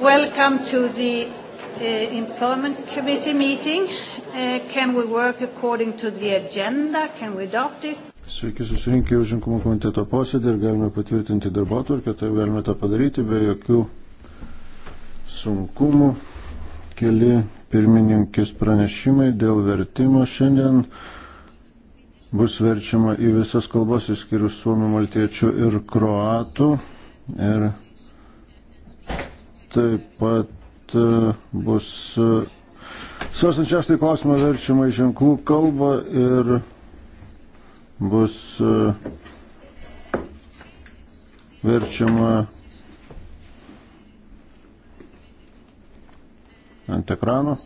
Welcome to the uh, Employment Committee meeting. Uh, can we work according to the agenda? Can we adopt it? Sveiki susirinkę užimkumo komiteto posėdį ir galime patvirtinti darbotvarkę, tai galime tą padaryti be jokių sunkumų. Keli pirmininkės pranešimai dėl vertimo šiandien. Uh, bus verčiama į visas kalbas, išskyrus suomių, maltiečių ir kroatų. Ir taip pat e, bus e, svarstant šeštąjį klausimą verčiama į ženklų kalbą ir bus e, verčiama ant ekrano.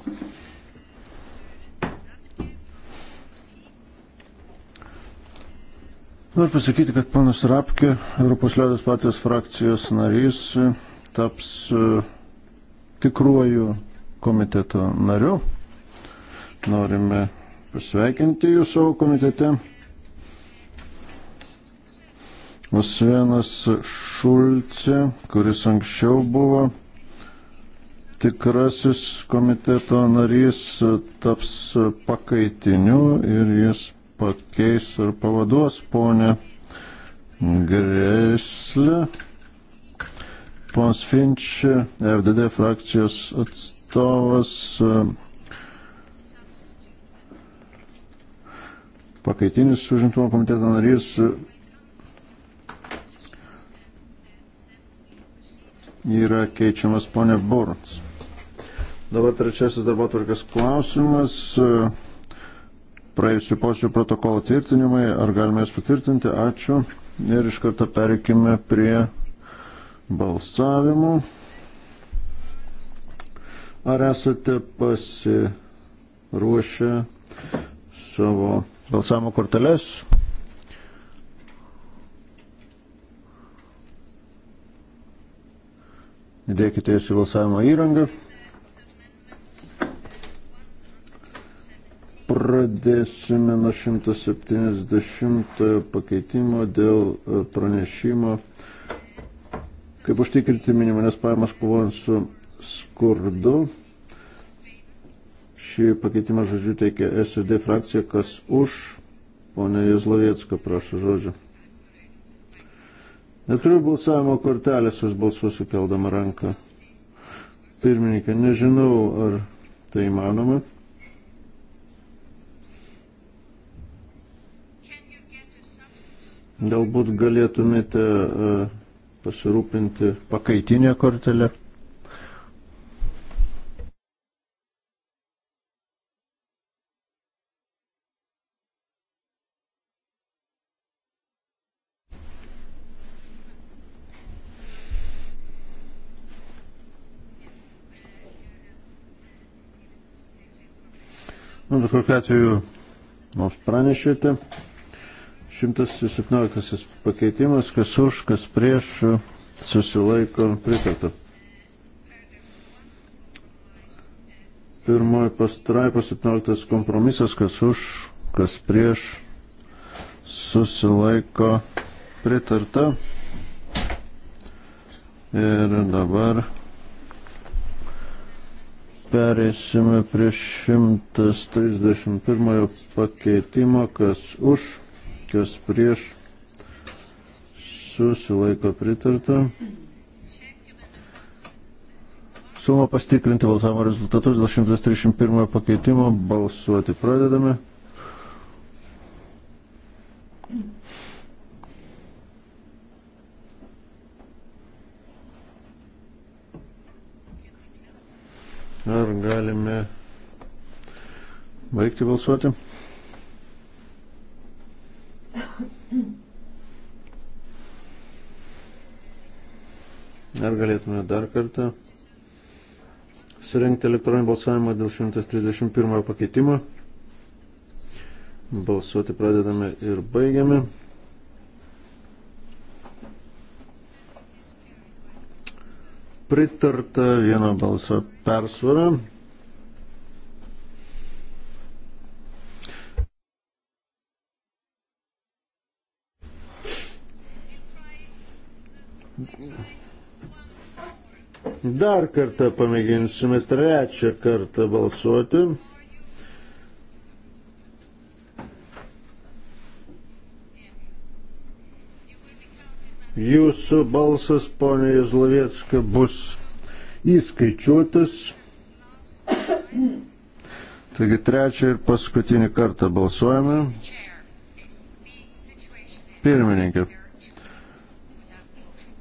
Noriu pasakyti, kad ponas Rapkė, Europos liaudės partijos frakcijos narys, taps e, tikruoju komiteto nariu. Norime pasveikinti jūs savo komitete. Svenas Šulce, kuris anksčiau buvo tikrasis komiteto narys, taps pakaitiniu ir jis pakeis ar pavaduos ponę Greslę. Pons Finč, FDD frakcijos atstovas. Pakaitinis užimtumo komiteto narys yra keičiamas ponė Burns. Dabar trečiasis darbo tvarkės klausimas. Uh, praėjusių posėdžių protokolo tvirtinimai, ar galime jas patvirtinti? Ačiū. Ir iš karto perikime prie balsavimų. Ar esate pasiruošę savo balsavimo korteles? Įdėkite jas į balsavimo įrangą. Pradėsime nuo 170 pakeitimo dėl e, pranešimo, kaip užtikrinti minimalės pajamas kovojant su skurdu. Šį pakeitimą žodžiu teikia SD frakcija, kas už, ponė Jezlovietska, prašau žodžio. Neturiu balsavimo kortelės, aš balsuosiu keldama ranką. Pirmininkė, nežinau, ar tai įmanoma. Galbūt galėtumėte e, pasirūpinti pakaitinę kortelę. Nu, bet kokiu atveju mums pranešėte. 117 pakeitimas, kas už, kas prieš, susilaiko pritarta. Pirmoji pastraipa, 17 kompromisas, kas už, kas prieš, susilaiko pritarta. Ir dabar perėsime prie 131 pakeitimo, kas už kas prieš, susilaiko pritarta. Siūloma pastikrinti balsavimo rezultatus dėl 131 pakeitimo. Balsuoti pradedame. Ar galime baigti balsuoti? Ar galėtume dar kartą surenkti elektroninį balsavimą dėl 131 pakeitimo. Balsuoti pradedame ir baigiame. Pritarta vieno balso persvara. Dar kartą pamėginsime trečią kartą balsuoti. Jūsų balsas, ponė Jezlovietska, bus įskaičiuotas. Taigi trečią ir paskutinį kartą balsuojame. Pirmininkė,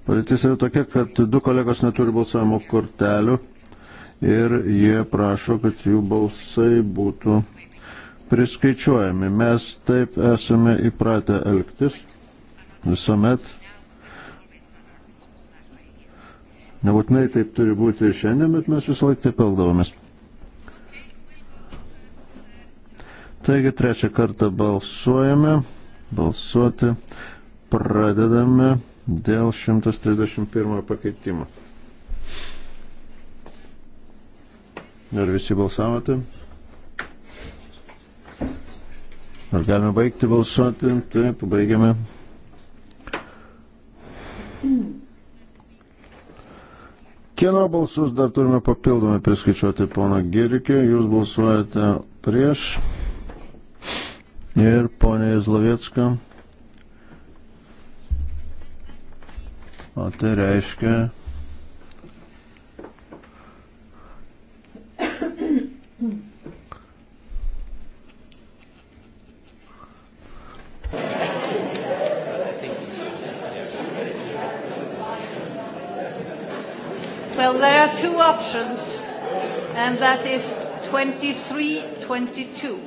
Padėtis yra tokia, kad du kolegos neturi balsavimo kortelių ir jie prašo, kad jų balsai būtų priskaičiuojami. Mes taip esame įpratę elgtis visuomet. Nebūtinai taip turi būti ir šiandien, bet mes visą laiką taip elgdavomės. Taigi trečią kartą balsuojame, balsuoti pradedame dėl 131 pakeitimo. Ar visi balsavote? Ar galime baigti balsuoti? Taip, baigiame. Kieno balsus dar turime papildomai priskaičiuoti, pono Girikį, jūs balsuojate prieš ir ponė Izlovietska. O tai reiškia, Well, there are two options, and that is 23, 22.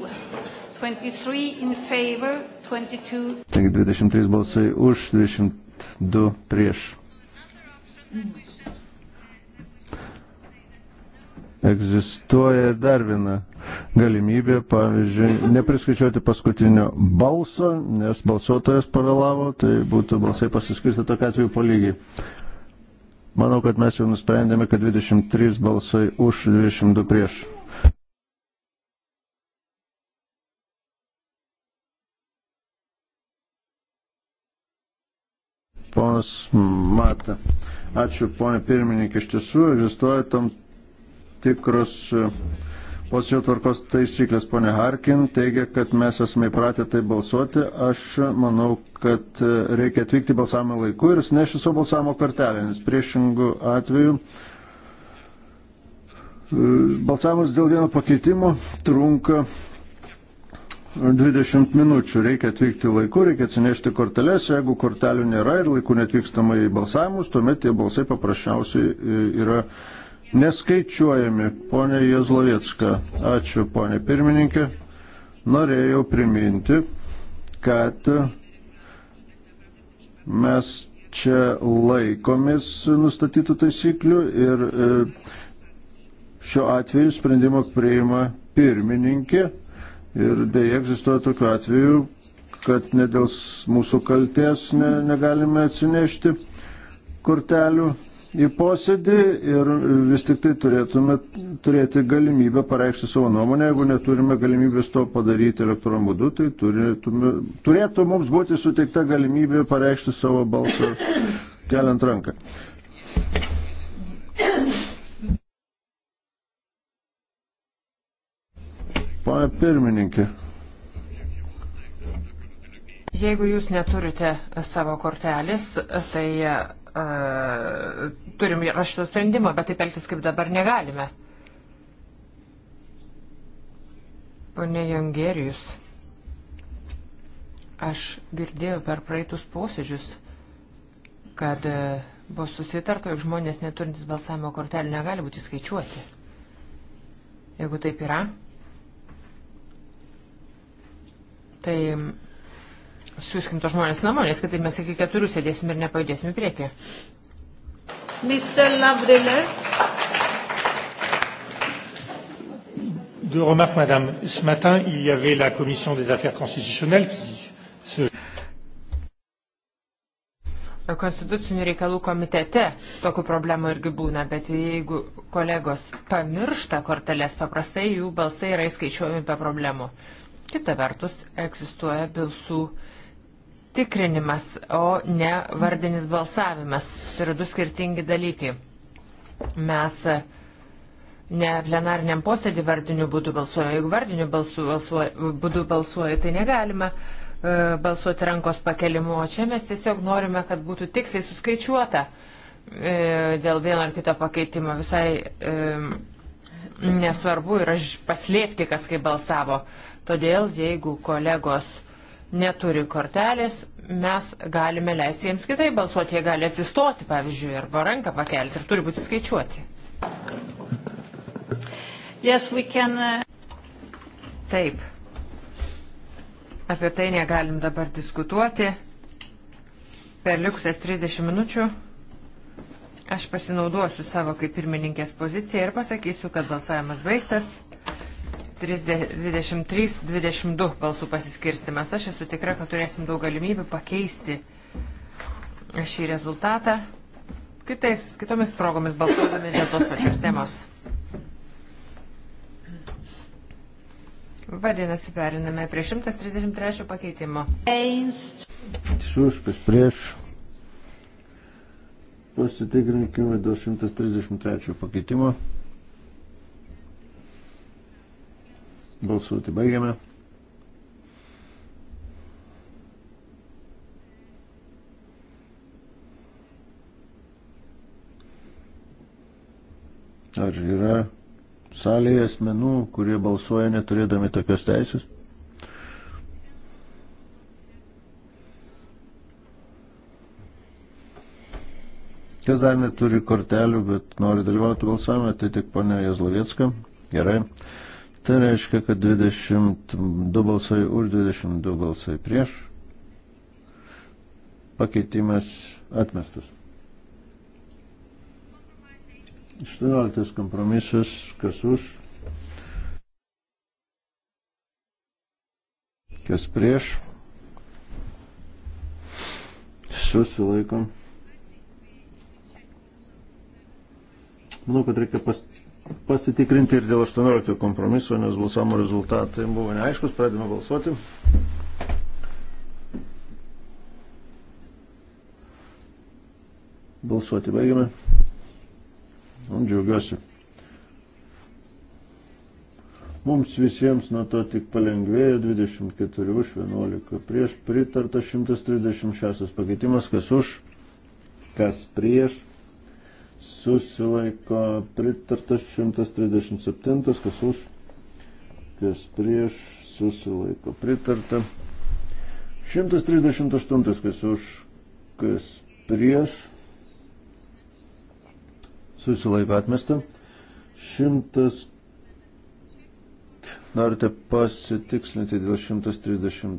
23 in favor, 22. Taigi 23 balsai už, 22 prieš egzistuoja dar viena galimybė, pavyzdžiui, nepriskaičiuoti paskutinio balso, nes balsuotojas pavėlavo, tai būtų balsai pasiskirsti tokia atveju po lygiai. Manau, kad mes jau nusprendėme, kad 23 balsai už, 22 prieš. Ponas Mata. Ačiū, ponė pirmininkė. Iš tiesų egzistuoja tam tikros e, posėdžio tvarkos taisyklės. Pone Harkin teigia, kad mes esame įpratę tai balsuoti. Aš manau, kad e, reikia atvykti balsavimo laiku ir nešti savo balsavimo kortelę, nes priešingų atveju e, balsavimas dėl vieno pakeitimo trunka 20 minučių. Reikia atvykti laiku, reikia atsinešti korteles. Jeigu kortelių nėra ir laiku netvykstama į balsavimus, tuomet tie balsai paprasčiausiai e, yra neskaičiuojami. Pone Jezlovietska, ačiū, ponė pirmininkė. Norėjau priminti, kad mes čia laikomės nustatytų taisyklių ir e, šiuo atveju sprendimą priima pirmininkė Ir dėja egzistuoja tokiu atveju, kad ne dėl mūsų kalties ne, negalime atsinešti kortelių į posėdį ir vis tik tai turėtume turėti galimybę pareikšti savo nuomonę. Jeigu neturime galimybės to padaryti elektroniniu būdu, tai turėtume, turėtų mums būti suteikta galimybė pareikšti savo balsą keliant ranką. Pane pirmininkė. Jeigu jūs neturite savo kortelės, tai uh, turim raštų sprendimą, bet taip elgtis kaip dabar negalime. Pane Jongerijus, aš girdėjau per praeitus posėdžius, kad uh, Buvo susitarta, jog žmonės neturintys balsavimo kortelių negali būti skaičiuoti. Jeigu taip yra, tai siūskim to žmonės namo, nes kitaip mes iki keturių sėdėsim ir nepajudėsim į priekį. Mr. Lavriller. Deux remarques, madame. Ce matin, il y avait la commission des affaires constitutionnelles qui se. Konstitucinių reikalų komitete tokių problemų irgi būna, bet jeigu kolegos pamiršta korteles, paprastai jų balsai yra įskaičiuojami be problemų. Uh, Kita vertus, egzistuoja bilsų tikrinimas, o ne vardinis balsavimas. Tai yra du skirtingi dalykai. Mes e, ne plenariniam posėdį vardiniu būdu balsuojame. Jeigu vardiniu balsu, balsuoja, būdu balsuoja, tai negalima e, balsuoti rankos pakelimu, o čia mes tiesiog norime, kad būtų tiksliai suskaičiuota e, dėl vieno ar kito pakeitimo. Visai e, nesvarbu yra paslėpti, kas kaip balsavo. E, Todėl, jeigu kolegos neturi kortelės, mes galime leisti jiems kitai balsuoti. Jie gali atsistoti, pavyzdžiui, arba ranką pakelti ir turi būti skaičiuoti. Yes, can... Uh, Taip. Apie tai negalim dabar diskutuoti. Per liuksės 30 minučių aš pasinaudosiu savo kaip pirmininkės poziciją ir pasakysiu, kad balsavimas baigtas. 23-22 balsų pasiskirstimas. Aš esu tikra, kad turėsim daug galimybių pakeisti šį rezultatą kitais, kitomis progomis balsuodami dėl tos pačios temos. Vadinasi, periname prie 133 pakeitimo. Sus, prieš. Pasitikrinkime dėl 133 pakeitimo. Balsuoti baigiame. Ar yra salėje asmenų, kurie balsuoja neturėdami tokios teisės? Kas dar neturi kortelių, bet nori dalyvauti balsavime, tai tik ponia Jazlovietska. Gerai. Tai reiškia, kad 22 balsai už, 22 balsai prieš. Pakeitimas atmestas. 18 kompromisas, kas už, kas prieš. Susilaikom. Manau, kad reikia pas, pasitikrinti ir dėl 18 kompromiso, nes balsavimo rezultatai buvo neaiškus, pradėjome balsuoti. Balsuoti baigiame. Un džiaugiuosi. Mums visiems nuo to tik palengvėjo 24 už 11 prieš pritarta 136 pakeitimas, kas už, kas prieš susilaiko pritartas 137, kas už, kas prieš, susilaiko pritarta. 138, kas už, kas prieš, susilaiko atmesta. 100. Norite pasitikslinti dėl 138,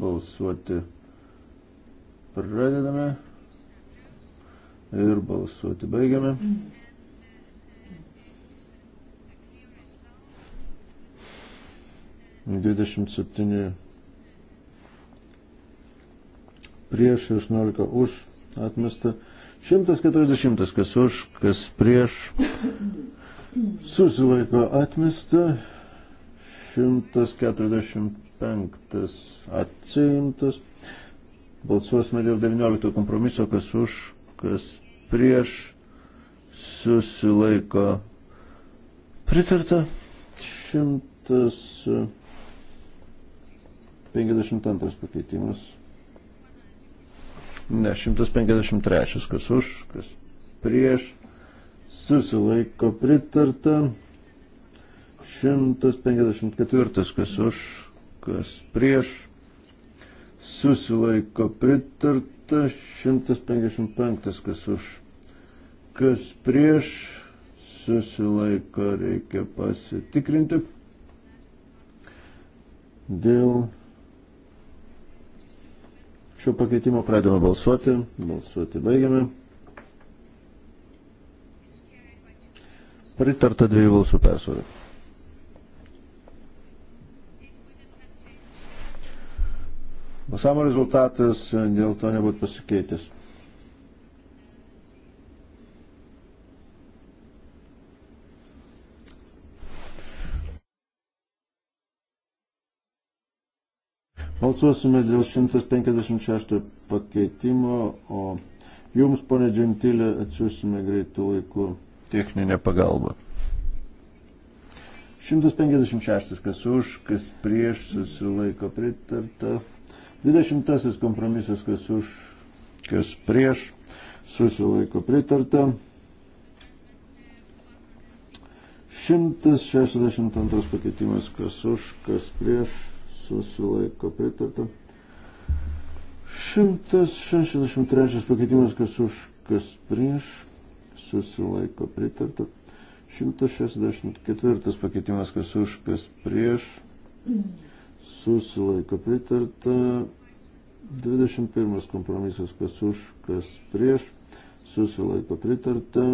balsuoti pradedame. Ir balsuoti baigiame. Dvidešimt septyni prieš, 16 už atmesta. 140 kas už, kas prieš. Susilaiko atmesta. 145 atsiimtas. Balsuosime dėl 19 kompromiso, kas už, kas prieš susilaiko pritarta. 152 pakeitimas. Ne, 153, kas už, kas prieš susilaiko pritarta. 154, kas už, kas prieš susilaiko pritarta. 155, kas už, kas prieš, susilaiko, reikia pasitikrinti. Dėl šio pakeitimo pradėjome balsuoti, balsuoti baigiame. Pritarta dviejų balsų persvarą. Balsavimo rezultatas e, dėl to nebūtų pasikeitęs. Balsuosime dėl 156 pakeitimo, o jums, ponė Džentilė, atsiūsime greitų laikų techninę pagalbą. 156, kas už, kas prieš, susilaiko pritarta. Dvidešimtasis kompromisas, kas už, kas prieš, susilaiko pritarta. 162 pakeitimas, kas už, kas prieš, susilaiko pritarta. 163 pakeitimas, kas už, kas prieš, susilaiko pritarta. 164 pakeitimas, kas už, kas prieš, susilaiko pritarta. 21 kompromisas, kas už, kas prieš, susilaiko pritarta.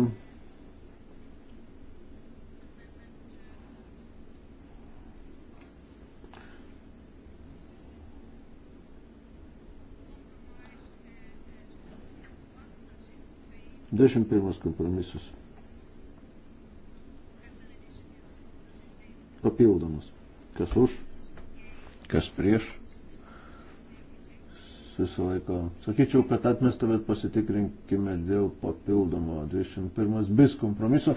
Dešimt pirmas kompromisas. Papildomas. Kas už? kas prieš. Susilaiko. Sakyčiau, kad atmesta, bet pasitikrinkime dėl papildomo 21 bis kompromiso.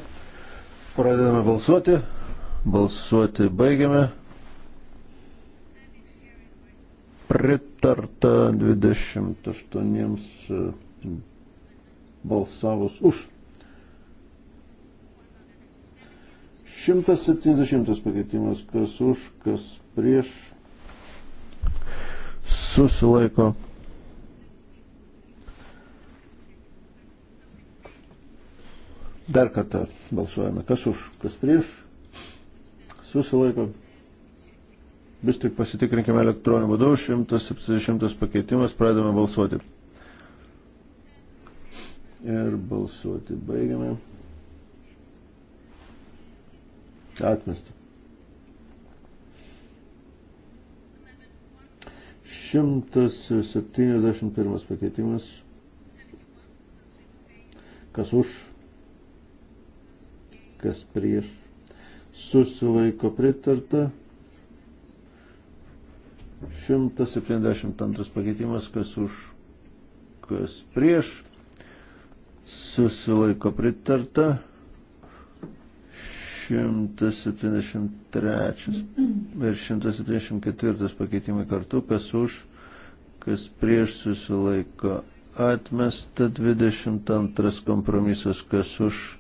Pradedame balsuoti. Balsuoti baigiame. Pritarta 28 e, balsavus už. 170 pakeitimas, kas už, kas prieš susilaiko. Dar kartą balsuojame, kas už, kas prieš, susilaiko. Vis tik pasitikrinkime elektroniniu būdu, 170 pakeitimas, pradame balsuoti. Ir balsuoti baigiame. Atmestą. 171 pakeitimas. Kas už, kas prieš. Susilaiko pritarta. 172 pakeitimas, kas už, kas prieš. Susilaiko pritarta. 173 ir 174 pakeitimai kartu, kas už, kas prieš susilaiko atmesta 22 kompromisas, kas už,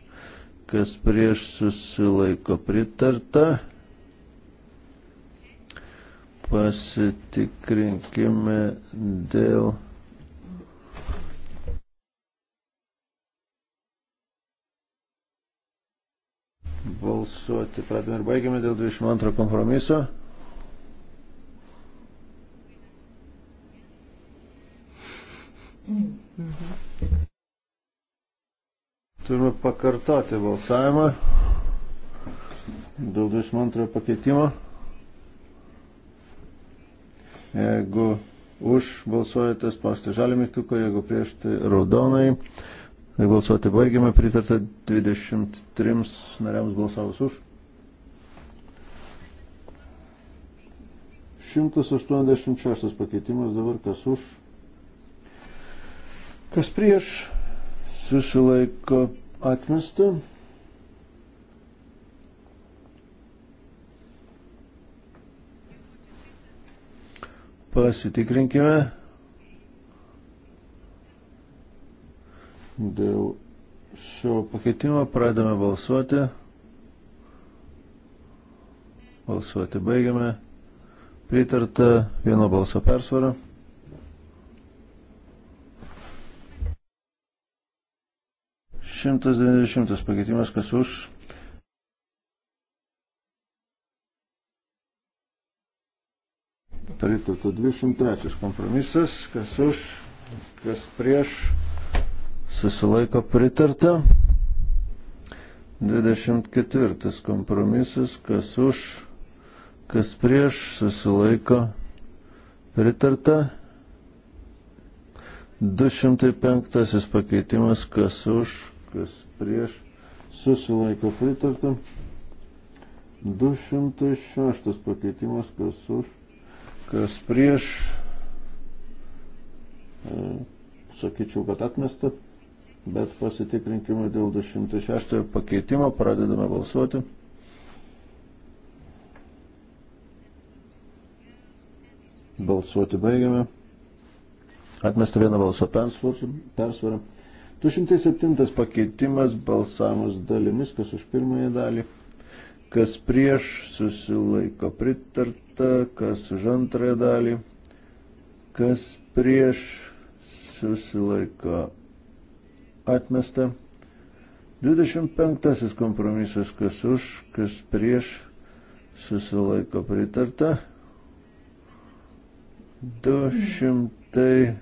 kas prieš susilaiko pritarta. Pasitikrinkime dėl Balsuoti pradėme ir baigėme dėl 22 kompromiso. Turime pakartoti balsavimą dėl 22 pakeitimo. Jeigu už balsuojate, spausti žalį mygtuką, jeigu prieš tai raudonai. Balsuoti baigiame, pritarta 23 nariams balsavus už. 186 pakeitimas dabar kas už, kas prieš, susilaiko atmestą. Pasitikrinkime. Dėl šio pakeitimo pradame balsuoti. Balsuoti baigiame. Pritarta vieno balso persvara. Šimtas devyniasdešimtas pakeitimas, kas už. Pritarta 203 kompromisas, kas už, kas prieš susilaiko pritarta. 24 kompromisas, kas už, kas prieš, susilaiko pritarta. 205 pakeitimas, kas už, kas prieš, susilaiko pritarta. 206 pakeitimas, kas už, kas prieš, e, sakyčiau, kad atmesta bet pasitikrinkime dėl 206 pakeitimo, pradedame balsuoti. Balsuoti baigiame. Atmesta vieną balso persvarą. 207 pakeitimas balsavimas dalimis, kas už pirmąją dalį, kas prieš susilaiko pritarta, kas už antrąją dalį, kas prieš susilaiko pritarta atmesta. 25 kompromisas, kas už, kas prieš, susilaiko pritarta. 215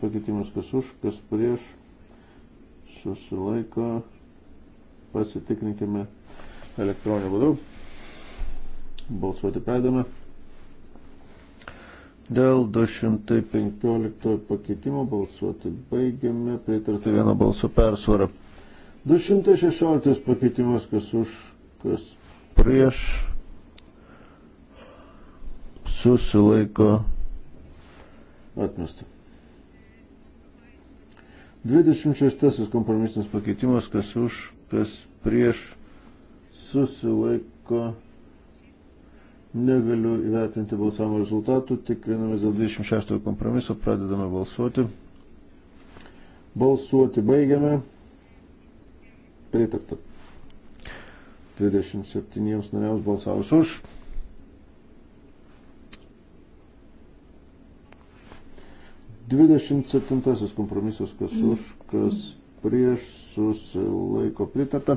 pakeitimas, kas už, kas prieš, susilaiko. Pasitikrinkime elektroniniu būdu. Balsuoti pradame. Dėl 215 pakeitimo balsuoti baigiame, pritarta vieno balso persvara. 216 pakeitimas, kas už, kas prieš, susilaiko atmestą. 26 kompromisinis pakeitimas, kas už, kas prieš, susilaiko atmestą Negaliu įvertinti balsavimo rezultatų, tikrinamės dėl 26 kompromiso, pradedame balsuoti. Balsuoti baigiame. Pritarta. 27 nariams balsavus už. Dvidešimt septintasis kompromisas, kas už, kas prieš, susilaiko pritarta.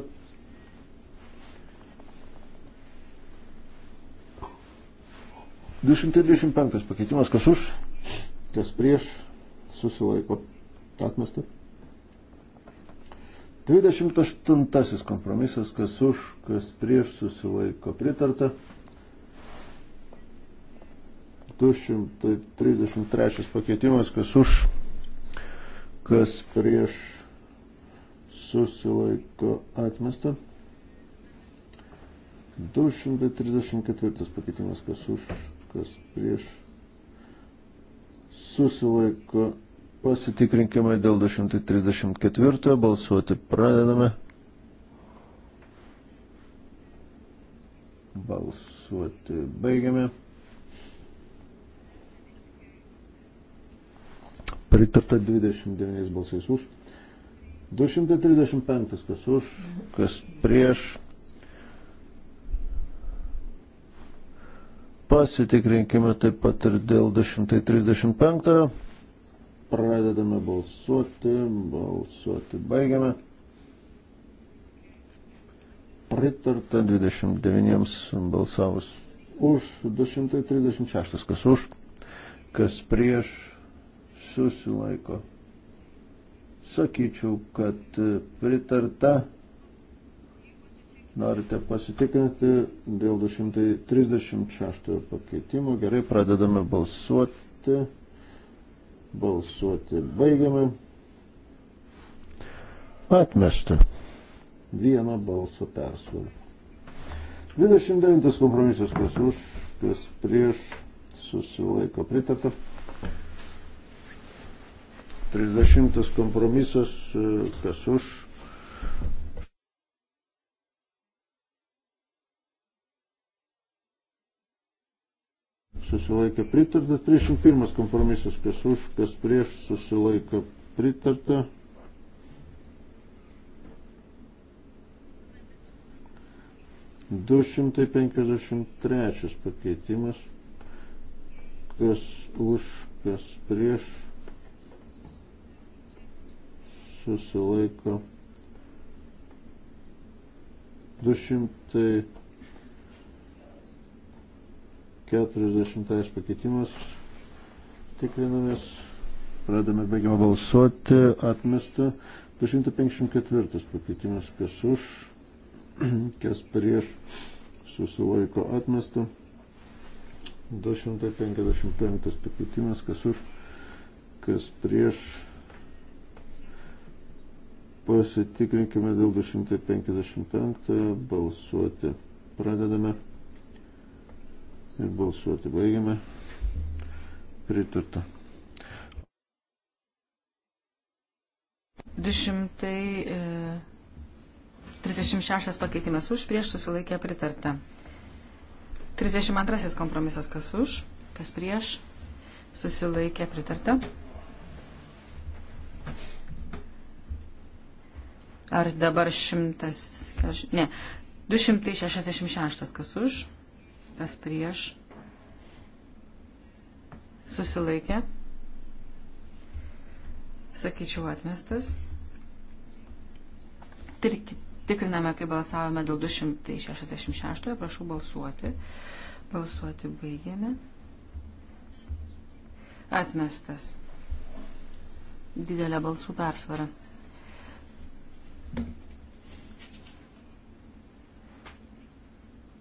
225 pakeitimas, kas už, kas prieš, susilaiko atmestą. 28 kompromisas, kas už, kas prieš, susilaiko pritarta. 233 pakeitimas, kas už, kas prieš, susilaiko atmestą. 234 pakeitimas, kas už, kas prieš susilaiko. Pasitikrinkime dėl 234 balsuoti. Pradedame. Balsuoti. Baigiame. Pritarta 29 balsais už. 235 kas už, kas prieš Pasitikrinkime taip pat ir dėl 235. Pradedame balsuoti, balsuoti baigiame. Pritarta 29 balsavus už 236, kas už, kas prieš susilaiko. Sakyčiau, kad pritarta Norite pasitikrinti dėl 236 pakeitimo. Gerai, pradedame balsuoti. Balsuoti baigiame. Atmesta. Vieno balso persvara. 29 kompromisas, kas už, kas prieš, susilaiko pritarta. 30 kompromisas, kas už, susilaikė pritarta, 31 kompromisas, kas už, kas prieš, susilaikė pritarta. Du šimtai penkiasdešimt trečias pakeitimas, kas už, kas prieš, susilaiko du šimtai 40 pakeitimas. Tikrinamės. Pradame baigiamą balsuoti. Atmesta. 254 pakeitimas. Kas už, kas prieš. Susilaiko atmesta. 255 pakeitimas. Kas už, kas prieš. Pasitikrinkime dėl 255 balsuoti. Pradedame ir balsuoti baigiame. Pritarta. 236 e, pakeitimas už, prieš susilaikė pritarta. 32 kompromisas kas už, kas prieš, susilaikė pritarta. Ar dabar šimtas, ne, 266 kas už, kas prieš, susilaikė, sakyčiau atmestas. Tikriname, kai balsavome dėl 266, prašau balsuoti. Balsuoti baigėme. Atmestas. Didelė balsų persvara.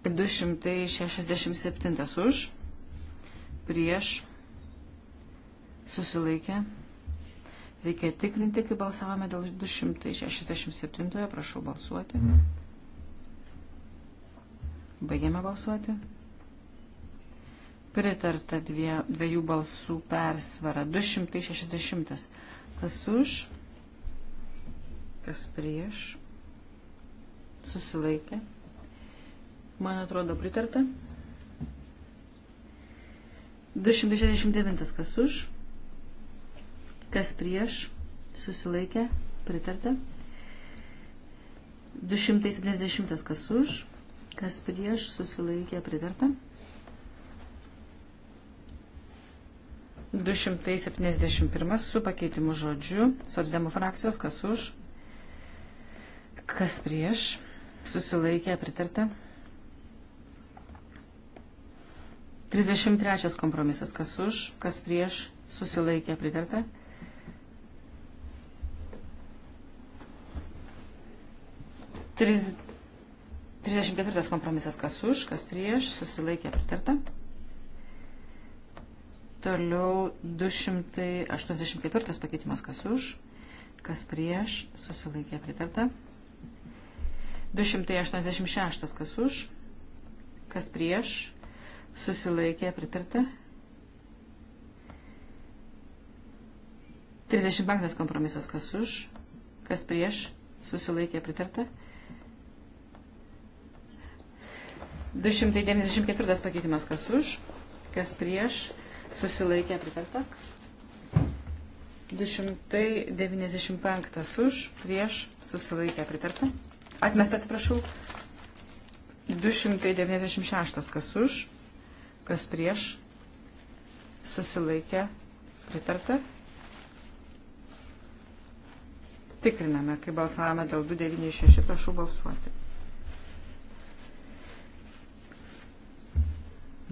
267 už, prieš, susilaikė. Reikia tikrinti, kai balsavome dėl 267, prašau balsuoti. Baigėme balsuoti. Pritarta dvie, dviejų balsų persvara. 260. Kas už, kas prieš, susilaikė. Man atrodo pritarta. 269 kas už, kas prieš, susilaikė, pritarta. 270 kas už, kas prieš, susilaikė, pritarta. 271 su pakeitimu žodžiu, socdemų frakcijos, kas už, kas prieš, susilaikė, pritarta. 33 kompromisas. Kas už, kas prieš, susilaikė pritarta. Tris... 34 kompromisas kas už, kas prieš, susilaikė pritarta. Toliau 284 pakeitimas kas už, kas prieš, susilaikė pritarta. 286 kas už, kas prieš, susilaikė pritarta. 35 kompromisas kas už, kas prieš, susilaikė pritarta. 294 pakeitimas kas už, kas prieš, susilaikė pritarta. 295 už, prieš, susilaikė pritarta. Atmesta, atsiprašau. 296 kas už, kas prieš, susilaikė, pritarta. Tikriname, kai balsavome dėl 296, prašau balsuoti.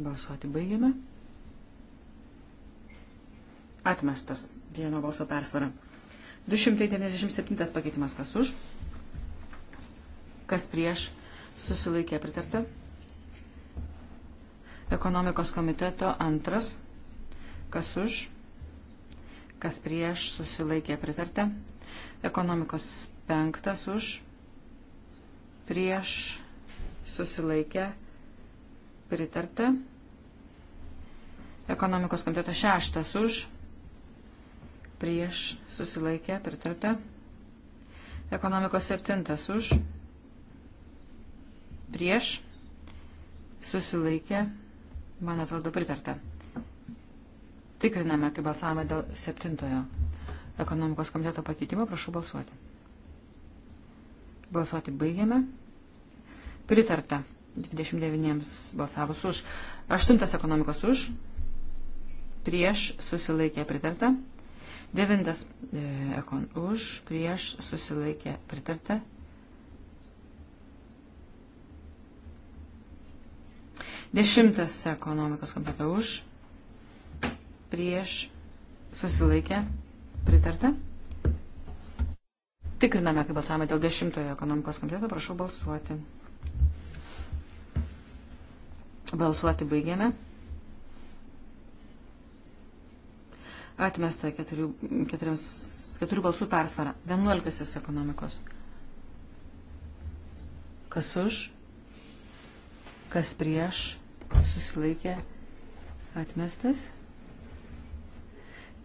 Balsuoti baigiame. Atmestas vieno balso persvara. 297 pakeitimas kas už, kas prieš, susilaikė pritarta ekonomikos komiteto antras, kas už, kas prieš susilaikė pritarta, ekonomikos penktas už, prieš susilaikė pritarta, ekonomikos komiteto šeštas už, prieš susilaikė pritarta, ekonomikos septintas už, prieš susilaikė pritarta Man atrodo pritarta. Tikriname, kaip balsavome dėl septintojo ekonomikos komiteto pakeitimo. Prašau balsuoti. Balsuoti baigiame. Pritarta. 29 balsavus už. Aštuntas ekonomikos už. Prieš susilaikė pritarta. Devintas e, ekon už. Prieš susilaikė pritarta. Dešimtas ekonomikos komiteto už, prieš, susilaikė, pritarta. Tikriname, kaip balsavome dėl dešimtojo ekonomikos komiteto, prašau balsuoti. Balsuoti baigėme. Atmesta keturių, keturiams, keturių balsų persvara. Vienuoliktasis ekonomikos. Kas už? Kas prieš? susilaikė atmestas.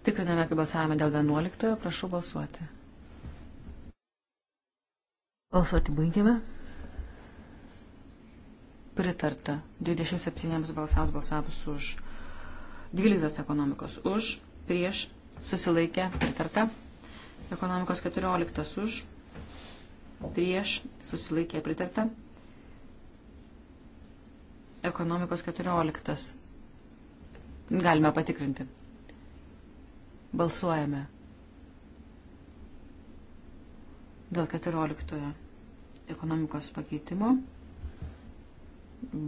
Tikriname, kaip balsavome dėl 11. Prašau balsuoti. Balsuoti baigėme. Pritarta 27 balsams balsavus už 12 ekonomikos už, prieš, susilaikė, pritarta. Ekonomikos 14 už, prieš, susilaikė, pritarta ekonomikos 14. Galime patikrinti. Balsuojame. Dėl 14. Ekonomikos pakeitimo.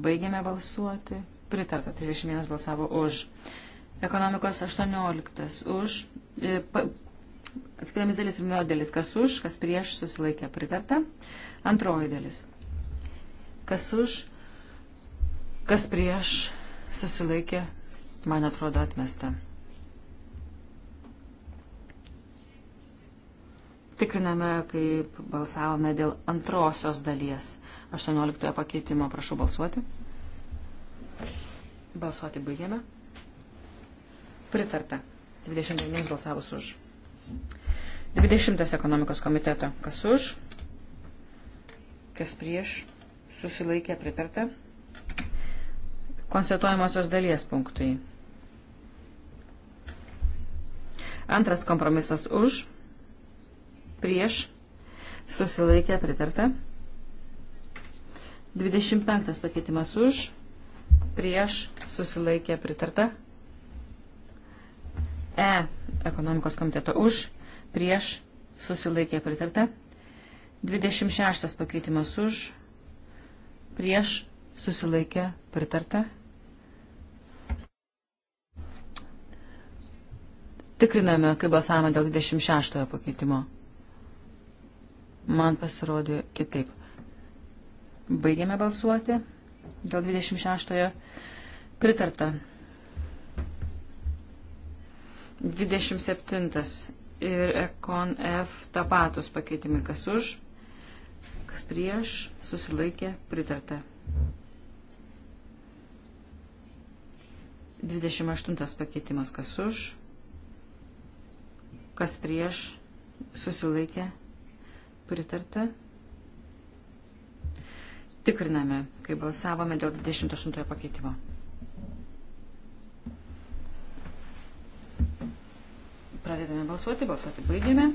Baigiame balsuoti. Pritarta. 31 balsavo už. Ekonomikos 18. Už. E, atskiriamis dalis ir dalis. Kas už, kas prieš susilaikė. Pritarta. Antroji dalis. Kas už, Kas prieš susilaikė, man atrodo atmesta. Tikriname, kaip balsavome dėl antrosios dalies. 18 pakeitimo prašau balsuoti. Balsuoti baigėme. Pritarta. 29 balsavus už. 20 ekonomikos komiteto. Kas už? Kas prieš? Susilaikė pritarta konstatuojamosios dalies punktui. Antras kompromisas už, prieš, susilaikė pritarta. 25 pakeitimas už, prieš, susilaikė pritarta. E, ekonomikos komiteto už, prieš, susilaikė pritarta. 26 pakeitimas už, prieš, susilaikė, pritarta. Tikriname, kaip balsavome dėl 26 pakeitimo. Man pasirodė kitaip. Baigėme balsuoti dėl 26 pritarta. 27 ir Ekon F tapatus pakeitimai, kas už, kas prieš, susilaikė, pritarta. 28 pakeitimas kas už, kas prieš, susilaikė, pritarta. Tikriname, kai balsavome dėl 28 pakeitimo. Pradedame balsuoti, balsuoti baigėme.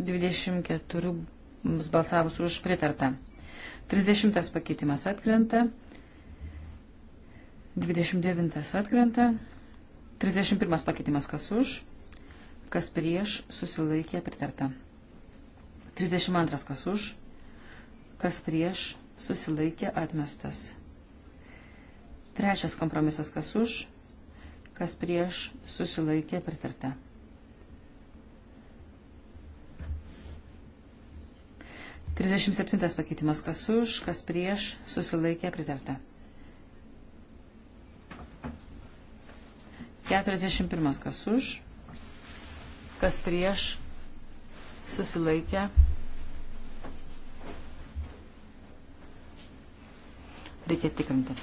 24 balsavus už pritarta. 30 pakeitimas atkrenta. 29 atkrenta. 31 pakeitimas kas už, kas prieš susilaikė pritarta. 32 kas už, kas prieš susilaikė atmestas. Trečias kompromisas kas už, kas prieš susilaikė pritarta. 37 pakeitimas kas už, kas prieš susilaikė pritarta. 41 kas už, kas prieš, susilaikė. Reikia tikrinti.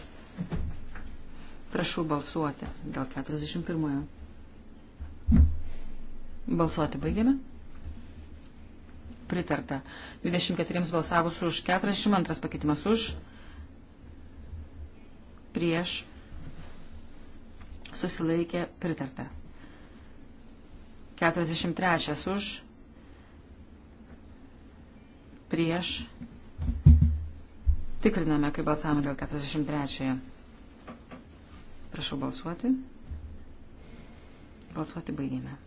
Prašau balsuoti dėl 41. Balsuoti baigėme. Pritarta. 24 balsavus už 42 pakeitimas už, prieš susilaikė pritarta. 43 už, prieš, tikriname, kaip balsavome dėl 43. Prašau balsuoti. Balsuoti baigėme.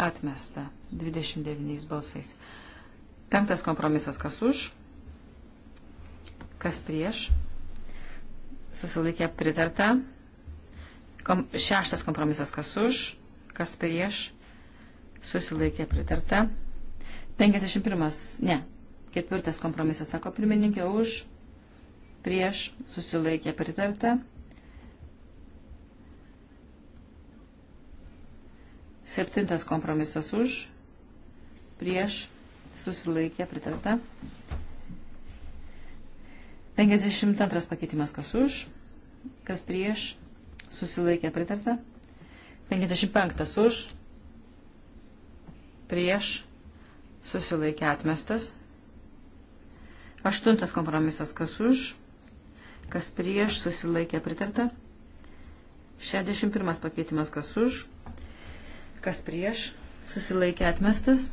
Atmesta 29 balsais. Penktas kompromisas kas už, kas prieš, susilaikė pritarta. Kom, šeštas kompromisas, kas už, kas prieš, susilaikė pritarta. 51, ne, ketvirtas kompromisas, sako pirmininkė, už, prieš, susilaikė pritarta. Septintas kompromisas už, prieš, susilaikė pritarta. 52 pakeitimas kas už, kas prieš, susilaikė pritarta. 55 už, prieš, susilaikė atmestas. 8 kompromisas kas už, kas prieš, susilaikė pritarta. 61 pakeitimas kas už, kas prieš, susilaikė atmestas.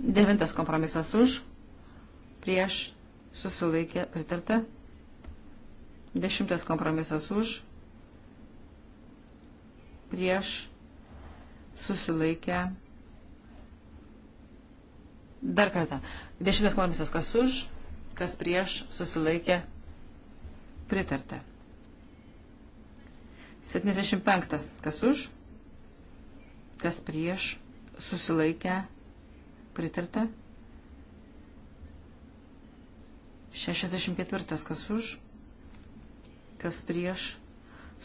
9 kompromisas už, prieš, susilaikė pritarta. Dešimtas kompromisas už, prieš susilaikę. Dar kartą. Dešimtas kompromisas kas už, kas prieš susilaikė pritarta. 75. Kas už, kas prieš susilaikę pritarta. 64 kas už, kas prieš,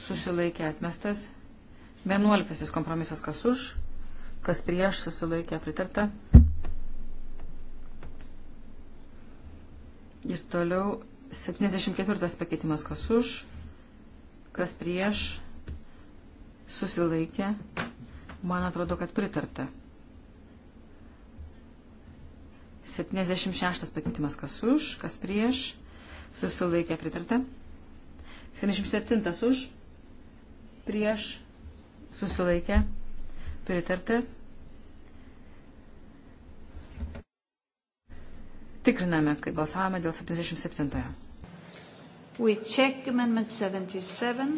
susilaikė atmestas. 11 kompromisas kas už, kas prieš, susilaikė pritarta. Ir toliau 74 pakeitimas kas už, kas prieš, susilaikė. Man atrodo, kad pritarta. 76 pakeitimas kas už, kas prieš, susilaikė pritarta. 77 už, prieš, susilaikė pritarta. Tikriname, kai balsavome dėl 77-ojo. We check amendment 77.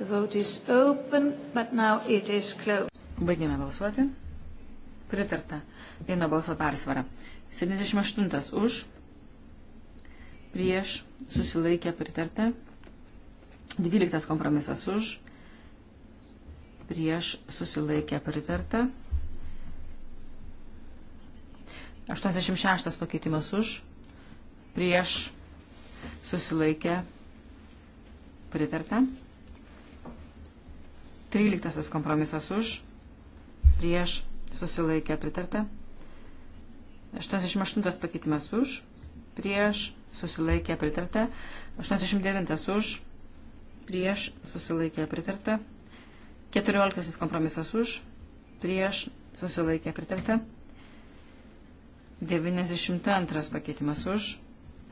The vote is open, but now it is closed. Baigėme balsuoti. Pritarta. Vieno balso persvara. 78 už. Prieš susilaikė pritarta. 12 kompromisas už. Prieš susilaikė pritarta. 86 pakeitimas už. Prieš susilaikė pritarta. 13 kompromisas už. Prieš susilaikė pritarta. 88 pakeitimas už, prieš susilaikė pritarta. 89 už, prieš susilaikė pritarta. 14 kompromisas už, prieš susilaikė pritarta. 92 pakeitimas už,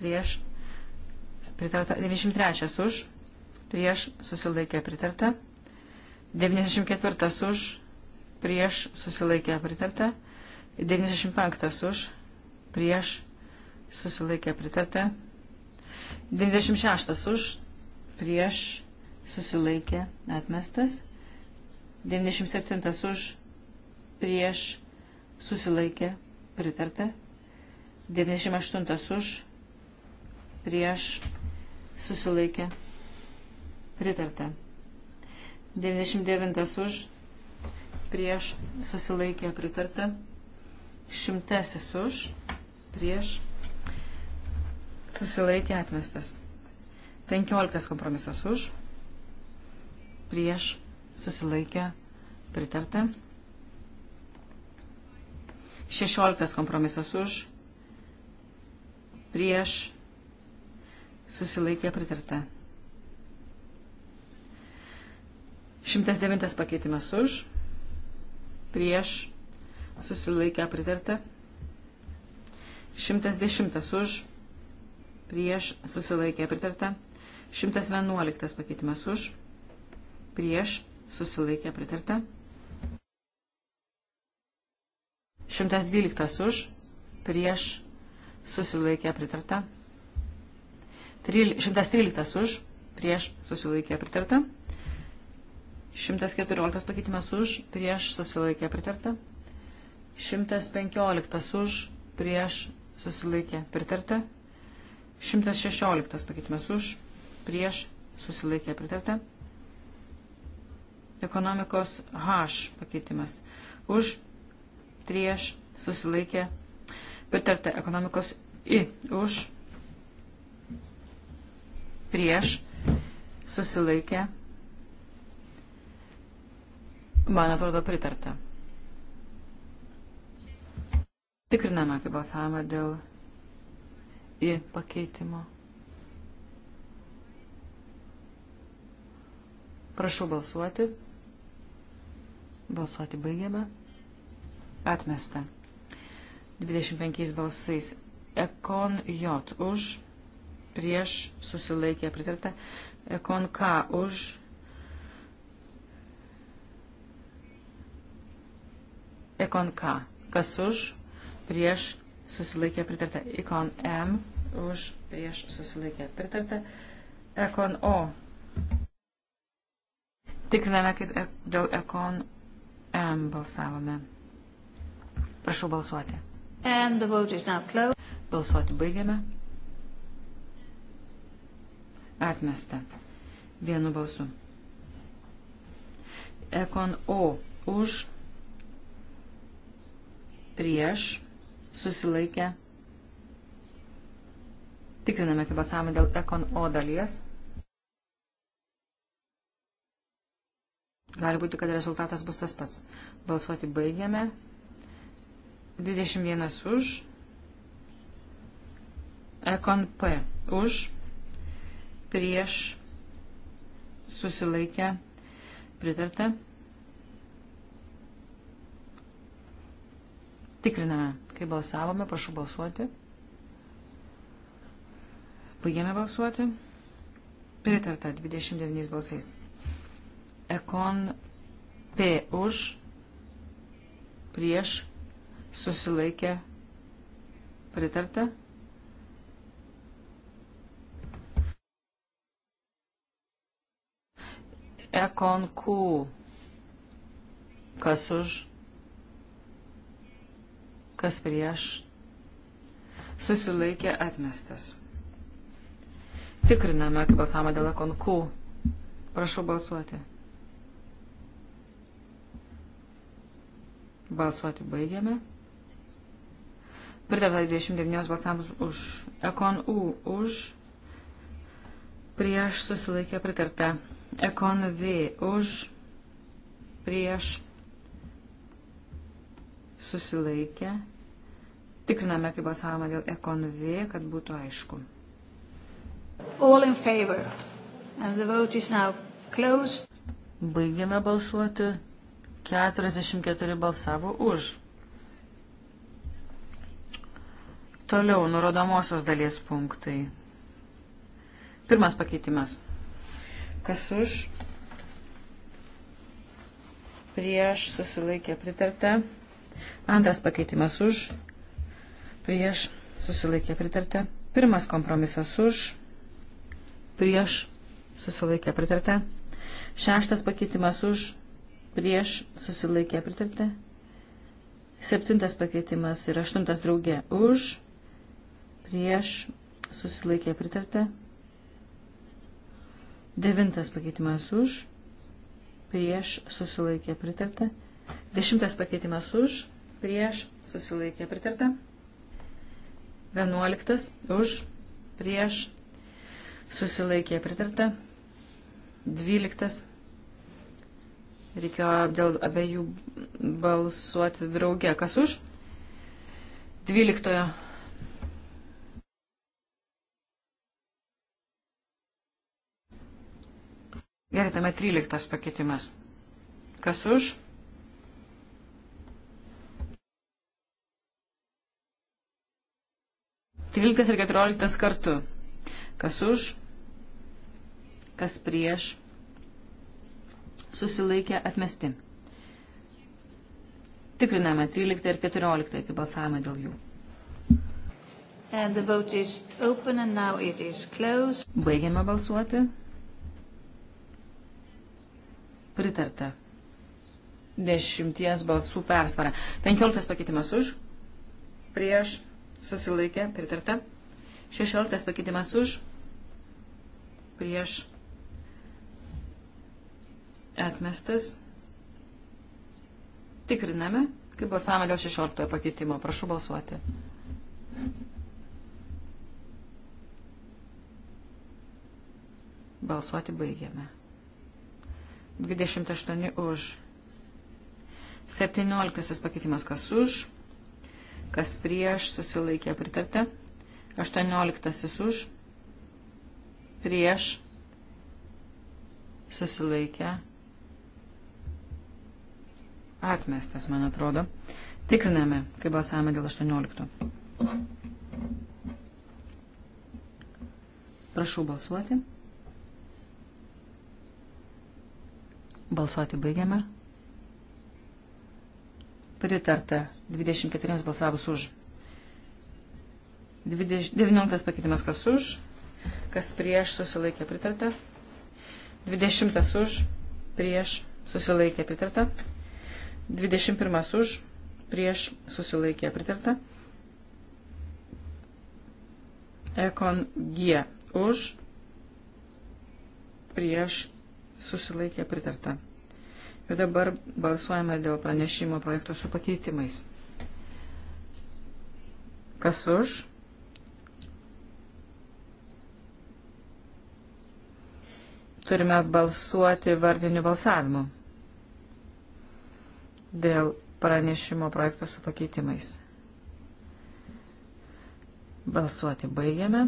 prieš pritarta. 93 už, prieš susilaikė pritarta. 94 už, prieš susilaikę pritartę, 95 už, prieš susilaikę pritartę, 96 už, prieš susilaikę atmestas, 97 už, prieš susilaikę pritartę, 98 už, prieš susilaikę pritartę. 99 už, prieš susilaikė pritarta, šimtasis už, prieš susilaikė atmestas, penkioliktas kompromisas už, prieš susilaikė pritarta, šešioliktas kompromisas už, prieš susilaikė pritarta. 109 pakeitimas už, prieš, susilaikę pritarta. 110 už, prieš, susilaikę pritarta. 111 pakeitimas už, prieš, susilaikę pritarta. 112 už, prieš, susilaikę pritarta. 113 už, prieš, susilaikę pritarta. 114 pakeitimas už, prieš susilaikė pritarta. 115 už, prieš susilaikė pritarta. 116 pakeitimas už, prieš susilaikė pritarta. Ekonomikos H pakeitimas už, prieš susilaikė pritarta. Ekonomikos I už, prieš susilaikė pritarta Man atrodo pritarta. Tikriname, kaip balsavimą dėl į pakeitimo. Prašau balsuoti. Balsuoti baigiame. Atmesta. 25 balsais. Ekon J už, prieš susilaikė pritarta. Ekon K už, Ikon K. Kas už, prieš susilaikė pritarta. Ikon M. Už, prieš susilaikė pritarta. Ikon O. Tikriname, kaip e- dėl Ikon M balsavome. Prašau balsuoti. And the vote is now closed. Balsuoti baigiame. Atmesta. Vienu balsu. Ekon O už prieš, susilaikė. Tikriname, kaip balsavome dėl ekon O dalies. Gali būti, kad rezultatas bus tas pats. Balsuoti baigiame. 21 už. Ekon P už. Prieš susilaikę pritartą. Tikriname, kai balsavome, prašau balsuoti. Baigėme balsuoti. Pritarta 29 balsais. Ekon P už, prieš, susilaikė, pritarta. Ekon Q, kas už, kas prieš, susilaikė atmestas. Tikriname, kaip balsavome dėl konkų. Prašau balsuoti. Balsuoti baigiame. Pritarta 29 balsams už. Ekon U už. Prieš susilaikė pritarta. Ekon V už. Prieš susilaikė. Tikriname, kaip balsavome dėl ekonvė, kad būtų aišku. All in favor. And the vote is now closed. Baigėme balsuoti. 44 balsavo už. Toliau nurodomosios dalies punktai. Pirmas pakeitimas. Kas už? Prieš susilaikė pritarta. Antras pakeitimas už, prieš, susilaikė pritarta. Pirmas kompromisas už, prieš, susilaikė pritarta. Šeštas pakeitimas už, prieš, susilaikė pritarta. Septintas pakeitimas ir aštuntas draugė už, prieš, susilaikė pritarta. Devintas pakeitimas už, prieš, susilaikė pritarta. Dešimtas pakeitimas už, prieš, susilaikė pritarta. Vienuoliktas už, prieš, susilaikė pritarta. Dvyliktas. Reikėjo dėl abiejų balsuoti drauge. Kas už? Dvyliktojo. Gerai, tame tryliktas pakeitimas. Kas už? 13 ir 14 kartu. Kas už, kas prieš, susilaikė atmesti. Tikriname 13 ir 14 kaip balsavimą dėl jų. And the vote is open and now it is closed. Baigiame balsuoti. Pritarta. Dešimties balsų persvara. Penkioliktas pakeitimas už. Prieš susilaikė, pritarta. 16 pakeitimas už, prieš, atmestas. Tikriname, kaip balsavome dėl 16 pakeitimo. Prašau balsuoti. Balsuoti baigėme. 28 už. 17 pakeitimas kas už kas prieš, susilaikė pritarta. 18 už, prieš, susilaikė, atmestas, man atrodo. Tikriname, kaip balsavome dėl 18. Prašau balsuoti. Balsuoti baigiame. Pritarta 24 balsavus už. 19 pakeitimas kas už, kas prieš susilaikė pritarta. 20 už, prieš susilaikė pritarta. 21 už, prieš susilaikė pritarta. Ekon G už, prieš susilaikė pritarta. Bet dabar balsuojame dėl pranešimo projekto su pakeitimais. Kas už? Turime balsuoti vardiniu balsavimu dėl pranešimo projekto su pakeitimais. Balsuoti baigiame.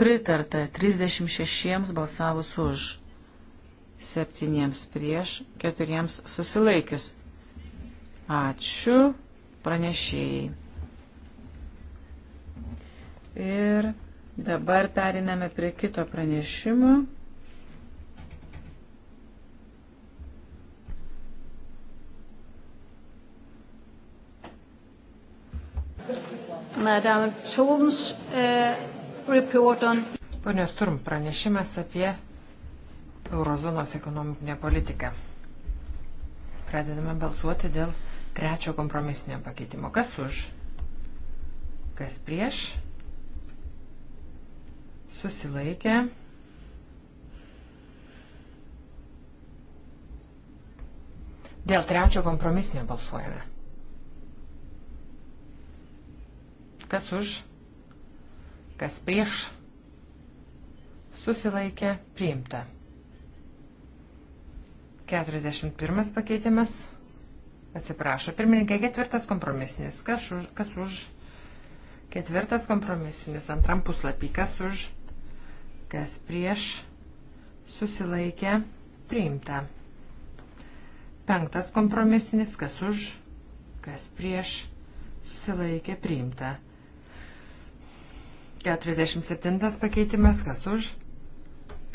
Pritarta 36 balsavus už septyniems prieš, keturiems susilaikius. Ačiū pranešėjai. Ir dabar periname prie kito pranešimo. Madame Toms, uh, eh, report on. Ponios Turm pranešimas apie eurozonos ekonominę politiką. Pradedame balsuoti dėl trečio kompromisinio pakeitimo. Kas už? Kas prieš? Susilaikė. Dėl trečio kompromisinio balsuojame. Kas už? Kas prieš? Susilaikė. Priimta. 41 pakeitimas. Atsiprašo. Pirmininkė, ketvirtas kompromisinis. Kas už? Kas už? Ketvirtas kompromisinis. Antram puslapį. Kas už? Kas prieš? Susilaikė. Priimta. Penktas kompromisinis. Kas už? Kas prieš? Susilaikė. Priimta. 47 pakeitimas. Kas už?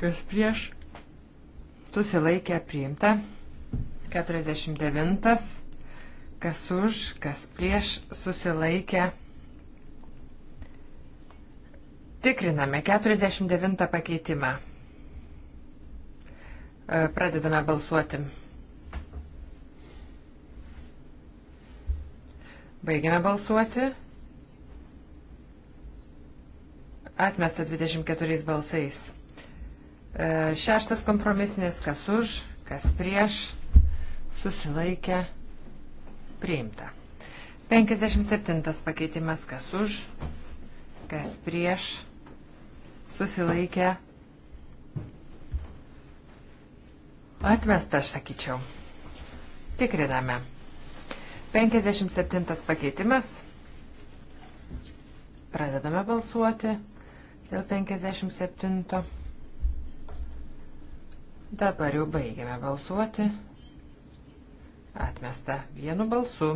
Kas prieš? susilaikė priimta. 49. Kas už, kas prieš susilaikė. Tikriname 49 pakeitimą. E, pradedame balsuoti. Baigiame balsuoti. Atmesta 24 balsais. E, šeštas kompromisinis, kas už, kas prieš, susilaikė, priimta. 57 pakeitimas, kas už, kas prieš, susilaikė, atmesta, aš sakyčiau. Tikriname. 57 pakeitimas. Pradedame balsuoti dėl 57. Dabar jau baigiame balsuoti. Atmesta vienu balsu.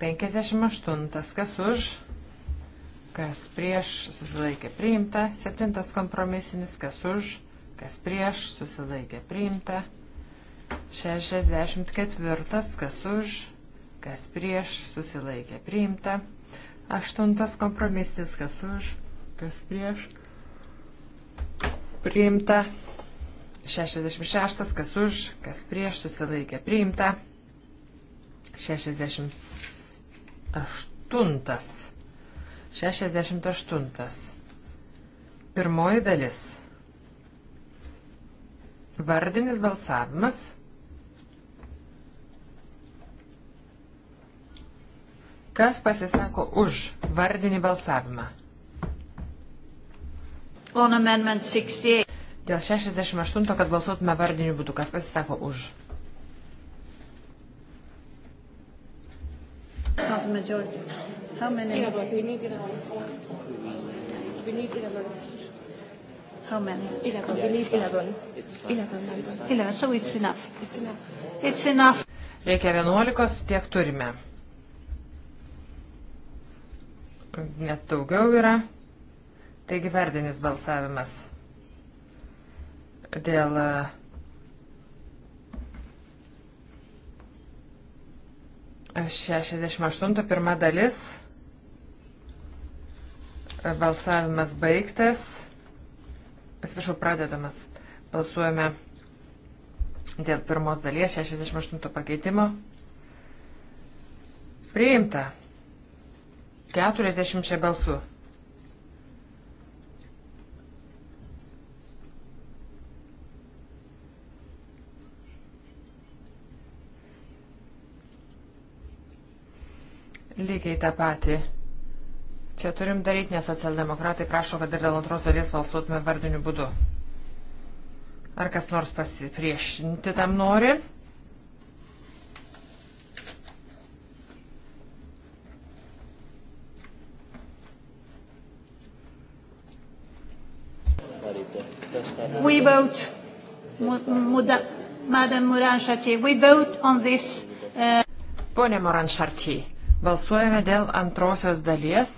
58. Kas už? Kas prieš susilaikė priimta. 7. Kompromisinis. Kas už? Kas prieš susilaikė priimta. 64. Kas už? Kas prieš susilaikė priimta. 8. Kompromisinis. Kas už? Kas prieš priimta. 66, kas už, kas prieš, susilaikė priimta. 68. 68. Pirmoji dalis. Vardinis balsavimas. Kas pasisako už vardinį balsavimą? On amendment 68. Dėl 68, kad balsuotume vardiniu būdu. Kas pasisako už? How many? 11. We need 11. 11. 11. So it's enough. It's enough. It's enough. Reikia 11, tiek turime. Net daugiau yra. Taigi verdinis balsavimas dėl e, šešiasdešimt aštunto pirma dalis. E, balsavimas baigtas. Atsiprašau, pradedamas. Balsuojame dėl pirmos dalies 68 pakeitimo. Priimta. 40 balsų. Lygiai tą patį. Čia turim daryti, nes socialdemokratai prašo, kad ir dėl antros dalies balsuotume vardiniu būdu. Ar kas nors pasipriešinti tam nori? We vote, Madam Moran Chartier, we vote on this. Uh... Pone Moran Chartier, Balsuojame dėl antrosios dalies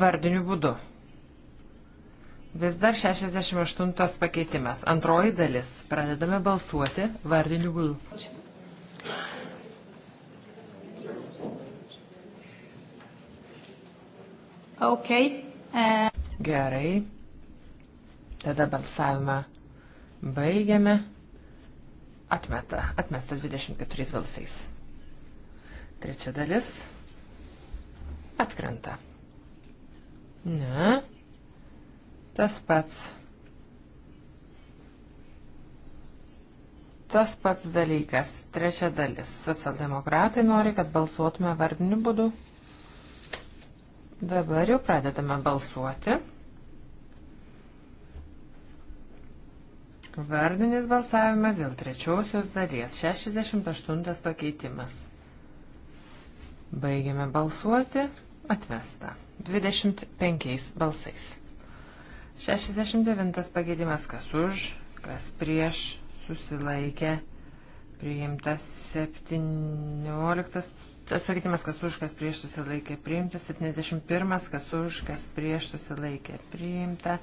vardiniu būdu. Vis dar 68 pakeitimas. Antroji dalis. Pradedame balsuoti vardiniu būdu. Okay. Uh... Gerai. Tada balsavimą baigiame. Atmeta. Atmesta 24 balsais. Trečia dalis. Atkrenta. Ne. Tas pats. Tas pats dalykas. Trečia dalis. Socialdemokratai nori, kad balsuotume vardiniu būdu. Dabar jau pradedame balsuoti. Vardinis balsavimas dėl trečiosios dalies. 68 pakeitimas. Baigiame balsuoti. Atmesta. 25 balsais. 69 pagėdimas, kas už, kas prieš, susilaikė. Priimtas 17. Tas pakeitimas, kas už, kas prieš susilaikė. Priimtas 71. Kas už, kas prieš susilaikė. Priimta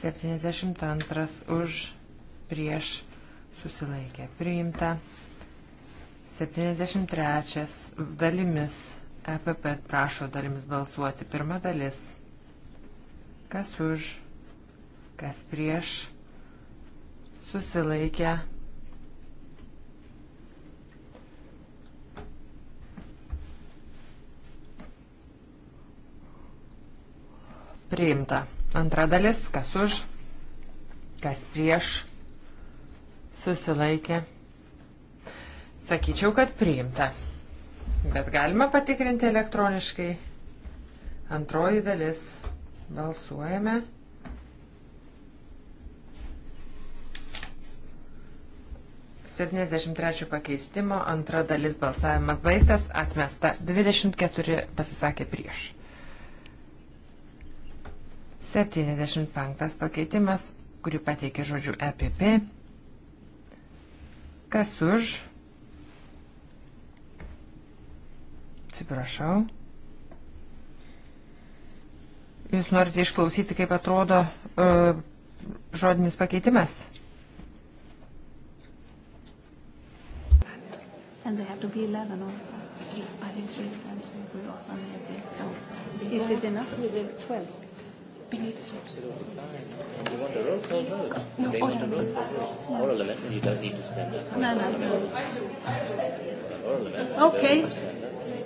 72. Už, prieš susilaikė. Priimta 73. Dalimis EPP prašo dalimis balsuoti. Pirma dalis. Kas už, kas prieš, susilaikę. Priimta. Antra dalis. Kas už, kas prieš, susilaikę. Sakyčiau, kad priimta bet galima patikrinti elektroniškai. Antroji dalis. Balsuojame. Septyniasdešimt trečių pakeistimo antra dalis balsavimas baigtas, atmesta. Dvidešimt keturi pasisakė prieš. 75 pakeitimas, kurį pateikė žodžiu EPP. Kas už? Atsiprašau. Jūs norite išklausyti, kaip atrodo uh, žodinis pakeitimas? And they have to be 11 or three, I think three times we are on the day. Is it enough with the 12? Beneath. You want a roll call vote? No, they want a roll call vote. No. Oral amendment, you don't need to stand up. No, no. Oral amendment. Okay.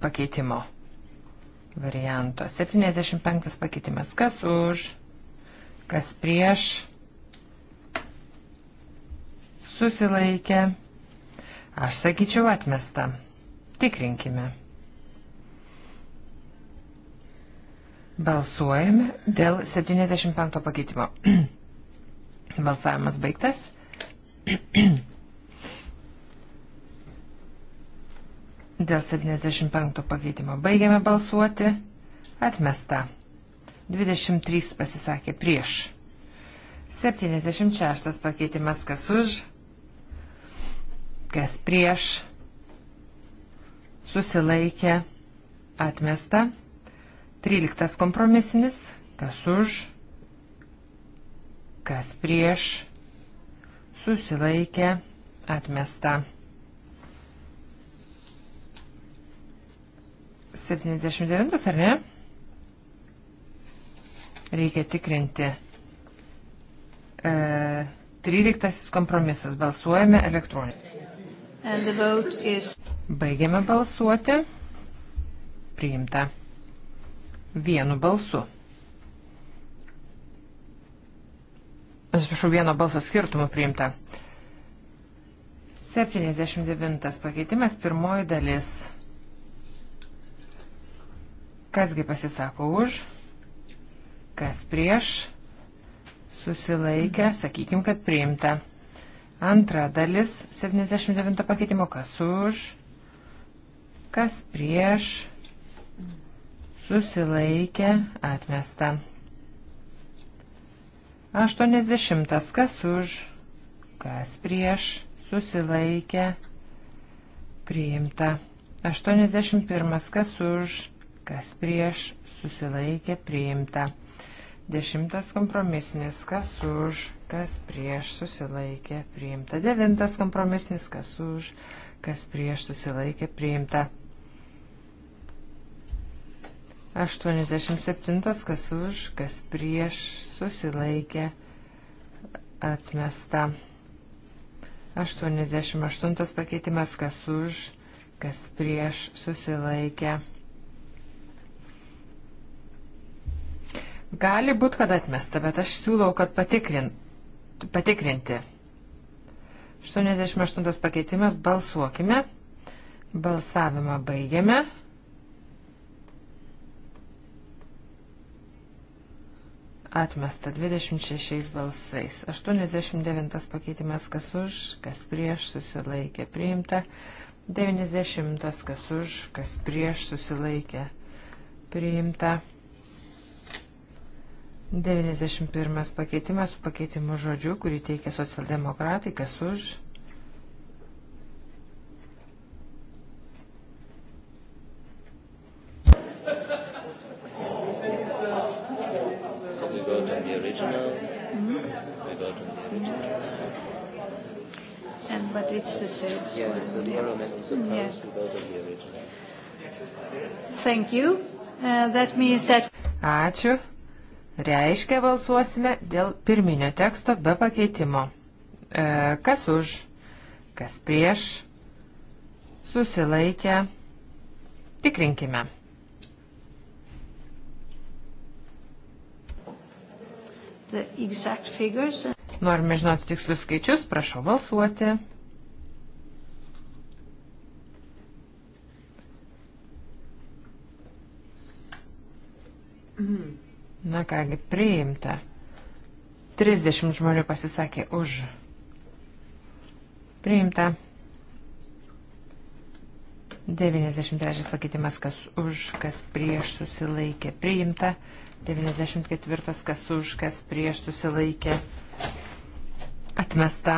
pakeitimo varianto. 75 pakeitimas. Kas už, kas prieš, susilaikė. Aš sakyčiau atmesta. Tikrinkime. Balsuojame dėl 75 pakeitimo. Balsavimas baigtas. Dėl 75 pakeitimo baigiame balsuoti. Atmesta. 23 pasisakė prieš. 76 pakeitimas kas už, kas prieš, susilaikė, atmesta. 13 kompromisinis, kas už, kas prieš, susilaikė, atmesta. 79, ar ne? Reikia tikrinti. E, 13 kompromisas. Balsuojame elektroniškai. Is... Baigiame balsuoti. Priimta. Vienu balsu. Atsiprašau, vieno balso skirtumų priimta. 79 pakeitimas, pirmoji dalis. Kasgi pasisako už, kas prieš, susilaikę, sakykim, kad priimta. Antra dalis 79 pakeitimo, kas už, kas prieš, susilaikę, atmesta. 80 kas už, kas prieš, susilaikę, priimta. 81 kas už, kas prieš, susilaikė priimta. Dešimtas kompromisinis, kas už, kas prieš, susilaikė priimta. Devintas kompromisinis, kas už, kas prieš, susilaikė priimta. 87, kas už, kas prieš, susilaikė atmesta. 88 pakeitimas, kas už, kas prieš, susilaikė atmesta Gali būti, kad atmesta, bet aš siūlau, kad patikrin, patikrinti. 88 pakeitimas, balsuokime. Balsavimą baigiame. Atmesta 26 balsais. 89 pakeitimas, kas už, kas prieš, susilaikė, priimta. 90 kas už, kas prieš, susilaikė, priimta. 91 pakeitimas su pakeitimu žodžiu, kurį teikia socialdemokratai, kas už. Mm-hmm. Mm-hmm. And but it's the same. Yeah, so the error method is opposed yeah. Mm-hmm. without the original. Thank you. Uh, that means that. Ačiū reiškia balsuosime dėl pirminio teksto be pakeitimo. E, kas už, kas prieš, susilaikę, tikrinkime. Norime žinoti tikslius skaičius, prašau balsuoti. Mm. Na kągi, priimta. 30 žmonių pasisakė už. Priimta. 93 pakeitimas, kas už, kas prieš susilaikė. Priimta. 94, kas už, kas prieš susilaikė. Atmesta.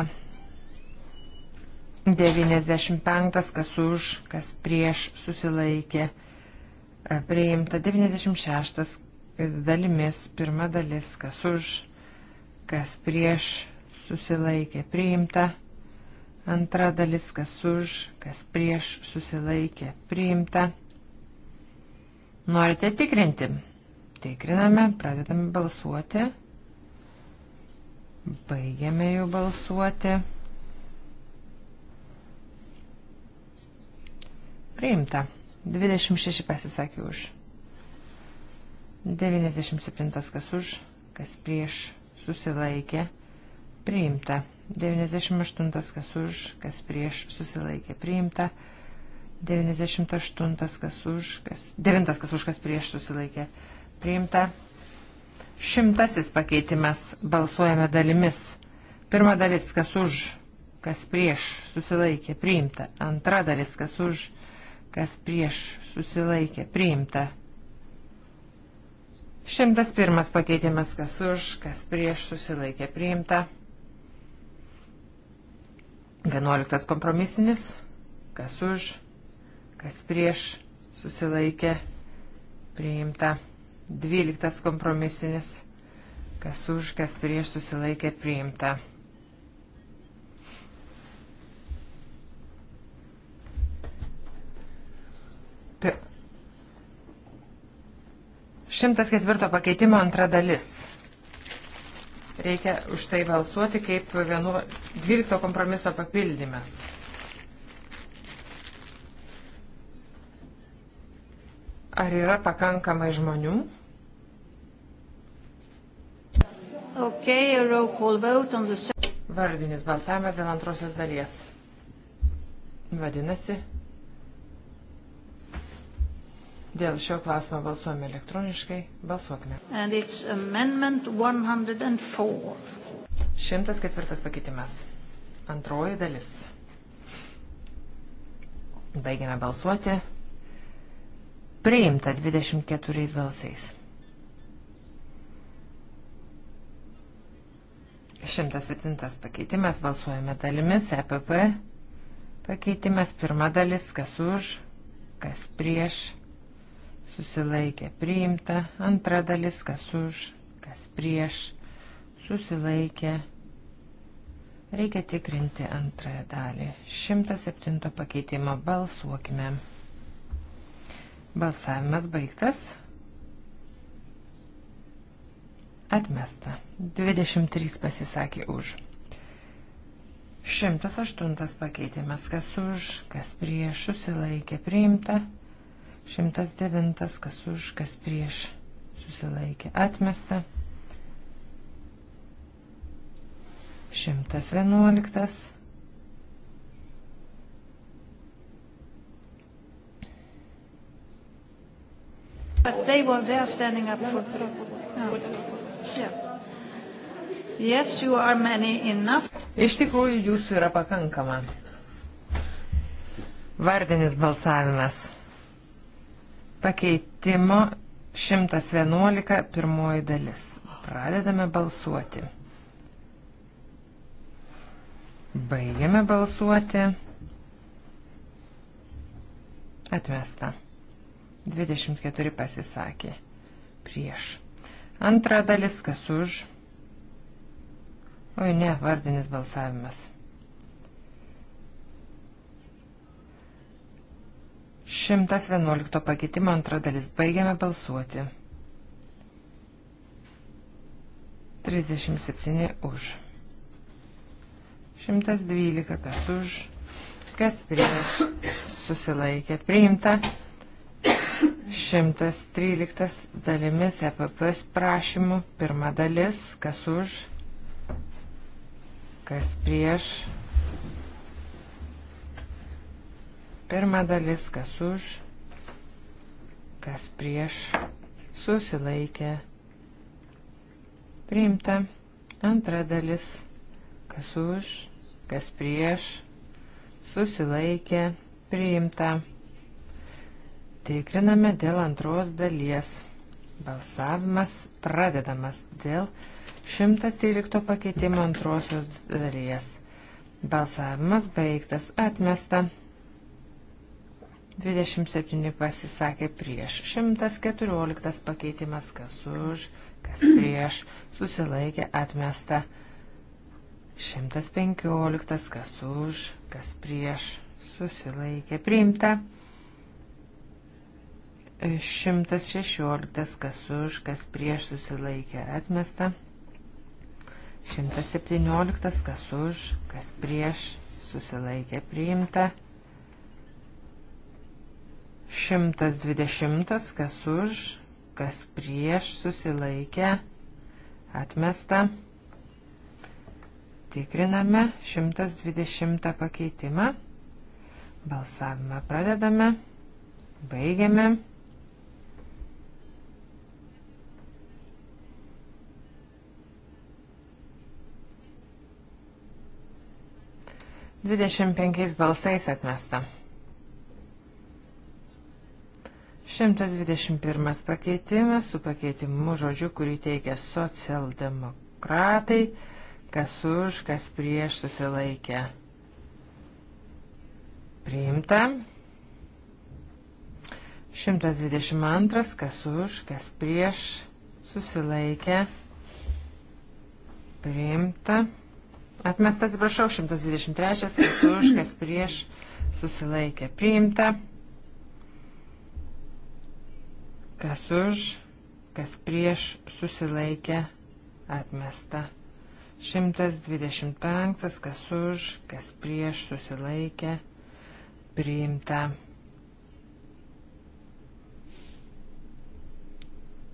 95, kas už, kas prieš susilaikė. Priimta. 96, dalimis pirma dalis, kas už, kas prieš susilaikė priimta, antra dalis, kas už, kas prieš susilaikė priimta. Norite tikrinti? Tikriname, pradedame balsuoti. Baigiame jau balsuoti. Priimta. 26 pasisakė už. 97 kas už, kas prieš susilaikė priimta. 98 kas už, kas prieš susilaikė priimta. 98 kas už, kas 9 kas už, kas prieš susilaikė priimta. Šimtasis pakeitimas balsuojame dalimis. Pirma dalis kas už, kas prieš susilaikė priimta. Antra dalis kas už, kas prieš susilaikė priimta. Šimtas pirmas pakeitimas, kas už, kas prieš susilaikė priimta. Vienuoliktas kompromisinis, kas už, kas prieš susilaikė priimta. Dvyliktas kompromisinis, kas už, kas prieš susilaikė priimta. P 104 pakeitimo antra dalis. Reikia už tai balsuoti kaip 12 kompromiso papildymas. Ar yra pakankamai žmonių? Okay, the... Vardinis balsavimas dėl antrosios dalies. Vadinasi, Dėl šio klausimo balsuojame elektroniškai. Balsuokime. 104. 104 pakeitimas. Antroji dalis. Baigiame balsuoti. Priimta 24 balsais. 107 pakeitimas, balsuojame dalimis, EPP pakeitimas, pirma dalis, kas už, kas prieš, susilaikė priimta, antra dalis kas už, kas prieš, susilaikė. Reikia tikrinti antrąją dalį. 107 pakeitimo balsuokime. Balsavimas baigtas. Atmesta. 23 pasisakė už. 108 pakeitimas kas už, kas prieš, susilaikė priimta. 109, kas už, kas prieš susilaikė atmesta. 111. But they were there standing up for... No. Yeah. Yes, you are many enough. Iš tikrųjų, jūsų yra pakankama. Vardinis balsavimas. Pakeitimo 111 pirmoji dalis. Pradedame balsuoti. Baigiame balsuoti. Atmesta. 24 pasisakė. Prieš. Antra dalis, kas už. Oi ne, vardinis balsavimas. 111 pakeitimo antra dalis. Baigiame balsuoti. 37 už. 112 kas už. Kas prieš susilaikė. Priimta. 113 dalimis EPP prašymų. Pirma dalis. Kas už. Kas prieš Pirma dalis, kas už, kas prieš, susilaikė, priimta. Antra dalis, kas už, kas prieš, susilaikė, priimta. Tikriname dėl antros dalies. Balsavimas pradedamas dėl 113 pakeitimo antrosios dalies. Balsavimas baigtas, atmesta. 27 pasisakė prieš, 114 pakeitimas kas už, kas prieš, susilaikė atmesta, 115 kas už, kas prieš, susilaikė priimta, 116 kas už, kas prieš, susilaikė atmesta, 117 kas už, kas prieš, susilaikė priimta. 120, kas už, kas prieš susilaikę, atmesta. Tikriname 120 pakeitimą. Balsavimą pradedame, baigiame. Dvidešimt penkiais balsais atmesta. 121 pakeitimas su pakeitimu žodžiu, kurį teikia socialdemokratai, kas už, kas prieš susilaikė. Priimta. 122, kas už, kas prieš susilaikė. Priimta. Atmestas, atsiprašau, 123, kas už, kas prieš susilaikė. Priimta. Kas už, kas prieš susilaikė atmesta. 125. Kas už, kas prieš susilaikė priimta.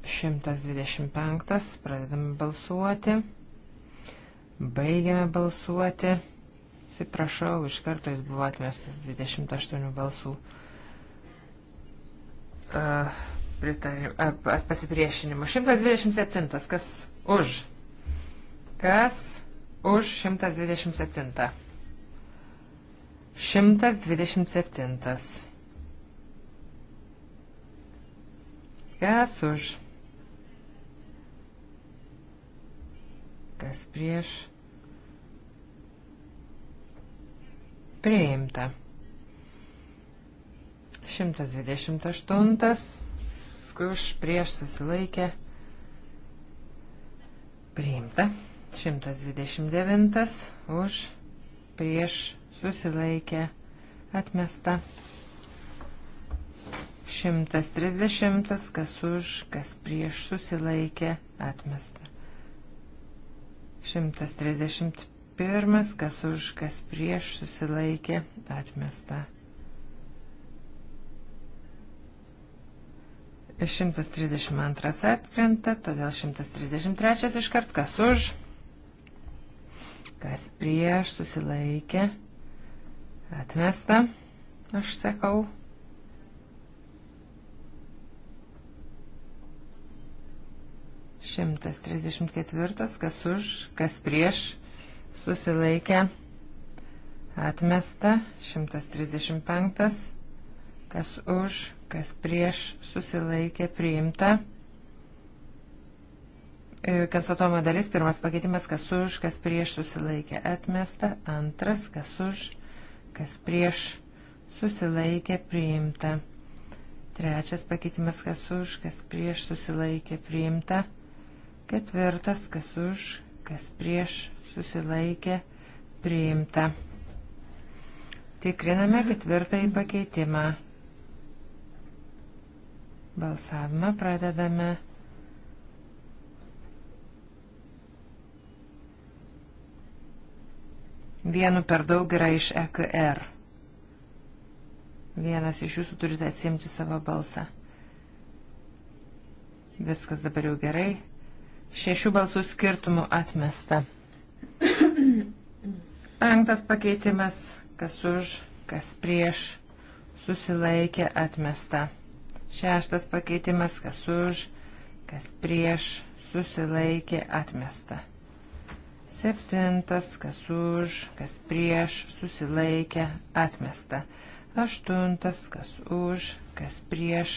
125. Pradedame balsuoti. Baigiame balsuoti. Atsiprašau, iš karto jis buvo atmestas 28 balsų. Uh, pasipriešinimu. 127. Kas už? Kas už 127? 127. Kas už? Kas prieš? Priimta. 128 paskui už prieš susilaikę priimta. 129 už prieš susilaikę atmesta. 130 kas už, kas prieš susilaikė atmesta. 131 kas už, kas prieš susilaikė atmesta. 132 atkrenta, todėl 133 iškart kas už, kas prieš, susilaikė, atmesta, aš sakau. Šimtas trisdešimt ketvirtas, kas už, kas prieš, susilaikė, atmesta, šimtas trisdešimt penktas, kas už, kas prieš susilaikė priimta. E, konstatuojama dalis, pirmas pakeitimas, kas už, kas prieš susilaikė atmesta, antras, kas už, kas prieš susilaikė priimta. Trečias pakeitimas, kas už, kas prieš susilaikė priimta. Ketvirtas, kas už, kas prieš susilaikė priimta. Tikriname ketvirtąjį pakeitimą. Balsavimą pradedame. Vienu per daug yra iš EKR. Vienas iš jūsų turite atsimti savo balsą. Viskas dabar jau gerai. Šešių balsų skirtumų atmesta. Penktas pakeitimas, kas už, kas prieš, susilaikė atmesta. Šeštas pakeitimas, kas už, kas prieš, susilaikė, atmesta. Septintas, kas už, kas prieš, susilaikė, atmesta. Aštuntas, kas už, kas prieš,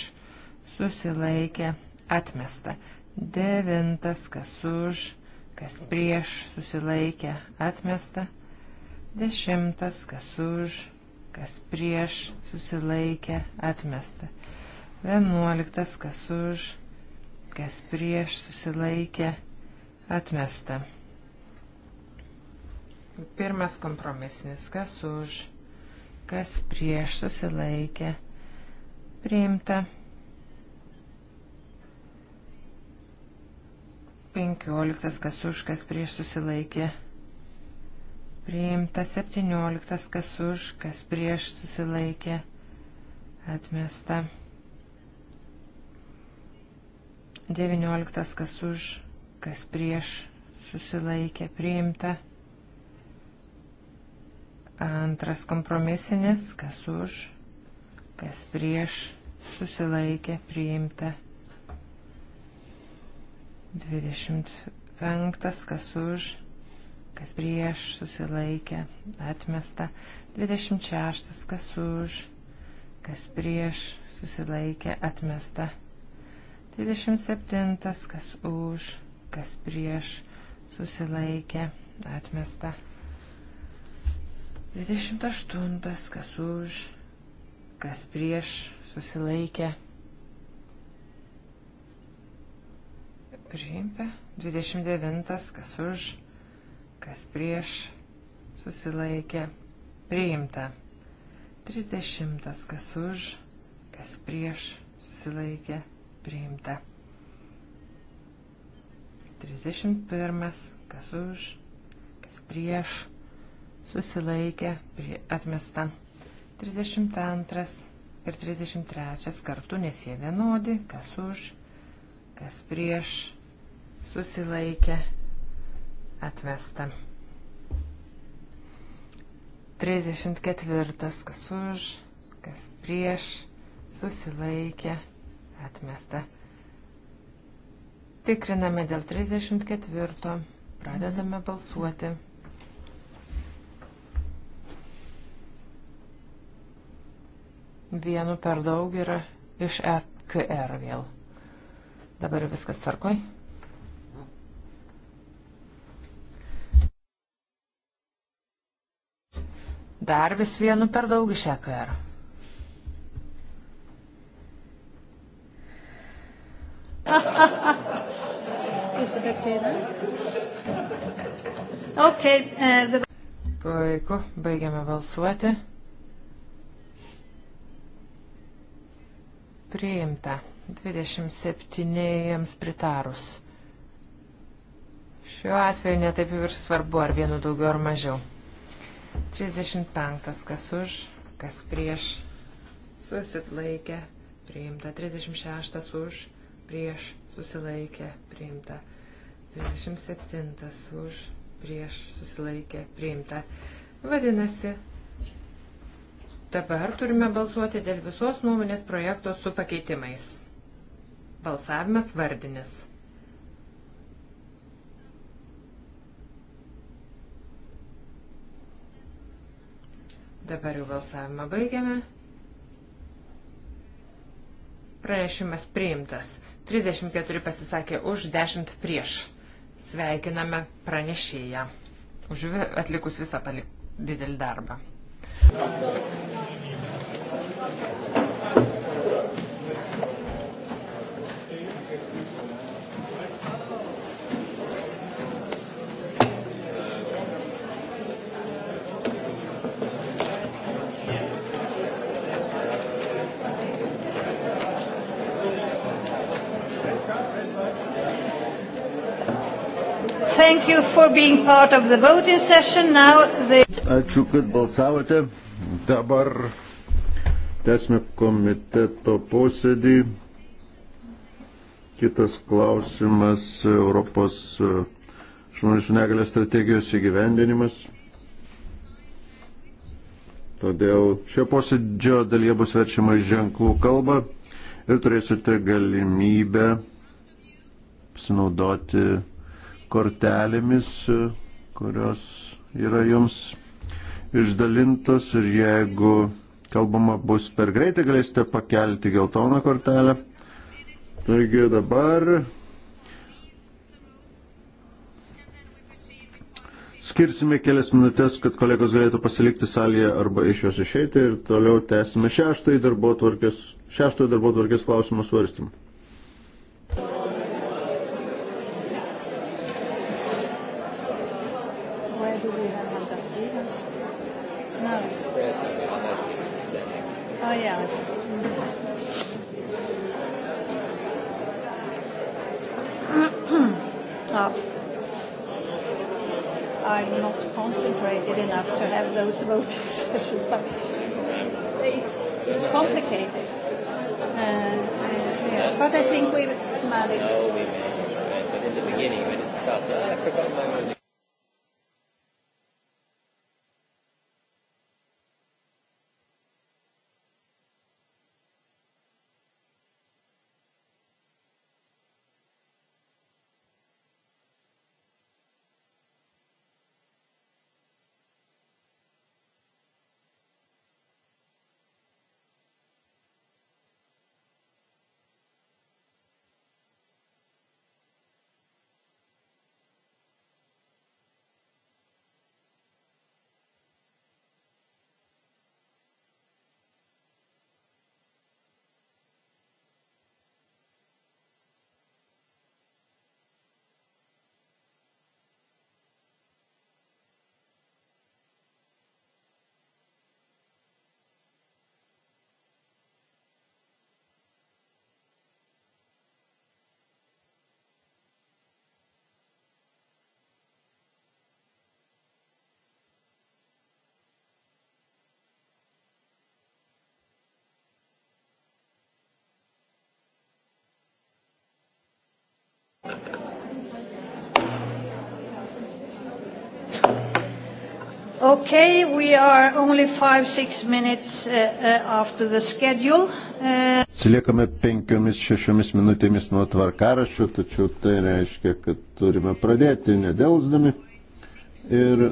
susilaikė, atmesta. Devintas, kas už, kas prieš, susilaikė, atmesta. Dešimtas, kas už, kas prieš, susilaikė, atmesta. Vienuoliktas, kas už, kas prieš susilaikė, atmesta. Pirmas kompromisinis, kas už, kas prieš susilaikė, priimta. 15, kas už, kas prieš susilaikė, priimta. 17, kas už, kas prieš susilaikė, atmesta. 19 kas už, kas prieš susilaikė priimta. Antras kompromisinis, kas už, kas prieš susilaikė priimta. 25 kas už, kas prieš susilaikė, atmesta. 26. Kas už, kas prieš susilaikė, atmesta. 27. Kas už, kas prieš, susilaikė, atmesta. 28. Kas už, kas prieš, susilaikė. Priimta. 29. Kas už, kas prieš, susilaikė. Priimta. 30. Kas už, kas prieš, susilaikė priimta. 31. Kas už, kas prieš, susilaikė, prie, atmesta. 32 ir 33 kartu, nes jie vienodi, kas už, kas prieš, susilaikė, atmesta. 34. Kas už, kas prieš, susilaikė, atmesta Atmesta. Tikriname dėl 34. Pradedame balsuoti. Vienu per daug yra iš EKR vėl. Dabar viskas tvarkoj. Dar vis vienu per daug iš EKR. Is it okay then? Okay, uh, the... Puiku, baigiame balsuoti. Priimta 27 pritarus. Šiuo atveju netaip ir svarbu, ar vienu daugiau ar mažiau. 35. Kas už, kas prieš, susitlaikę, priimta. 36. Už, prieš susilaikė priimta. 37 už prieš susilaikė priimta. Vadinasi, dabar turime balsuoti dėl visos nuomonės projekto su pakeitimais. Balsavimas vardinis. Dabar jau balsavimą baigiame. Pranešimas priimtas. 34 pasisakė už, 10 prieš. Sveikiname pranešėją už atlikus visą didelį darbą. Thank you for being part of the voting session. Now the... Ačiū, kad balsavote. Dabar tęsime komiteto posėdį. Kitas klausimas - Europos žmonių su negalė strategijos įgyvendinimas. Todėl šio posėdžio dalyje bus verčiama į ženklų kalbą ir turėsite galimybę pasinaudoti kortelėmis, kurios yra jums išdalintos ir jeigu kalbama bus per greitai, galėsite pakelti geltoną kortelę. Taigi dabar skirsime kelias minutės, kad kolegos galėtų pasilikti salėje arba iš jos išeiti ir toliau tęsime šeštąjį darbo tvarkės, šeštąjį darbo tvarkės klausimų svarstymą. not I'm not concentrated enough to have those voting sessions, but it's, it's complicated. Uh, and, yeah. But I think we've managed. No, we managed, right? But in the beginning, when it starts, oh, I forgot my Okay, we are only five, six minutes uh, uh, after the schedule. Uh, Atsiliekame penkiomis, šešiomis minutėmis nuo tvarkaraščių, tačiau tai reiškia, kad turime pradėti nedelsdami. Ir e,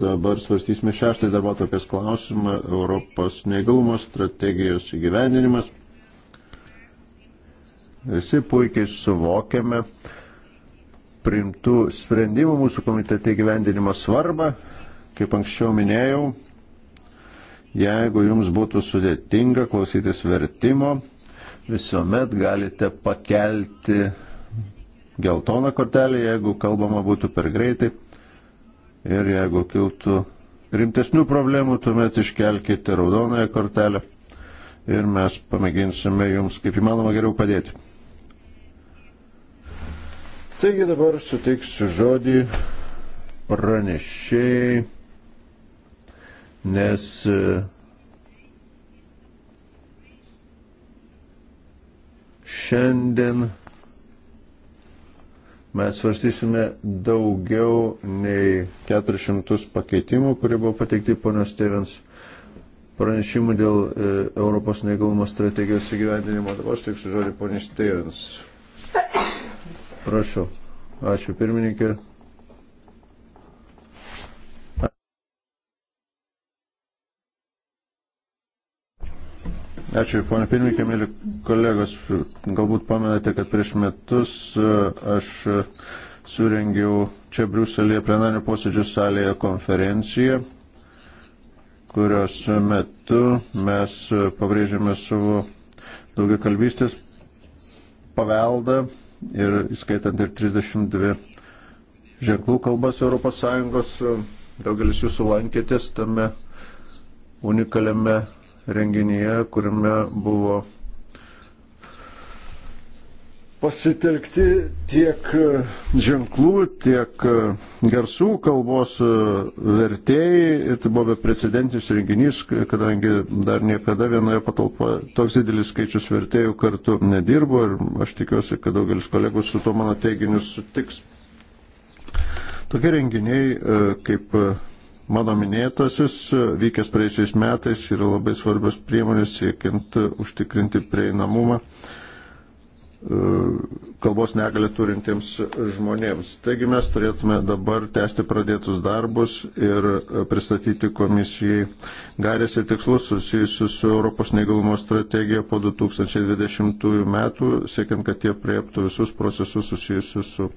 dabar svarstysime šeštąjį darbo tokias klausimą - Europos neįgalumo strategijos įgyvendinimas. Visi puikiai suvokiame primtų sprendimų mūsų komitete įgyvendinimo svarbą Kaip anksčiau minėjau, jeigu jums būtų sudėtinga klausytis vertimo, visuomet galite pakelti geltoną kortelę, jeigu kalbama būtų per greitai ir jeigu kiltų rimtesnių problemų, tuomet iškelkite raudonąją kortelę ir mes pamėginsime jums kaip įmanoma geriau padėti. Taigi dabar suteiksiu žodį pranešėjai nes e, šiandien mes svarstysime daugiau nei 400 pakeitimų, kurie buvo pateikti ponios Stevens pranešimų dėl e, Europos neįgalumo strategijos įgyvendinimo. Dabar aš teiksiu žodį ponios Stevens. Prašau. Ačiū pirmininkė. Ačiū, ponė pirmininkė, mėly kolegos. Galbūt pamenate, kad prieš metus e, aš e, surengiau čia Briuselėje plenarinio posėdžio salėje konferenciją, kurios metu mes e, pabrėžėme savo daugiakalbystės paveldą ir įskaitant ir 32 ženklų kalbas ES. Daugelis jūsų lankėtės tame unikaliame renginyje, kuriame buvo pasitelkti tiek ženklų, tiek garsų kalbos vertėjai ir tai buvo beprecedentis renginys, kadangi dar niekada vienoje patalpoje toks didelis skaičius vertėjų kartu nedirbo ir aš tikiuosi, kad daugelis kolegų su tuo mano teiginiu sutiks. Tokie renginiai kaip mano minėtasis, e, vykęs praeisiais metais, yra labai svarbios priemonės siekiant e, užtikrinti prieinamumą e, kalbos negalė turintiems žmonėms. Taigi mes turėtume dabar tęsti pradėtus darbus ir pristatyti komisijai garės ir tikslus susijusius su Europos neįgalumo strategija po 2020 metų, siekiant, kad jie prieptų visus procesus susijusius su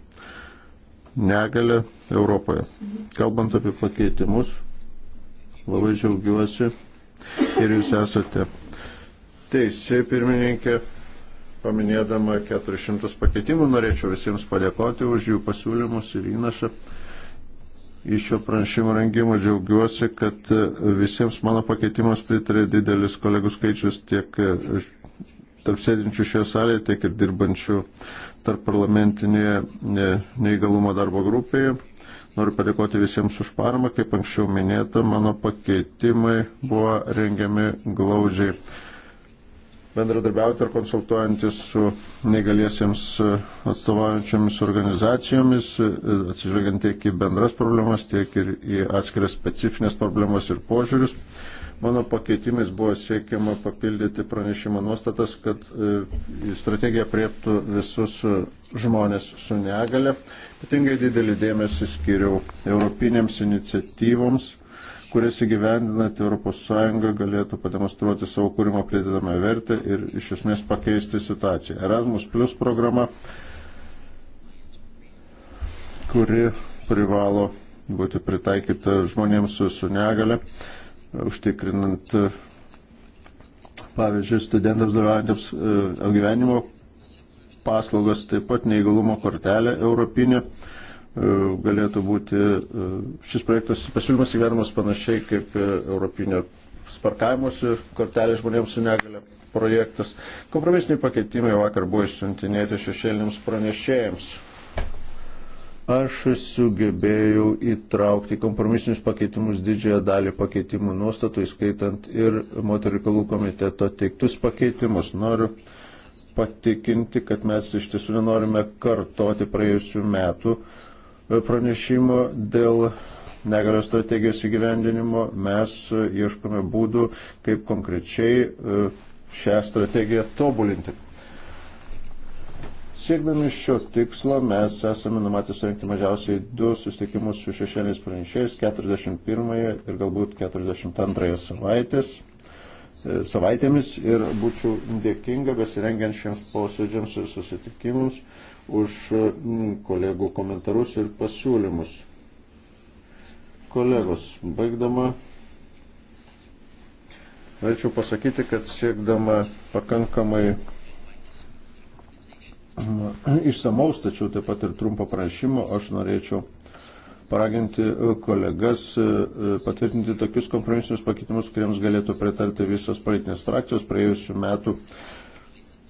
negalę Europoje. Mhm. Kalbant apie pakeitimus, labai džiaugiuosi ir jūs esate teisė pirmininkė, paminėdama 400 pakeitimų, norėčiau visiems padėkoti už jų pasiūlymus ir įnašą. Iš šio pranešimo rengimo džiaugiuosi, kad visiems mano pakeitimams pritarė didelis kolegų skaičius tiek tarp sėdinčių šioje salėje, tiek ir dirbančių tarp parlamentinėje e, neįgalumo darbo grupėje. Noriu padėkoti visiems už paramą. Kaip anksčiau minėta, mano pakeitimai buvo rengiami glaudžiai bendradarbiauti ir konsultuojantis su negaliesiems atstovaujančiomis organizacijomis, atsižvelgiant tiek į bendras problemas, tiek ir į atskiras specifines problemas ir požiūrius. Mano pakeitimais buvo siekiama papildyti pranešimo nuostatas, kad e, strategija prieptų visus e, žmonės su negale. Ypatingai didelį dėmesį skiriau europinėms iniciatyvoms, kurias įgyvendinant ES galėtų pademonstruoti savo kūrimo pridedamą vertę ir iš esmės pakeisti situaciją. Erasmus Plus programa, kuri privalo būti pritaikyta žmonėms su, su negale užtikrinant, pavyzdžiui, studentams dalyvaujantiems e, apgyvenimo paslaugas, taip pat neįgalumo kortelė europinė e, galėtų būti e, šis projektas pasiūlymas įgyvenimas panašiai kaip europinio sparkavimuose kortelė žmonėms su negale projektas. Kompromisiniai pakeitimai vakar buvo išsiuntinėti šešėliniams pranešėjams. Aš sugebėjau įtraukti kompromisinius pakeitimus didžiąją dalį pakeitimų nuostatų, įskaitant ir moterų reikalų komiteto teiktus pakeitimus. Noriu patikinti, kad mes iš tiesų nenorime kartoti praėjusių metų e, pranešimo dėl negalios strategijos įgyvendinimo. Mes e, ieškome būdų, kaip konkrečiai e, šią strategiją tobulinti. Siekdami šio tikslo mes esame numatę surinkti mažiausiai du susitikimus su šešėliais pranešėjais 41 ir galbūt 42 savaitės, e, savaitėmis ir būčiau dėkinga besirengiančiams posėdžiams ir susitikimams už kolegų komentarus ir pasiūlymus. Kolegos, baigdama Norėčiau pasakyti, kad siekdama pakankamai išsamaus, tačiau taip pat ir trumpo prašymo aš norėčiau paraginti e, kolegas e, e, patvirtinti tokius kompromisinius pakeitimus, kuriems galėtų pritarti visos politinės frakcijos. Praėjusiu metu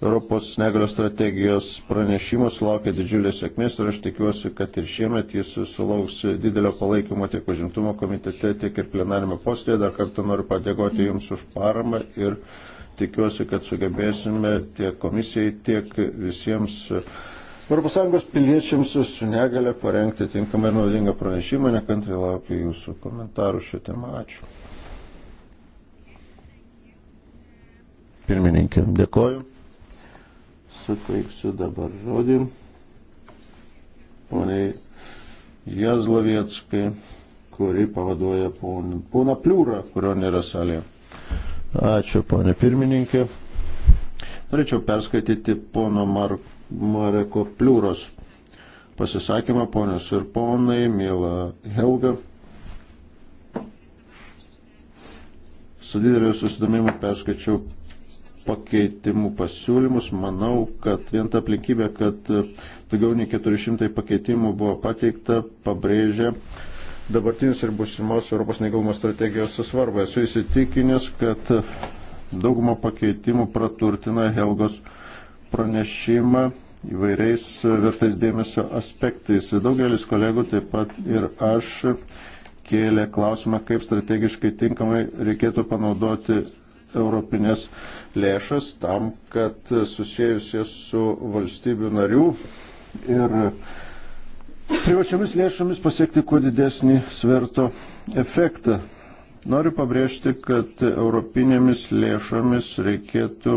Europos negalios strategijos pranešimus laukia didžiulės sėkmės ir aš tikiuosi, kad ir šiemet jis sulauks didelio palaikymo tiek užimtumo komitete, tiek ir plenarime postėje. Dar kartą noriu padėkoti Jums už paramą ir Tikiuosi, kad sugebėsime tiek komisijai, tiek visiems ES piliečiams su negale parengti tinkamą ir naudingą pranešimą. Nekantriai laukiu jūsų komentarų šią temą. Ačiū. Pirmininkė, dėkoju. Suteiksiu dabar žodį. Poniai Jazlovieckai kuri pavaduoja poną Pliūrą, kurio nėra salėje. Ačiū, ponė pirmininkė. Norėčiau perskaityti pono Mar Mareko Pliūros pasisakymą, ponios ir ponai, mėla Helga. Su dideliu susidomėjimu perskaičiau pakeitimų pasiūlymus. Manau, kad vien ta aplinkybė, kad daugiau nei 400 pakeitimų buvo pateikta, pabrėžia dabartinis ir būsimos Europos neįgalumo strategijos svarbą. Esu įsitikinęs, kad daugumą pakeitimų praturtina Helgos pranešimą įvairiais vertais dėmesio aspektais. Daugelis kolegų, taip pat ir aš, kėlė klausimą, kaip strategiškai tinkamai reikėtų panaudoti europinės lėšas tam, kad susijusies su valstybių narių ir privačiomis lėšomis pasiekti kuo didesnį sverto efektą. Noriu pabrėžti, kad europinėmis lėšomis reikėtų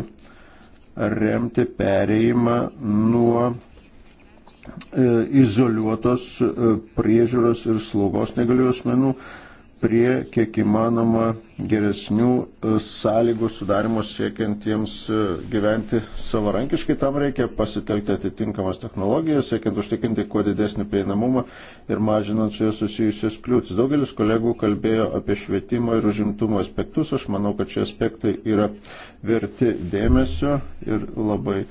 remti pereimą nuo e, izoliuotos e, priežiūros ir slaugos negalių asmenų prie kiek įmanoma geresnių e, sąlygų sudarimo siekiantiems e, gyventi savarankiškai. Tam reikia pasitelkti atitinkamas technologijas, siekiant užtikrinti kuo didesnį prieinamumą ir mažinant su juo susijusias kliūtis. Daugelis kolegų kalbėjo apie švietimo ir užimtumo aspektus. Aš manau, kad šie aspektai yra verti dėmesio ir labai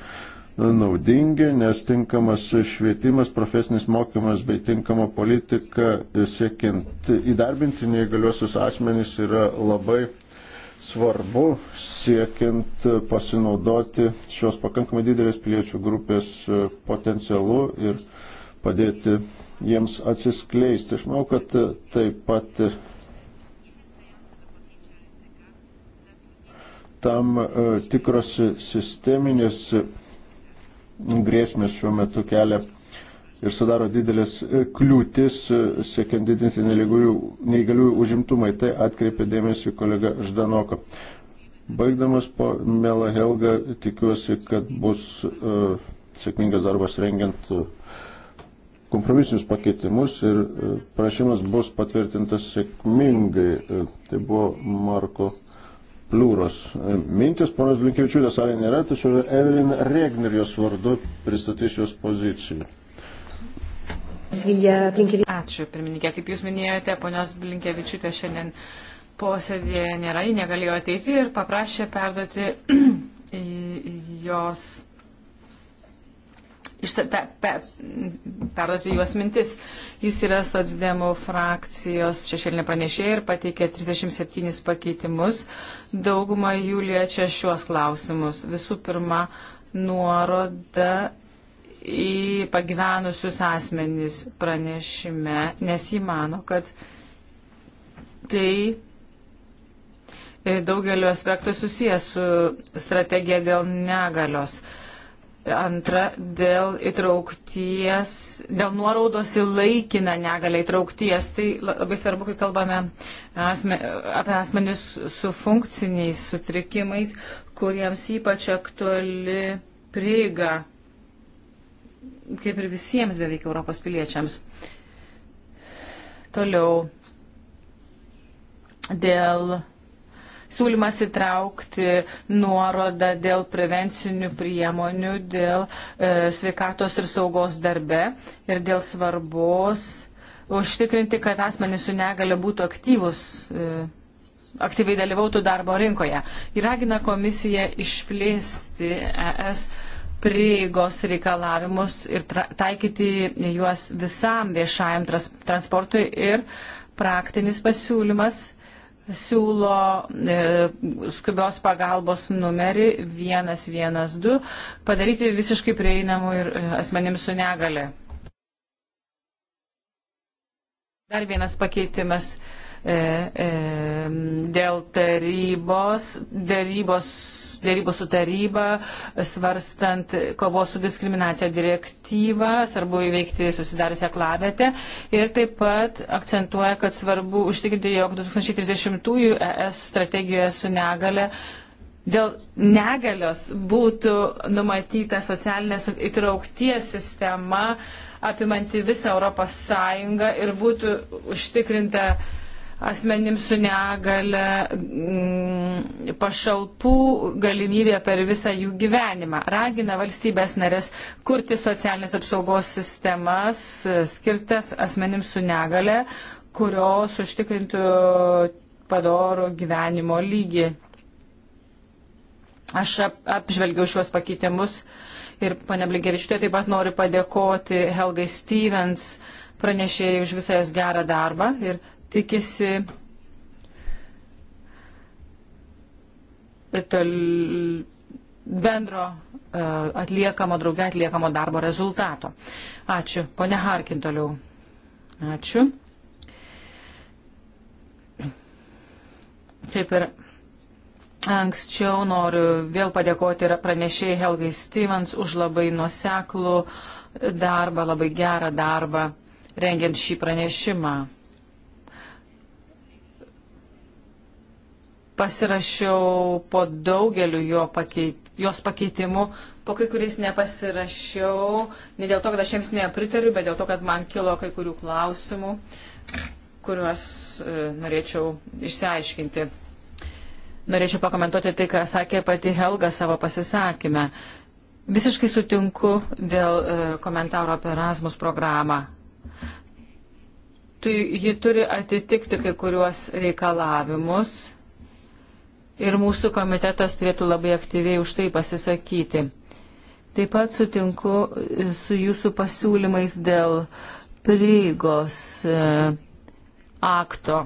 naudingi, nes tinkamas švietimas, profesinis mokymas bei tinkama politika siekiant įdarbinti neįgaliuosius asmenys yra labai svarbu siekiant pasinaudoti šios pakankamai didelės piliečių grupės potencialu ir padėti jiems atsiskleisti. Aš manau, kad taip pat tam tikros sisteminės grėsmės šiuo metu kelia ir sudaro didelės e, kliūtis e, siekiant didinti neįgaliųjų užimtumai. Tai atkreipė dėmesį kolega Ždanoka. Baigdamas po Mela Helga, tikiuosi, kad bus uh, sėkmingas darbas rengiant uh, kompromisinius pakeitimus ir uh, prašymas bus patvirtintas sėkmingai. Uh, tai buvo Marko. Uh, Pliūros mintis. Ponas Blinkevičiūtės salė nėra, tačiau Evelin Regner jos vardu pristatys jos poziciją. Ačiū, pirmininkė. Kaip Jūs minėjote, ponios Blinkevičiūtė šiandien posėdėje nėra, ji negalėjo ateiti ir paprašė perduoti jos išta, pe, pe, perduoti juos mintis. Jis yra Sotsdemų frakcijos šešėlinė pranešėja ir pateikė 37 pakeitimus. Dauguma jų liečia šiuos klausimus. Visų pirma, nuoroda į pagyvenusius asmenys pranešime, nes jį mano, kad tai e, daugeliu aspektų susijęs su strategija dėl negalios. Uh, Antra, dėl įtraukties, dėl nuoraudos į laikiną negalę įtraukties. Tai labai svarbu, kai kalbame asme, apie asmenis su funkciniais sutrikimais, kuriems ypač aktuali prieiga, kaip ir visiems beveik Europos piliečiams. Toliau, dėl siūlymas įtraukti nuorodą dėl prevencinių priemonių, dėl e, sveikatos ir saugos darbe ir dėl svarbos užtikrinti, kad asmenys su negale būtų aktyvus. E, aktyviai dalyvautų darbo rinkoje. Ir ragina komisiją išplėsti ES prieigos reikalavimus ir taikyti juos visam viešajam trans transportui ir praktinis pasiūlymas siūlo e, skubios pagalbos numerį 112 padaryti visiškai prieinamu ir e, asmenims su negale. Dar vienas pakeitimas e, e, dėl tarybos, darybos dėrybų su taryba, svarstant kovos su diskriminacija direktyvą, svarbu įveikti susidariusią klavetę ir taip pat akcentuoja, kad svarbu užtikrinti, jog 2030-ųjų ES strategijoje su negale dėl negalios būtų numatyta socialinės įtraukties sistema apimanti visą Europos Sąjungą ir būtų užtikrinta asmenims su negale mm, pašalpų galimybė per visą jų gyvenimą. Ragina valstybės narės kurti socialinės apsaugos sistemas e, skirtas asmenims su negale, kurios užtikrintų padoro gyvenimo lygį. Aš ap, apžvelgiau šiuos pakeitimus ir pane Blinkevičiūtė taip pat noriu padėkoti Helgai Stevens pranešėjai už visą jos gerą darbą ir tikisi tol, bendro e, atliekamo drauge atliekamo darbo rezultato. Ačiū. Pone Harkin toliau. Ačiū. Kaip ir anksčiau noriu vėl padėkoti ir pranešėjai Helgai Stevens už labai nuoseklų darbą, labai gerą darbą rengiant šį pranešimą. pasirašiau po daugeliu jo pakeit, jos pakeitimų, po kai kuriais nepasirašiau, ne dėl to, kad aš jiems nepritariu, bet dėl to, kad man kilo kai kurių klausimų, kuriuos e, norėčiau išsiaiškinti. Norėčiau pakomentuoti tai, ką sakė pati Helga savo pasisakymę. Visiškai sutinku dėl e, komentaro apie Erasmus programą. Tai ji turi atitikti kai kuriuos reikalavimus ir mūsų komitetas turėtų labai aktyviai už tai pasisakyti. Taip pat sutinku su jūsų pasiūlymais dėl prieigos e, akto.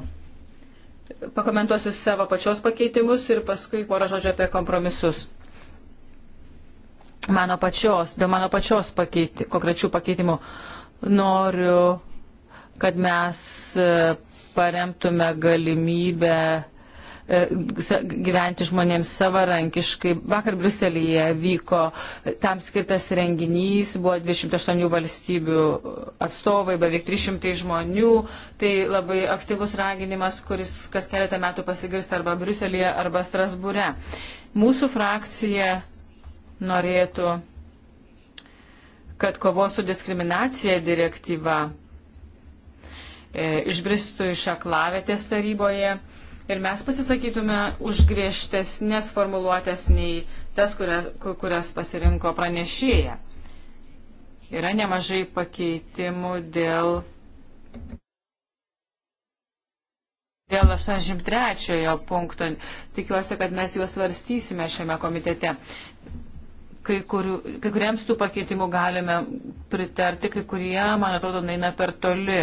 Pakomentuosiu savo pačios pakeitimus ir paskui porą žodžių apie kompromisus. Mano pačios, dėl mano pačios pakeiti, konkrečių pakeitimų noriu, kad mes e, paremtume galimybę E, gyventi žmonėms savarankiškai. Vakar Bruselėje vyko tam skirtas renginys, buvo 28 valstybių atstovai, beveik 300 žmonių. Tai labai aktyvus raginimas, kuris kas keletą metų pasigirsta arba Bruselėje, arba Strasbūre. Mūsų frakcija norėtų, kad kovos su diskriminacija direktyva e, išbristų iš aklavėtės taryboje ir mes pasisakytume už griežtesnės formuluotės nei tas, kurias, kurias pasirinko pranešėja. Yra nemažai pakeitimų dėl, dėl 83 punkto. Tikiuosi, kad mes juos svarstysime šiame komitete. Kai, kuriu, kai kuriems tų pakeitimų galime pritarti, kai kurie, man atrodo, naina per toli.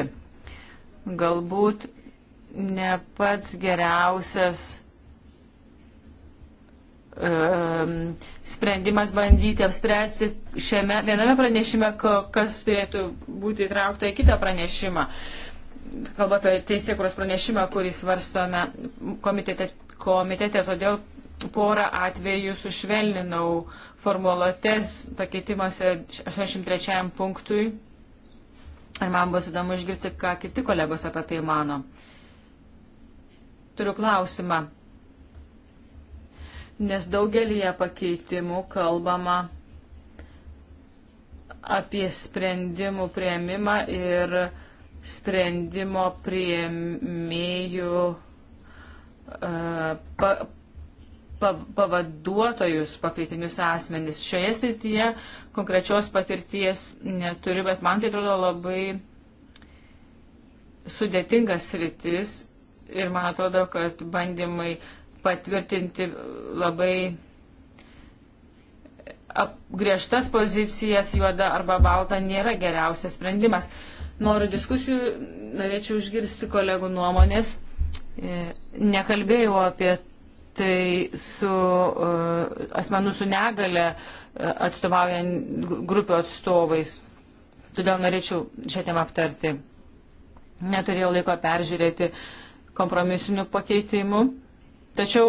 Galbūt ne pats geriausias um, sprendimas bandyti apspręsti šiame viename pranešime, kas turėtų būti įtraukta į kitą pranešimą. Kalba apie teisėkuros pranešimą, kurį svarstome komitete, komitete todėl porą atvejų sušvelninau formuluotės pakeitimuose 83 punktui. Ir man bus įdomu išgirsti, ką kiti kolegos apie tai mano. Uh, Turiu klausimą. Nes daugelie pakeitimų kalbama apie sprendimų prieimimą ir sprendimo prieimėjų e, pa, pa, pavaduotojus pakaitinius asmenys. Šioje srityje konkrečios patirties neturiu, bet man tai atrodo labai sudėtingas sritis ir man atrodo, kad bandymai patvirtinti labai griežtas pozicijas juoda arba balta nėra geriausias sprendimas. Noriu diskusijų, norėčiau išgirsti kolegų nuomonės. E, nekalbėjau apie tai su uh, asmenų su negale uh, atstovaujant grupių atstovais. Todėl norėčiau šią temą aptarti. Neturėjau laiko peržiūrėti uh, kompromisinių pakeitimų. Tačiau,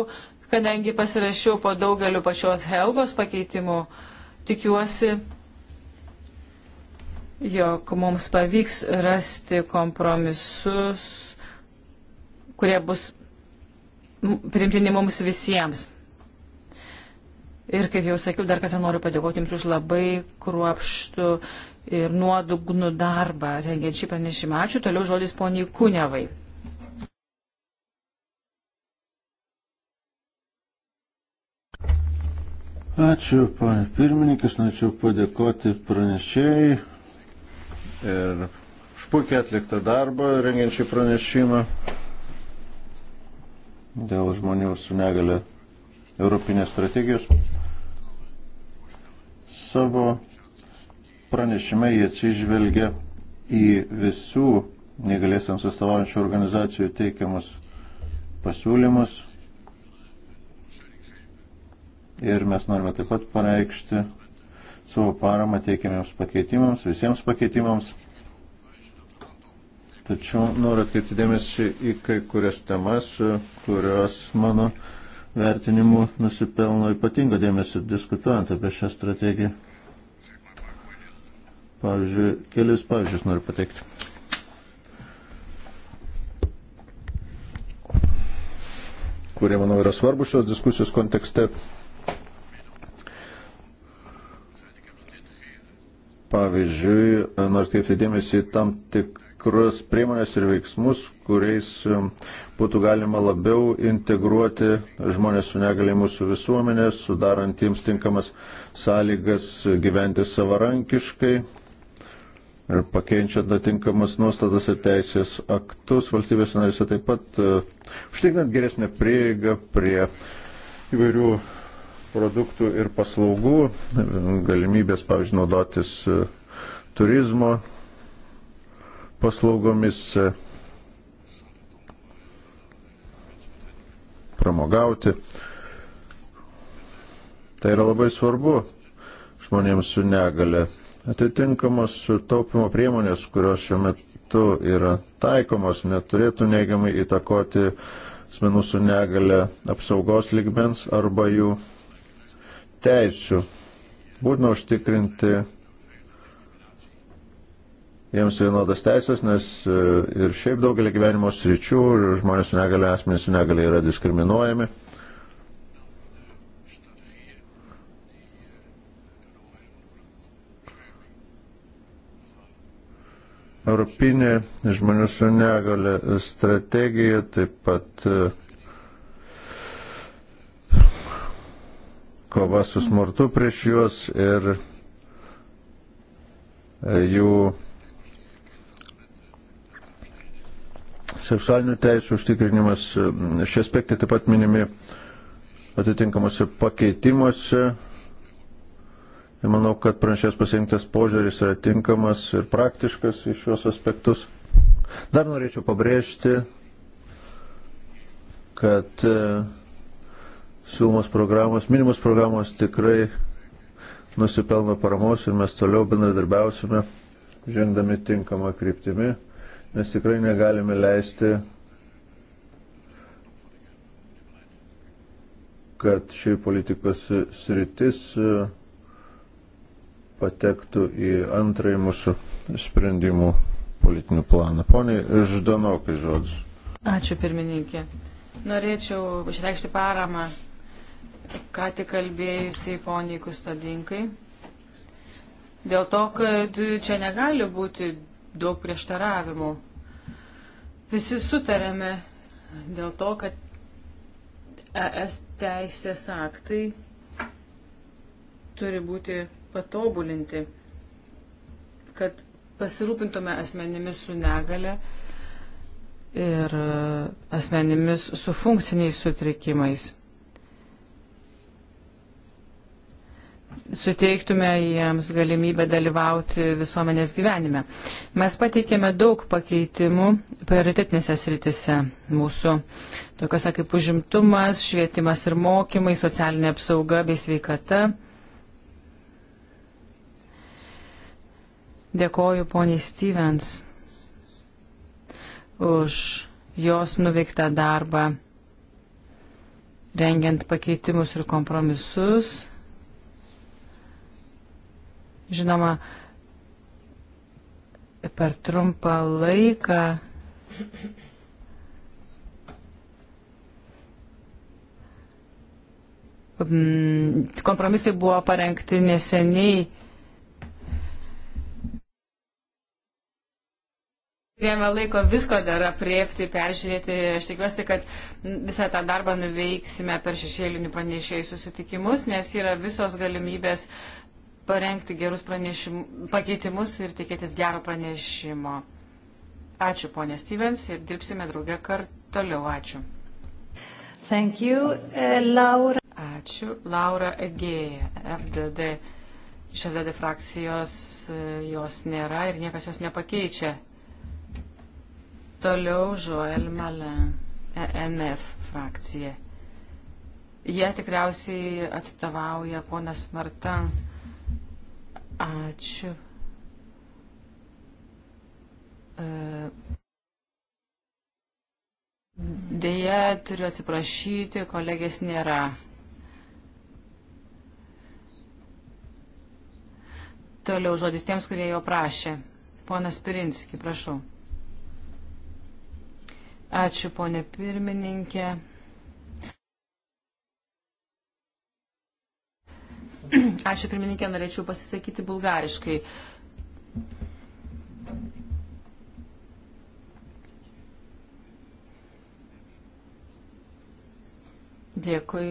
kadangi pasirašiau po daugeliu pačios Helgos pakeitimų, tikiuosi, jog mums pavyks rasti kompromisus, kurie bus primtini mums visiems. Ir kaip jau sakiau, dar kartą noriu padėkoti Jums už labai kruopštų ir nuodugnų darbą rengiant šį pranešimą. Ačiū. Toliau žodis poniai Kunevai. Ačiū, panė pirmininkas, norėčiau padėkoti pranešėjai ir už puikiai atliktą darbą rengiant šį pranešimą dėl žmonių su negale Europinės strategijos. Savo pranešime jie atsižvelgia į visų negalėsiams atstovaujančių organizacijų teikiamus pasiūlymus ir mes norime taip pat pareikšti savo paramą teikiamiems pakeitimams, visiems pakeitimams. Tačiau noriu atkreipti dėmesį į kai kurias temas, kurios mano vertinimu nusipelno ypatingo dėmesio diskutuojant apie šią strategiją. Pavyzdžiui, kelius pavyzdžius noriu pateikti. kurie, manau, yra svarbu šios diskusijos kontekste. Pavyzdžiui, nors kaip įdėmėsi tam tikrus priemonės ir veiksmus, kuriais e, būtų galima labiau integruoti žmonės su negaliai mūsų visuomenė, sudarant jiems tinkamas sąlygas gyventi savarankiškai, ir pakeičiant atitinkamas nuostatas ir teisės aktus valstybės narėse taip pat e, užtikrinant geresnę prieigą prie įvairių produktų ir paslaugų, galimybės, pavyzdžiui, naudotis e, turizmo paslaugomis, e, pramogauti. Tai yra labai svarbu žmonėms su negale. Atitinkamos taupimo priemonės, kurios šiuo metu yra taikomos, neturėtų neigiamai įtakoti asmenų su negale apsaugos ligmens arba jų teisų. Būtina užtikrinti jiems vienodas teisės, nes e, ir šiaip daugelį gyvenimo sričių žmonės su negalė, asmenys su negalė yra diskriminuojami. Europinė žmonių su negalė strategija taip pat uh, kova su smurtu prieš juos ir e, jų seksualinių teisų užtikrinimas. Šie aspektai taip pat minimi atitinkamuose pakeitimuose. Ir manau, kad pranešės pasirinktas požiūris yra tinkamas ir praktiškas iš šios aspektus. Dar norėčiau pabrėžti, kad e, siūlomos programos, minimos programos tikrai nusipelno paramos ir mes toliau bendradarbiausime, žengdami tinkamą kryptimį, nes tikrai negalime leisti, kad ši politikos sritis e, patektų į antrąjį mūsų sprendimų politinių planą. Pone Ždanokai žodis. Ačiū pirmininkė. Norėčiau išreikšti paramą ką tik kalbėjusiai poniai Kustadinkai. Dėl to, kad čia negali būti daug prieštaravimų. Visi sutarėme dėl to, kad ES teisės aktai turi būti patobulinti, kad pasirūpintume asmenimis su negale ir asmenimis su funkciniais sutrikimais. suteiktume jiems galimybę dalyvauti visuomenės gyvenime. Mes pateikėme daug pakeitimų prioritetinėse sritise mūsų, tokiuose kaip užimtumas, švietimas ir mokymai, socialinė apsauga bei sveikata. Dėkoju poniai Stevens už jos nuveiktą darbą rengiant pakeitimus ir kompromisus Žinoma, per trumpą laiką mm, kompromisai buvo parengti neseniai. Turėjome laiko visko dar apriepti, peržiūrėti. Aš tikiuosi, kad visą tą darbą nuveiksime per šešėlinių pranešėjų susitikimus, nes yra visos galimybės parengti gerus pakeitimus ir tikėtis gero pranešimo. Ačiū, ponė Stevens, ir dirbsime draugę kartu toliau. Ačiū. Thank you, uh, Laura. Ačiū, Laura Egėja, FDD. Iš FDD frakcijos uh, jos nėra ir niekas jos nepakeičia. Toliau Joel Malen, ENF frakcija. Jie tikriausiai atstovauja ponas Martin. Ačiū. E, Deja, turiu atsiprašyti, kolegės nėra. Toliau žodis tiems, kurie jo prašė. Ponas Pirinski, prašau. Ačiū, ponė pirmininkė. Ačiū pirmininkė, norėčiau pasisakyti bulgariškai. Dėkui.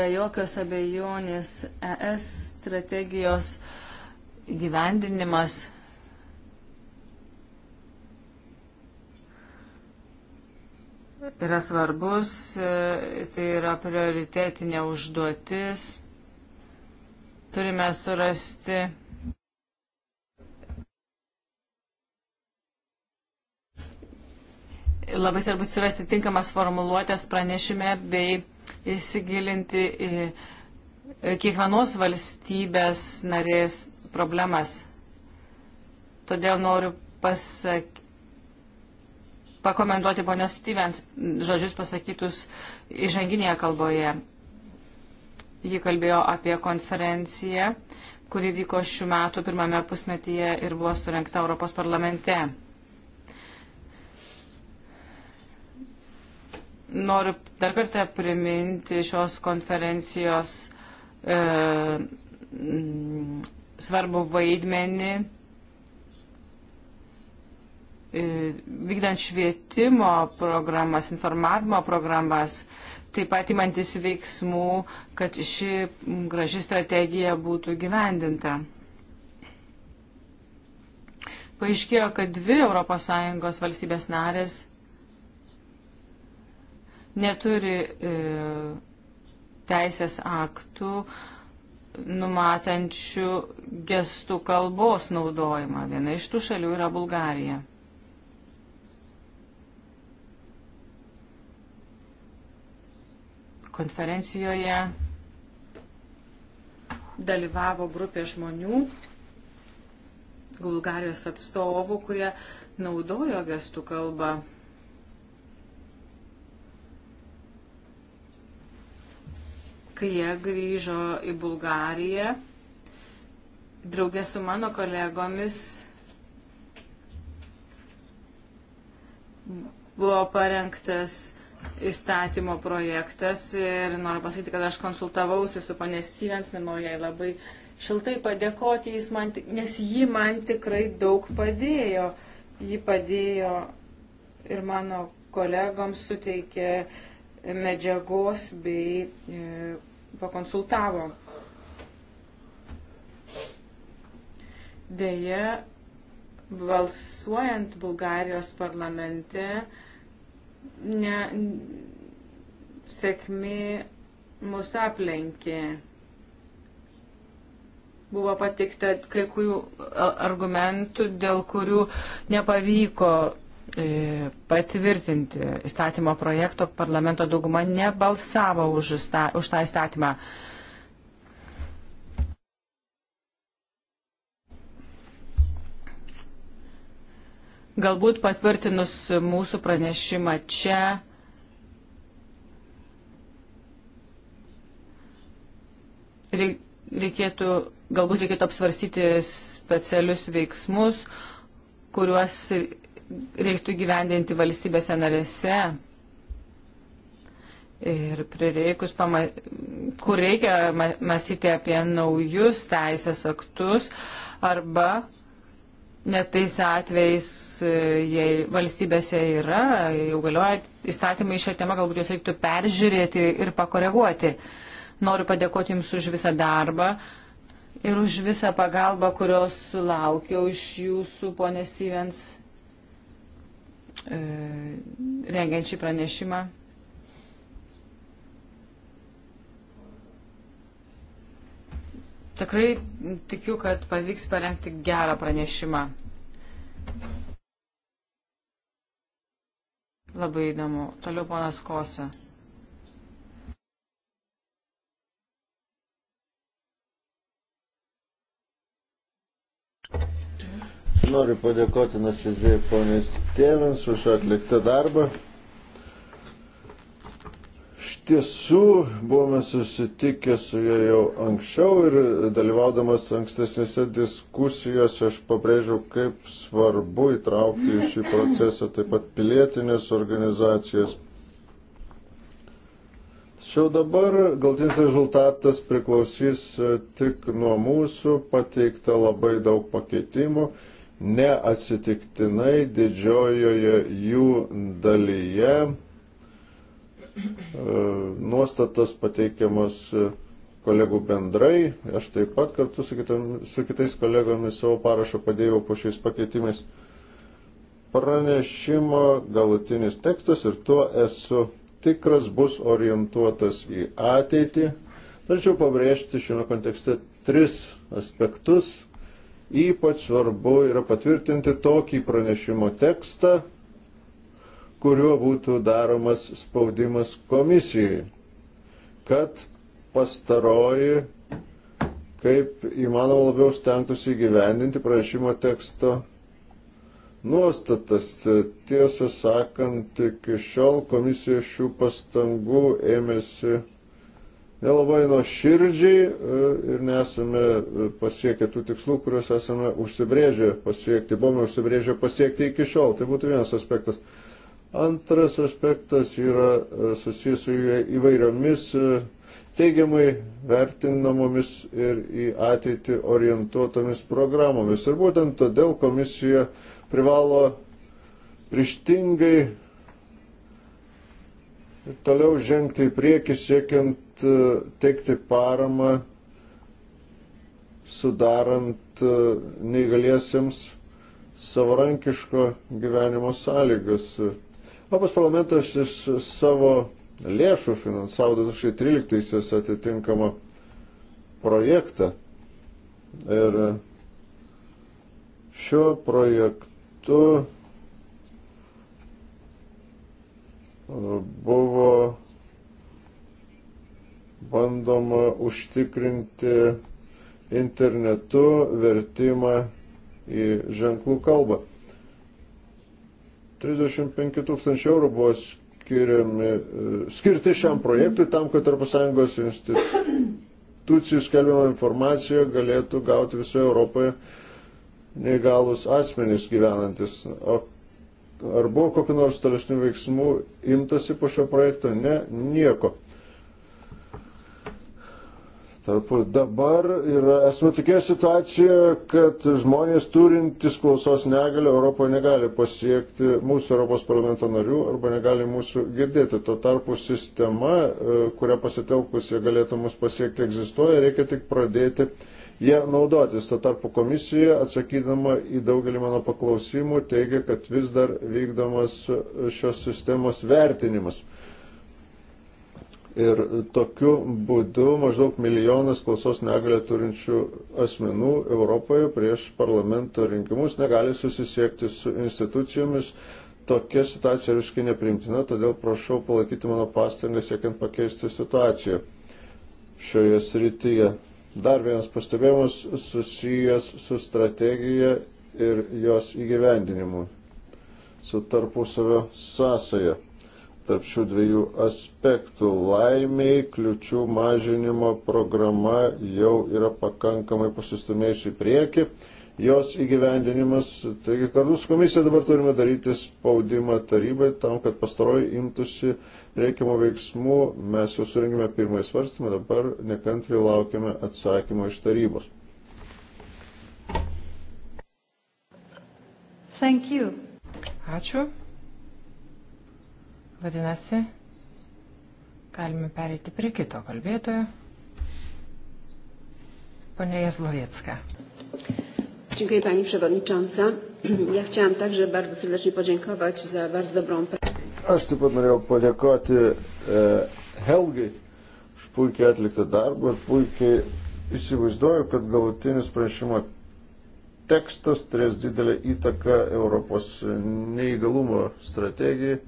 Be jokios abejonės ES strategijos gyvendinimas yra svarbus, e, tai yra prioritetinė užduotis. Turime surasti labai svarbu surasti tinkamas formuluotės pranešime bei įsigilinti į e, kiekvienos valstybės narės problemas. Todėl noriu pasakyti, pakomentuoti ponios Stevens žodžius pasakytus įžanginėje kalboje. Ji kalbėjo apie konferenciją, kuri vyko šių metų pirmame pusmetyje ir buvo surinkta Europos parlamente. Noriu dar kartą priminti šios konferencijos e, svarbu vaidmenį E, vykdant švietimo programas, informavimo programas, taip pat įmantis veiksmų, kad ši graži strategija būtų gyvendinta. Paaiškėjo, kad dvi ES valstybės narės neturi e, teisės aktų numatančių gestų kalbos naudojimą. Viena iš tų šalių yra Bulgarija. Konferencijoje dalyvavo grupė žmonių, Bulgarijos atstovų, kurie naudojo gestų kalbą. Kai jie grįžo į Bulgariją, draugė su mano kolegomis buvo parengtas įstatymo projektas ir noriu pasakyti, kad aš konsultavausi su ponė Stevens ir noriu jai labai šiltai padėkoti, man, nes ji man tikrai daug padėjo. Ji padėjo ir mano kolegoms suteikė medžiagos bei e, pakonsultavo. Deja, balsuojant Bulgarijos parlamente, ne, sėkmė mus aplenkė. Buvo patikta kai kurių argumentų, dėl kurių nepavyko e, patvirtinti įstatymo projekto, parlamento dauguma nebalsavo už, už tą įstatymą. Galbūt patvirtinus mūsų pranešimą čia reikėtų, galbūt reikėtų apsvarstyti specialius veiksmus, kuriuos reiktų gyvendinti valstybėse narėse. Ir prireikus, pama, kur reikia mąstyti apie naujus teisės aktus arba Net tais atvejais, jei valstybėse yra, jau galioja įstatymai šią temą, galbūt juos reiktų peržiūrėti ir pakoreguoti. Noriu padėkoti Jums už visą darbą ir už visą pagalbą, kurios sulaukiau iš Jūsų, ponė Stevens, e, rengiant šį pranešimą. Tikrai tikiu, kad pavyks parengti gerą pranešimą. Labai įdomu. Toliau ponas Kosa. Noriu padėkoti nuoširdžiai poniai Stevens už atliktą darbą. Iš tiesų buvome susitikę su juo jau anksčiau ir dalyvaudamas ankstesnėse diskusijose aš pabrėžiau, kaip svarbu įtraukti į šį procesą taip pat pilietinės organizacijas. Tačiau dabar galtinis rezultatas priklausys tik nuo mūsų, pateikta labai daug pakeitimų neatsitiktinai didžiojoje jų dalyje E, nuostatas pateikiamas kolegų bendrai. Aš taip pat kartu su, kitam, su kitais kolegomis savo parašą padėjau po šiais pakeitimais. Pranešimo galutinis tekstas ir tuo esu tikras bus orientuotas į ateitį. Tačiau pabrėžti šiame kontekste tris aspektus. Ypač svarbu yra patvirtinti tokį pranešimo tekstą, kuriuo būtų daromas spaudimas komisijai, kad pastaroji kaip įmanoma labiau stengtųsi įgyvendinti prašymo teksto nuostatas. Tiesą sakant, iki šiol komisija šių pastangų ėmėsi nelabai nuo širdžiai e, ir nesame pasiekę tų tikslų, kuriuos esame užsibrėžę pasiekti, buvome užsibrėžę pasiekti iki šiol. Tai būtų vienas aspektas. Antras aspektas yra e, susijęs su įvairiomis e, teigiamai vertinamomis ir į ateitį orientuotomis programomis. Ir būtent todėl komisija privalo ryštingai toliau žengti į priekį siekiant e, teikti paramą sudarant neįgaliesiems savarankiško gyvenimo sąlygas. Europos parlamentas iš savo lėšų finansavo 2013 atitinkamą projektą. Ir šiuo projektu buvo bandoma užtikrinti internetu vertimą į ženklų kalbą. 35 tūkstančių eurų buvo skiriami, e, skirti šiam projektui tam, kad ES institucijų skelbiamą informaciją galėtų gauti visoje Europoje neįgalus asmenys gyvenantis. O ar buvo kokiu nors tolesnių veiksmų imtasi po šio projekto? Ne, nieko. Tarpu dabar yra, esame tokia situacija, kad žmonės turintys klausos negalę Europoje negali pasiekti mūsų Europos parlamento narių arba negali mūsų girdėti. Tuo tarpu sistema, e, kurią pasitelkus jie galėtų mus pasiekti, egzistuoja, reikia tik pradėti ją naudotis. Tuo tarpu komisija, atsakydama į daugelį mano paklausimų, teigia, kad vis dar vykdomas šios sistemos vertinimas. Ir tokiu būdu maždaug milijonas klausos negalę turinčių asmenų Europoje prieš parlamento rinkimus negali susisiekti su institucijomis. Tokia situacija visiškai neprimtina, todėl prašau palaikyti mano pastangą siekiant pakeisti situaciją šioje srityje. Dar vienas pastebėjimas susijęs su strategija ir jos įgyvendinimu, su tarpusavio sąsaja tarp šių dviejų aspektų. Laimiai kliučių mažinimo programa jau yra pakankamai pasistumėjusi į priekį, jos įgyvendinimas. Taigi, kartu su komisija dabar turime daryti spaudimą tarybai tam, kad pastaroji imtųsi reikiamų veiksmų. Mes jau surinkime pirmąjį svarstymą, dabar nekantriai laukiame atsakymo iš tarybos. Thank you. Ačiū. Vadinasi, galime pereiti prie kito kalbėtojo. Pone Jazlowiecka. Dziękuję Pani Przewodnicząca. Ja chciałam także bardzo serdecznie podziękować za bardzo dobrą pracę. Aš taip pat norėjau padėkoti e, Helgai už puikiai atliktą darbą ir puikiai įsivaizduoju, kad galutinis pranešimo tekstas turės didelę įtaką Europos neįgalumo strategijai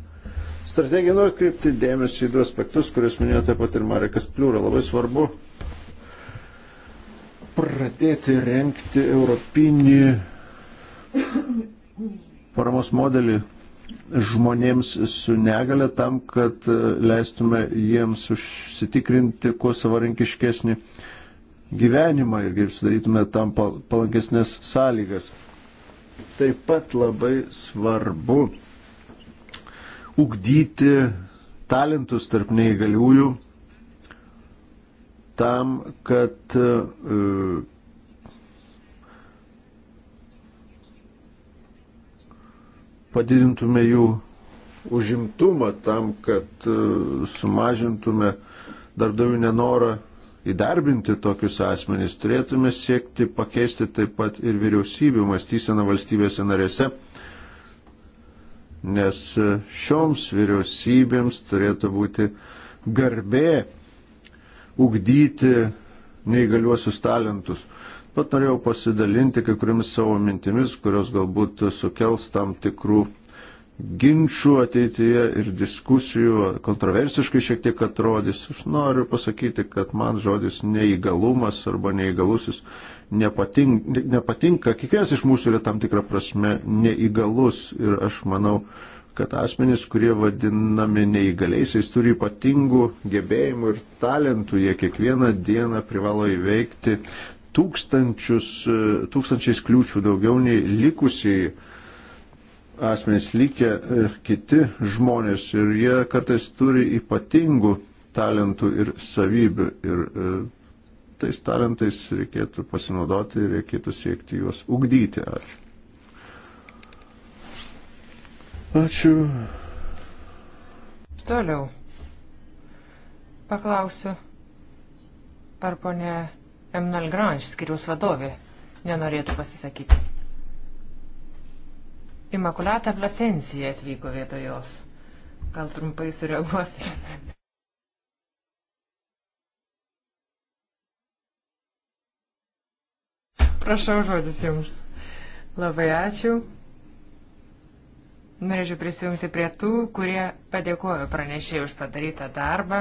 strategiją. Noriu kreipti dėmesį į du aspektus, kuriuos minėjo taip pat ir Marekas Pliūra. Labai svarbu pradėti renkti europinį paramos modelį žmonėms su negale tam, kad e, leistume jiems užsitikrinti kuo savarankiškesnį gyvenimą ir kaip sudarytume tam palankesnės sąlygas. Taip pat labai svarbu ugdyti talentus tarp neįgaliųjų tam, kad e, padidintume jų užimtumą, tam, kad e, sumažintume darbdavių nenorą įdarbinti tokius asmenys. Turėtume siekti pakeisti taip pat ir vyriausybių mąstyseną valstybėse narėse nes e, šioms vyriausybėms turėtų būti garbė ugdyti neįgaliuosius talentus. Pat norėjau pasidalinti kai kuriamis savo mintimis, kurios galbūt sukels tam tikrų ginčių ateityje ir diskusijų, kontroversiškai šiek tiek atrodys. Aš noriu pasakyti, kad man žodis neįgalumas arba neįgalusis nepatinka, nepatinka. Kiekvienas iš mūsų yra tam tikrą prasme neįgalus ir aš manau, kad asmenys, kurie vadinami neįgaliaisiais, turi ypatingų gebėjimų ir talentų, jie kiekvieną dieną privalo įveikti tūkstančius, tūkstančiais kliūčių daugiau nei likusiai asmenys likę e, kiti žmonės ir jie kartais turi ypatingų talentų ir savybių. Ir e, tais talentais reikėtų pasinaudoti ir reikėtų siekti juos ugdyti. Ačiū. Ačiū. Toliau. Paklausiu, ar ponė Emnal Grange, skiriaus vadovė, nenorėtų pasisakyti. Imakulata Plasencija atvyko vietojos. Gal trumpai sureaguosi. Prašau žodis jums. Labai ačiū. Norėčiau prisijungti prie tų, kurie padėkojo pranešėjai už padarytą darbą.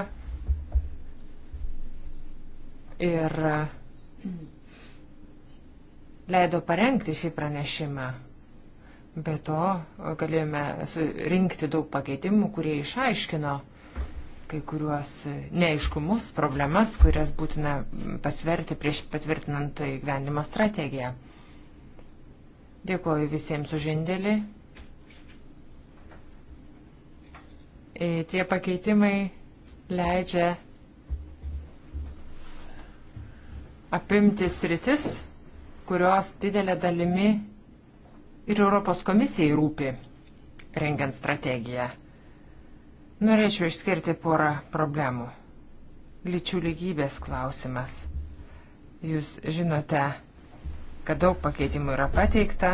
Ir mm, leido parengti šį pranešimą. Be to galėjome rinkti daug pakeitimų, kurie išaiškino, kai kuriuos neaiškumus, problemas, kurias būtina pasverti prieš patvirtinant gyvenimo strategiją. Dėkuoju visiems už indėlį. E, tie pakeitimai leidžia apimti sritis, kurios didelė dalimi ir Europos komisijai rūpi rengiant strategiją. Norėčiau išskirti porą problemų. Lyčių lygybės klausimas. Jūs žinote, kad daug pakeitimų yra pateikta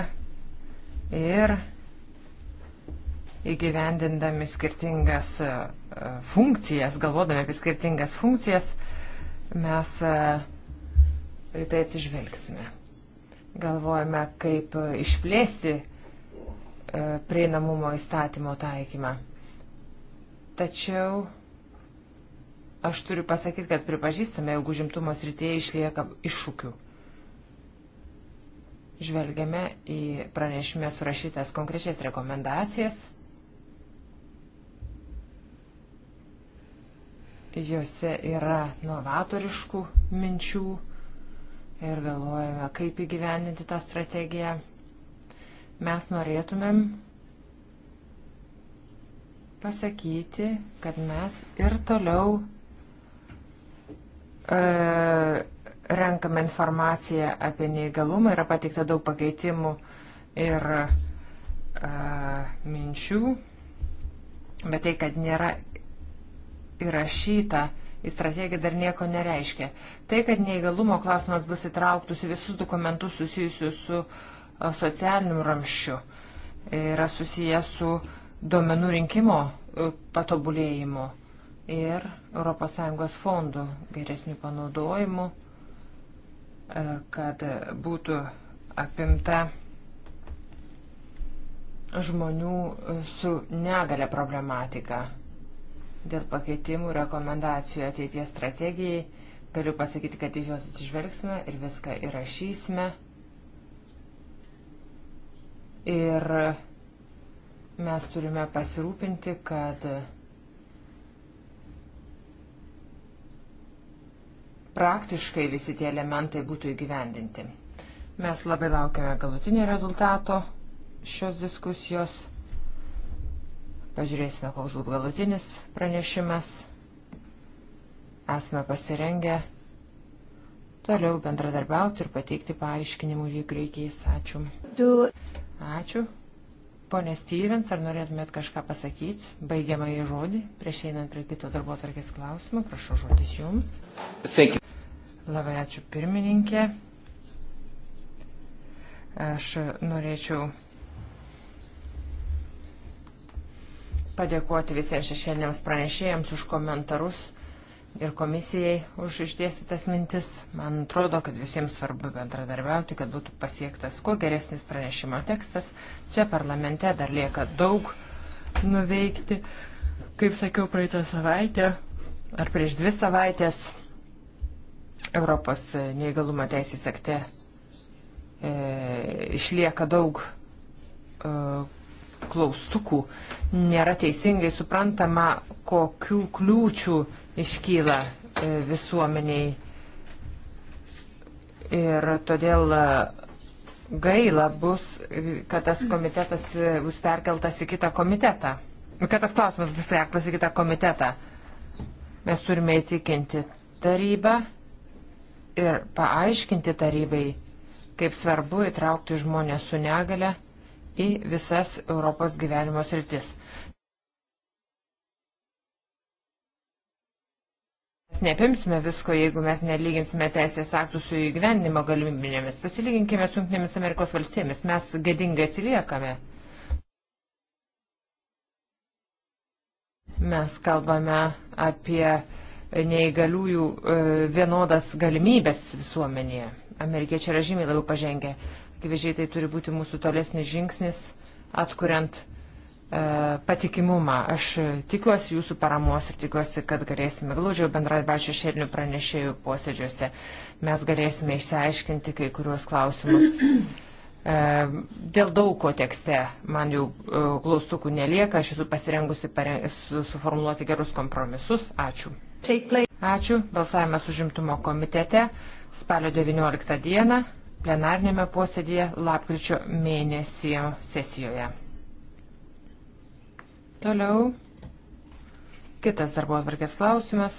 ir įgyvendindami skirtingas e, funkcijas, galvodami apie skirtingas funkcijas, mes e, į tai atsižvelgsime. Galvojame, kaip e, išplėsti prieinamumo įstatymo taikymą. Tačiau aš turiu pasakyti, kad pripažįstame, jog užimtumo srityje išlieka iššūkių. Žvelgiame į pranešimę surašytas konkrečias rekomendacijas. Jose yra novatoriškų minčių ir galvojame, kaip įgyvendinti tą strategiją. Mes norėtumėm pasakyti, kad mes ir toliau e, renkame informaciją apie neįgalumą, yra pateikta daug pakeitimų ir e, minčių, bet tai, kad nėra įrašyta į strategiją dar nieko nereiškia. Tai, kad neįgalumo klausimas bus įtrauktus į visus dokumentus susijusius su e, socialiniu ramščiu, yra susijęs su uh, duomenų rinkimo e, patobulėjimu ir ES fondų geresnių panaudojimų, e, kad būtų apimta žmonių e, su negale problematika. Dėl pakeitimų rekomendacijų ateities strategijai galiu pasakyti, kad iš jos atsižvelgsime ir viską įrašysime. Ir Mes turime pasirūpinti, kad praktiškai visi tie elementai būtų įgyvendinti. Mes labai laukiame galutinio rezultato šios diskusijos. Pažiūrėsime, koks bus galutinis pranešimas. Esame pasirengę toliau bendradarbiauti ir pateikti paaiškinimų, jeigu reikės. Ačiū. Ačiū. Pone Stevens, ar norėtumėt kažką pasakyti? Baigiamą į žodį, prieš einant prie kito darbo tarkės klausimų, prašau žodis jums. Labai ačiū pirmininkė. Aš norėčiau padėkoti visiems šešėliniams pranešėjams už komentarus ir komisijai už išdėstytas mintis. Man atrodo, kad visiems svarbu bendradarbiauti, kad būtų pasiektas kuo geresnis pranešimo tekstas. Čia parlamente dar lieka daug nuveikti. Kaip sakiau praeitą savaitę ar prieš dvi savaitės Europos neįgalumo teisės akte e, išlieka daug e, klaustukų. Nėra teisingai suprantama, kokių kliūčių iškyla e, visuomeniai. Ir todėl e, gaila bus, e, kad tas komitetas bus perkeltas į kitą komitetą. Kad tas klausimas bus perkeltas į kitą komitetą. Mes turime įtikinti tarybą ir paaiškinti tarybai, kaip svarbu įtraukti žmonės su negale į visas Europos gyvenimo sritis. Neapimsime visko, jeigu mes nelyginsime teisės aktų su įgyvendinimo galimybėmis. Pasilyginkime su Junktinėmis Amerikos valstybėmis. Mes gedingai atsiliekame. Mes kalbame apie neįgaliųjų e, vienodas galimybės visuomenėje. Amerikiečiai yra žymiai labiau pažengę. Akivaizdžiai tai turi būti mūsų tolesnis žingsnis, atkuriant E, patikimumą. Aš tikiuosi jūsų paramos ir tikiuosi, kad galėsime glaudžiau bendradarbiauti šešėlinių pranešėjų posėdžiuose. Mes galėsime išsiaiškinti kai kuriuos klausimus. E, dėl daug ko tekste man jau e, klaustukų nelieka, aš esu pasirengusi pareng... suformuoluoti gerus kompromisus. Ačiū. Ačiū. Balsavimas užimtumo komitete spalio 19 dieną plenarnėme posėdėje lapkričio mėnesio sesijoje. Toliau kitas darbo atvarkės klausimas.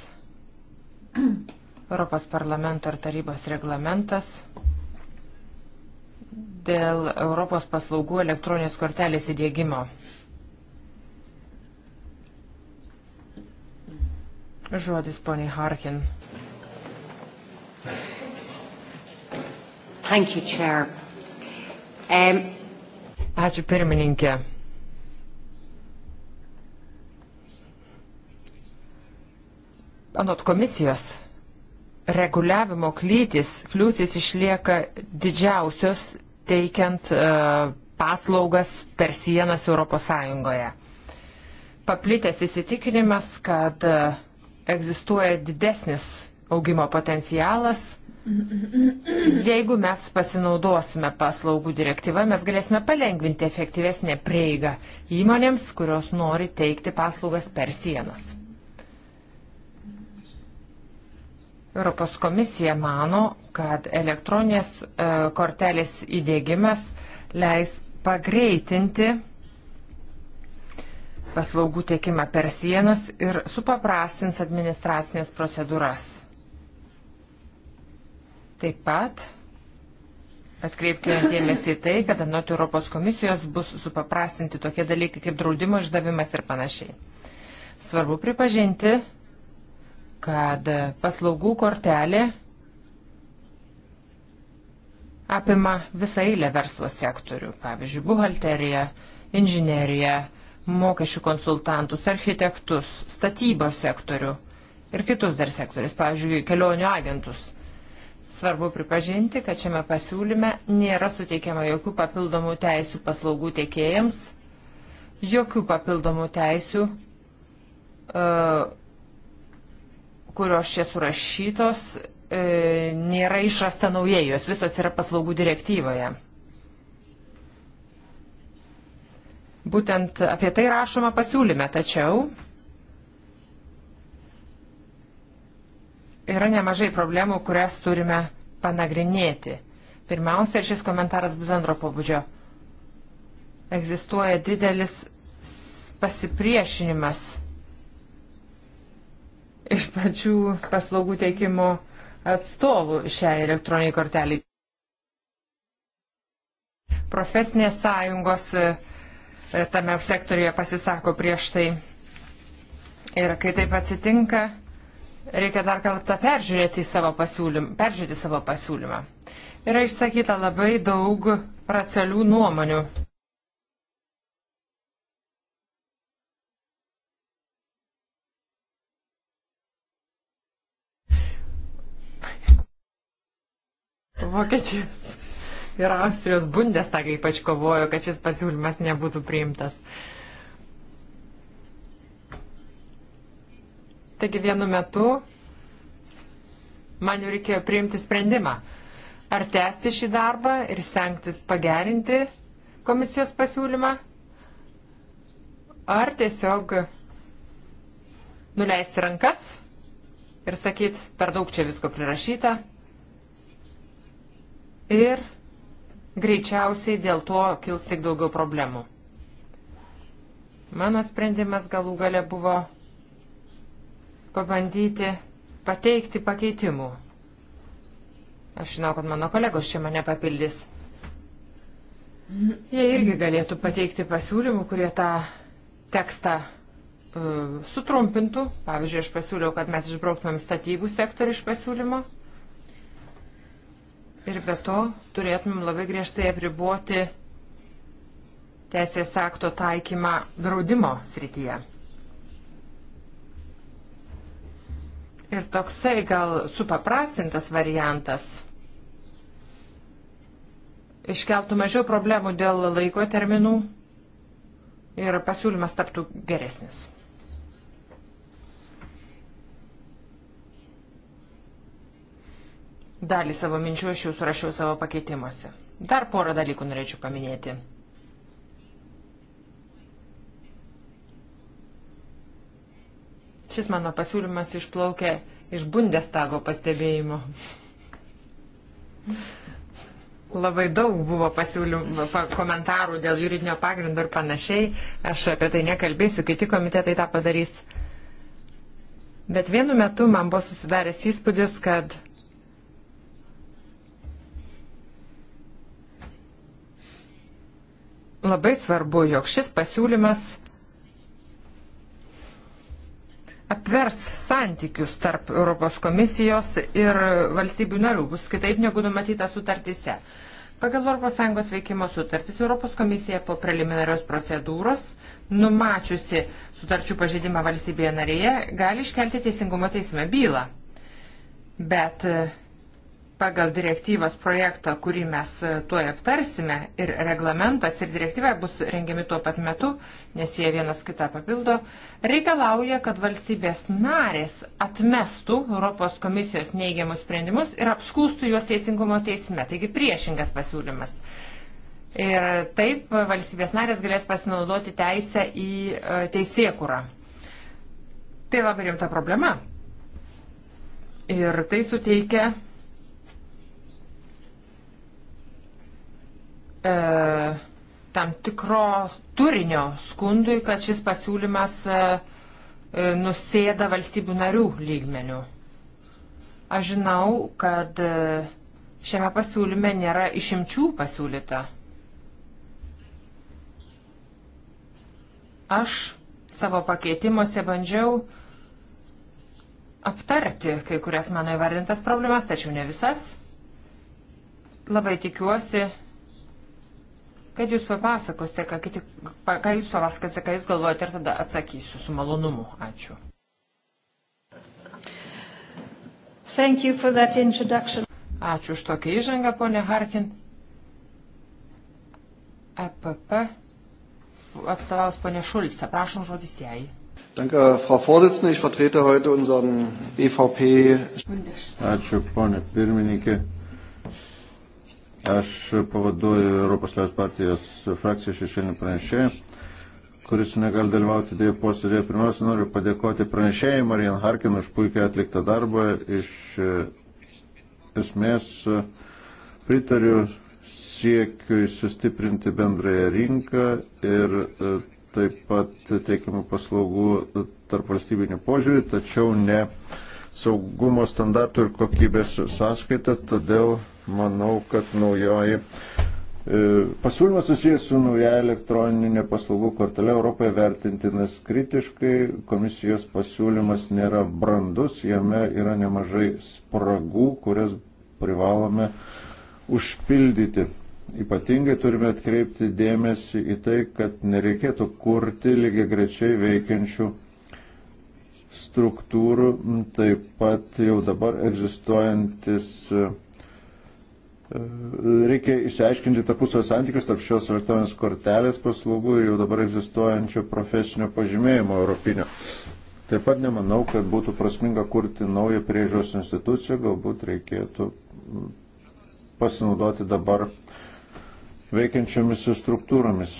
Europos parlamento ir tarybos reglamentas dėl Europos paslaugų elektroninės kortelės įdėgymo. Žodis poniai Harkin. Thank you, Chair. Um, Ačiū pirmininkė. anot komisijos, reguliavimo klytis, kliūtis išlieka didžiausios teikiant e, paslaugas per sienas ES. Paplitęs įsitikinimas, kad e, egzistuoja didesnis augimo potencialas Jeigu mes pasinaudosime paslaugų direktyvą, mes galėsime palengvinti efektyvesnę prieigą įmonėms, kurios nori teikti paslaugas per sienas. Europos komisija mano, kad elektroninės e, kortelės įdėgymas leis pagreitinti paslaugų tiekimą per sienas ir supaprastins administracinės procedūras. Taip pat atkreipkime dėmesį į tai, kad anot Europos komisijos bus supaprastinti tokie dalykai kaip draudimo išdavimas ir panašiai. Svarbu pripažinti, kad paslaugų kortelė apima visą eilę verslo sektorių, pavyzdžiui, buhalteriją, inžineriją, mokesčių konsultantus, architektus, statybos sektorių ir kitus dar sektorius, pavyzdžiui, kelionių agentus. Svarbu pripažinti, kad šiame pasiūlyme nėra suteikiama jokių papildomų teisių paslaugų tiekėjams, jokių papildomų teisių uh, kurios čia surašytos, e, nėra išrasta naujai, jos visos yra paslaugų direktyvoje. Būtent apie tai rašoma pasiūlyme, tačiau yra nemažai problemų, kurias turime panagrinėti. Pirmiausia, ir šis komentaras bendro pobūdžio. Egzistuoja didelis pasipriešinimas iš pačių paslaugų teikimo atstovų šiai elektroniniai korteliai. Profesinės sąjungos e, tame sektoriuje pasisako prieš tai. Ir kai taip atsitinka, reikia dar kartą peržiūrėti savo pasiūlymą. Peržiūrėti savo pasiūlymą. Yra išsakyta labai daug racialių nuomonių Vokietijos ir Austrijos bundestagai ypač kovojo, kad šis pasiūlymas nebūtų priimtas. Taigi vienu metu man jau reikėjo priimti sprendimą, ar tęsti šį darbą ir stengtis pagerinti komisijos pasiūlymą, ar tiesiog nuleisti rankas ir sakyti, per daug čia visko prirašyta, ir greičiausiai dėl to kils tik daugiau problemų. Mano sprendimas galų gale buvo pabandyti pateikti pakeitimų. Aš žinau, kad mano kolegos čia mane papildys. Jie irgi galėtų pateikti pasiūlymų, kurie tą tekstą uh, sutrumpintų. Pavyzdžiui, aš pasiūliau, kad mes išbrauktumėm statybų sektorių iš pasiūlymo Ir be to turėtumėm labai griežtai apriboti teisės akto taikymą draudimo srityje. Ir toksai gal supaprastintas variantas iškeltų mažiau problemų dėl laiko terminų ir pasiūlymas taptų geresnis. Dalį savo minčių aš jau surašiau savo pakeitimuose. Dar porą dalykų norėčiau paminėti. Šis mano pasiūlymas išplaukė iš Bundestago pastebėjimo. Labai daug buvo pasiūlymų, komentarų dėl juridinio pagrindo ir panašiai. Aš apie tai nekalbėsiu, kiti komitetai tą padarys. Bet vienu metu man buvo susidaręs įspūdis, kad Labai svarbu, jog šis pasiūlymas apvers santykius tarp Europos komisijos ir valstybių narių, bus kitaip negu numatyta sutartise. Pagal ES veikimo sutartis Europos komisija po preliminarios procedūros, numačiusi sutarčių pažeidimą valstybėje narėje, gali iškelti teisingumo teisme bylą. Bet pagal direktyvos projektą, kurį mes e, tuoj aptarsime, ir reglamentas, ir direktyva bus rengiami tuo pat metu, nes jie vienas kitą papildo, reikalauja, kad valstybės narės atmestų Europos komisijos neigiamus sprendimus ir apskūstų juos teisingumo teisme. Taigi priešingas pasiūlymas. Ir taip valstybės narės galės pasinaudoti teisę į e, teisėkurą. Tai labai rimta problema. Ir tai suteikia e, tam tikro turinio skundui, kad šis pasiūlymas e, e, nusėda valstybių narių lygmenių. Aš žinau, kad e, šiame pasiūlyme nėra išimčių pasiūlyta. Aš savo pakeitimuose bandžiau aptarti kai kurias mano įvardintas problemas, tačiau ne visas. Labai tikiuosi, kad jūs papasakosite, ką, kiti, ką jūs papasakosite, ką jūs galvojate ir tada atsakysiu su malonumu. Ačiū. Ačiū už tokią įžangą, ponė Harkin. EPP atstovaus ponė Šulce. Prašom žodis jai. Danke, Frau Vorsitzende. Ich vertrete heute unseren EVP. Ačiū, ponė pirmininkė. Aš pavaduoju Europos Liaudės partijos frakciją šešėlinį pranešėją, kuris negali dalyvauti dėjų posėdėje. Pirmiausia, noriu padėkoti pranešėjai Marijan Harkin už puikiai atliktą darbą. Iš esmės pritariu siekiui sustiprinti bendrąją rinką ir e, taip pat teikiamų paslaugų tarp valstybinių požiūrį, tačiau ne saugumo standartų ir kokybės sąskaita, todėl manau, kad naujoji e, pasiūlymas susijęs su nauja elektroninė paslaugų kortelė Europoje vertintinas kritiškai. Komisijos pasiūlymas nėra brandus, jame yra nemažai spragų, kurias privalome užpildyti. Ypatingai turime atkreipti dėmesį į tai, kad nereikėtų kurti lygiai grečiai veikiančių struktūrų, taip pat jau dabar egzistuojantis Reikia išsiaiškinti tarpusavio santykius tarp šios elektroninės kortelės paslaugų ir jau dabar egzistuojančio profesinio pažymėjimo europinio. Taip pat nemanau, kad būtų prasminga kurti naują priežiūros instituciją, galbūt reikėtų pasinaudoti dabar veikiančiomis struktūromis.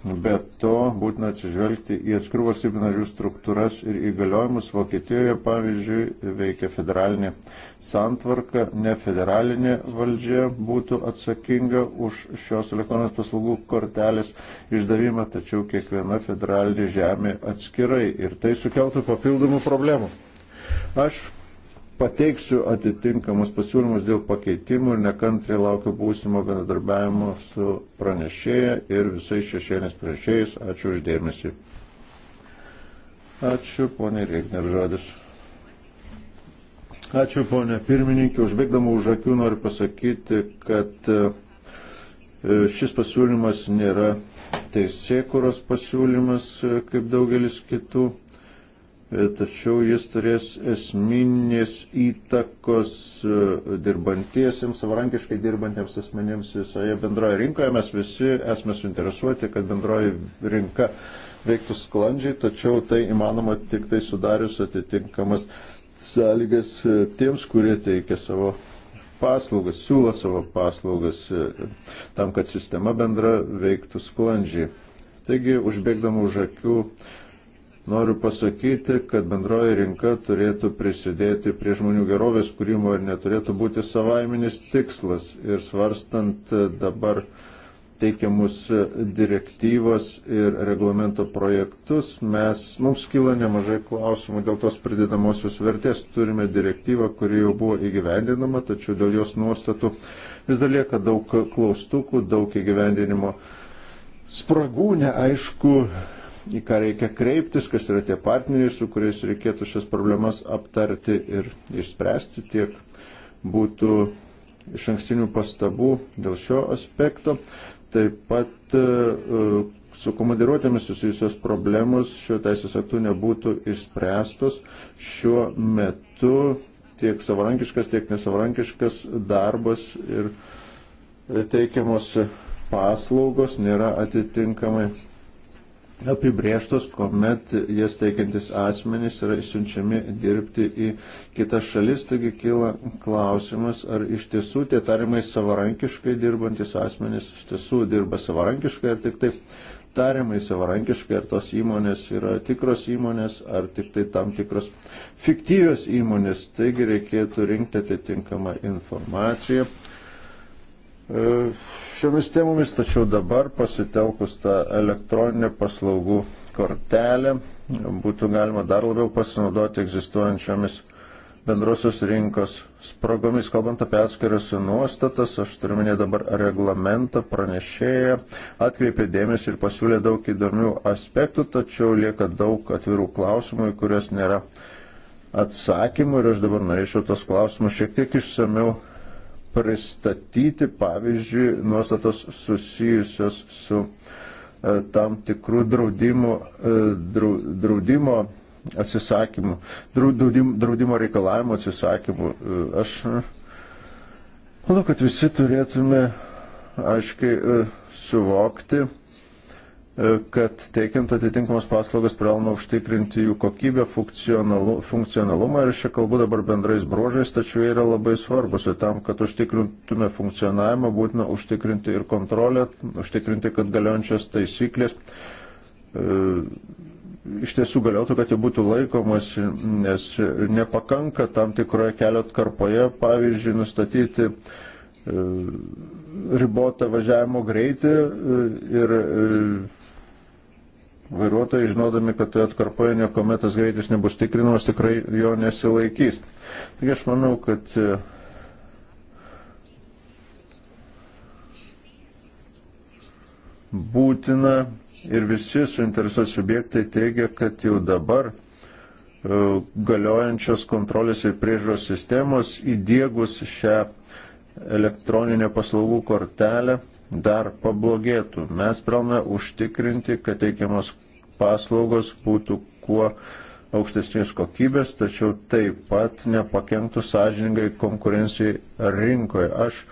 Bet to būtina atsižvelgti į atskirų valstybių narių struktūras ir įgaliojimus. Vokietijoje, pavyzdžiui, veikia federalinė santvarka, ne federalinė valdžia būtų atsakinga už šios elektroninės paslaugų kortelės išdavimą, tačiau kiekviena federalinė žemė atskirai ir tai sukeltų papildomų problemų. Aš pateiksiu atitinkamus pasiūlymus dėl pakeitimų ir nekantriai laukiu būsimo bendradarbiavimo su pranešėja ir visais šešėlės pranešėjais. Ačiū uždėmesi. Ačiū, ponė Reikner, žodis. Ačiū, ponė pirmininkė. Užbėgdama už akių noriu pasakyti, kad e, šis pasiūlymas nėra teisėkuros pasiūlymas, e, kaip daugelis kitų E, tačiau jis turės esminės įtakos e, dirbantiesiems, savarankiškai dirbantiems asmenėms visoje bendroje rinkoje. Mes visi esame suinteresuoti, kad bendroji rinka veiktų sklandžiai, tačiau tai įmanoma tik tai sudarius atitinkamas sąlygas e, tiems, kurie teikia savo paslaugas, siūlo savo paslaugas tam, kad sistema bendra veiktų sklandžiai. Taigi, užbėgdama už akių Noriu pasakyti, kad bendroji rinka turėtų prisidėti prie žmonių gerovės kūrimo ir neturėtų būti savaiminis tikslas. Ir svarstant dabar teikiamus direktyvos ir reglamento projektus, mes, mums kyla nemažai klausimų dėl tos pridedamosios vertės. Turime direktyvą, kuri jau buvo įgyvendinama, tačiau dėl jos nuostatų vis dar lieka daug klaustukų, daug įgyvendinimo spragų, neaišku, į ką reikia kreiptis, kas yra tie partneriai, su kuriais reikėtų šias problemas aptarti ir išspręsti, tiek būtų iš ankstinių pastabų dėl šio aspekto. Taip pat e, su komandiruotėmis susijusios problemos šio teisės aktu nebūtų išspręstos šiuo metu tiek savarankiškas, tiek nesavarankiškas darbas ir teikiamos paslaugos nėra atitinkamai apibrėžtos, kuomet jas teikiantis asmenys yra išsiunčiami dirbti į kitas šalis, taigi kyla klausimas, ar iš tiesų tie tariamai savarankiškai dirbantis asmenys iš tiesų dirba savarankiškai, ar tik taip tariamai savarankiškai, ar tos įmonės yra tikros įmonės, ar tik tai tam tikros fiktyvios įmonės, taigi reikėtų rinkti atitinkamą informaciją E, šiomis temomis, tačiau dabar pasitelkus tą elektroninę paslaugų kortelę būtų galima dar labiau pasinaudoti egzistuojančiomis bendrosios rinkos spragomis. Kalbant apie atskiras nuostatas, aš turiu minėti dabar reglamentą pranešėją, atkreipė dėmesį ir pasiūlė daug įdomių aspektų, tačiau lieka daug atvirų klausimų, į kurias nėra atsakymų ir aš dabar norėčiau tos klausimus šiek tiek išsameu pristatyti, pavyzdžiui, nuostatos susijusios su e, tam tikrų draudimo, e, draudimo atsisakymų, draudimo, draudimo reikalavimo atsisakymų. E, aš manau, kad visi turėtume aiškiai suvokti, E, kad teikiant atitinkamas paslaugas privaloma užtikrinti jų kokybę, funkcionalu, funkcionalumą ir šią kalbu dabar bendrais bruožais, tačiau jie yra labai svarbus ir tam, kad užtikrintume funkcionavimą, būtina užtikrinti ir kontrolę, užtikrinti, kad galiojančias taisyklės e, iš tiesų galėtų, kad jie būtų laikomasi, nes nepakanka tam tikroje kelio atkarpoje, pavyzdžiui, nustatyti e, ribotą važiavimo greitį e, ir Vairuotojai, žinodami, kad toje tai atkarpoje niekometas greitis nebus tikrinamas, tikrai jo nesilaikys. Taigi aš manau, kad e, būtina ir visi suinteresuoti subjektai teigia, kad jau dabar e, galiojančios kontrolės ir priežos sistemos įdėgus šią elektroninę paslaugų kortelę dar pablogėtų. Mes privalome užtikrinti, kad teikiamos paslaugos būtų kuo aukštesnės kokybės, tačiau taip pat nepakenktų sąžiningai konkurencijai rinkoje. Aš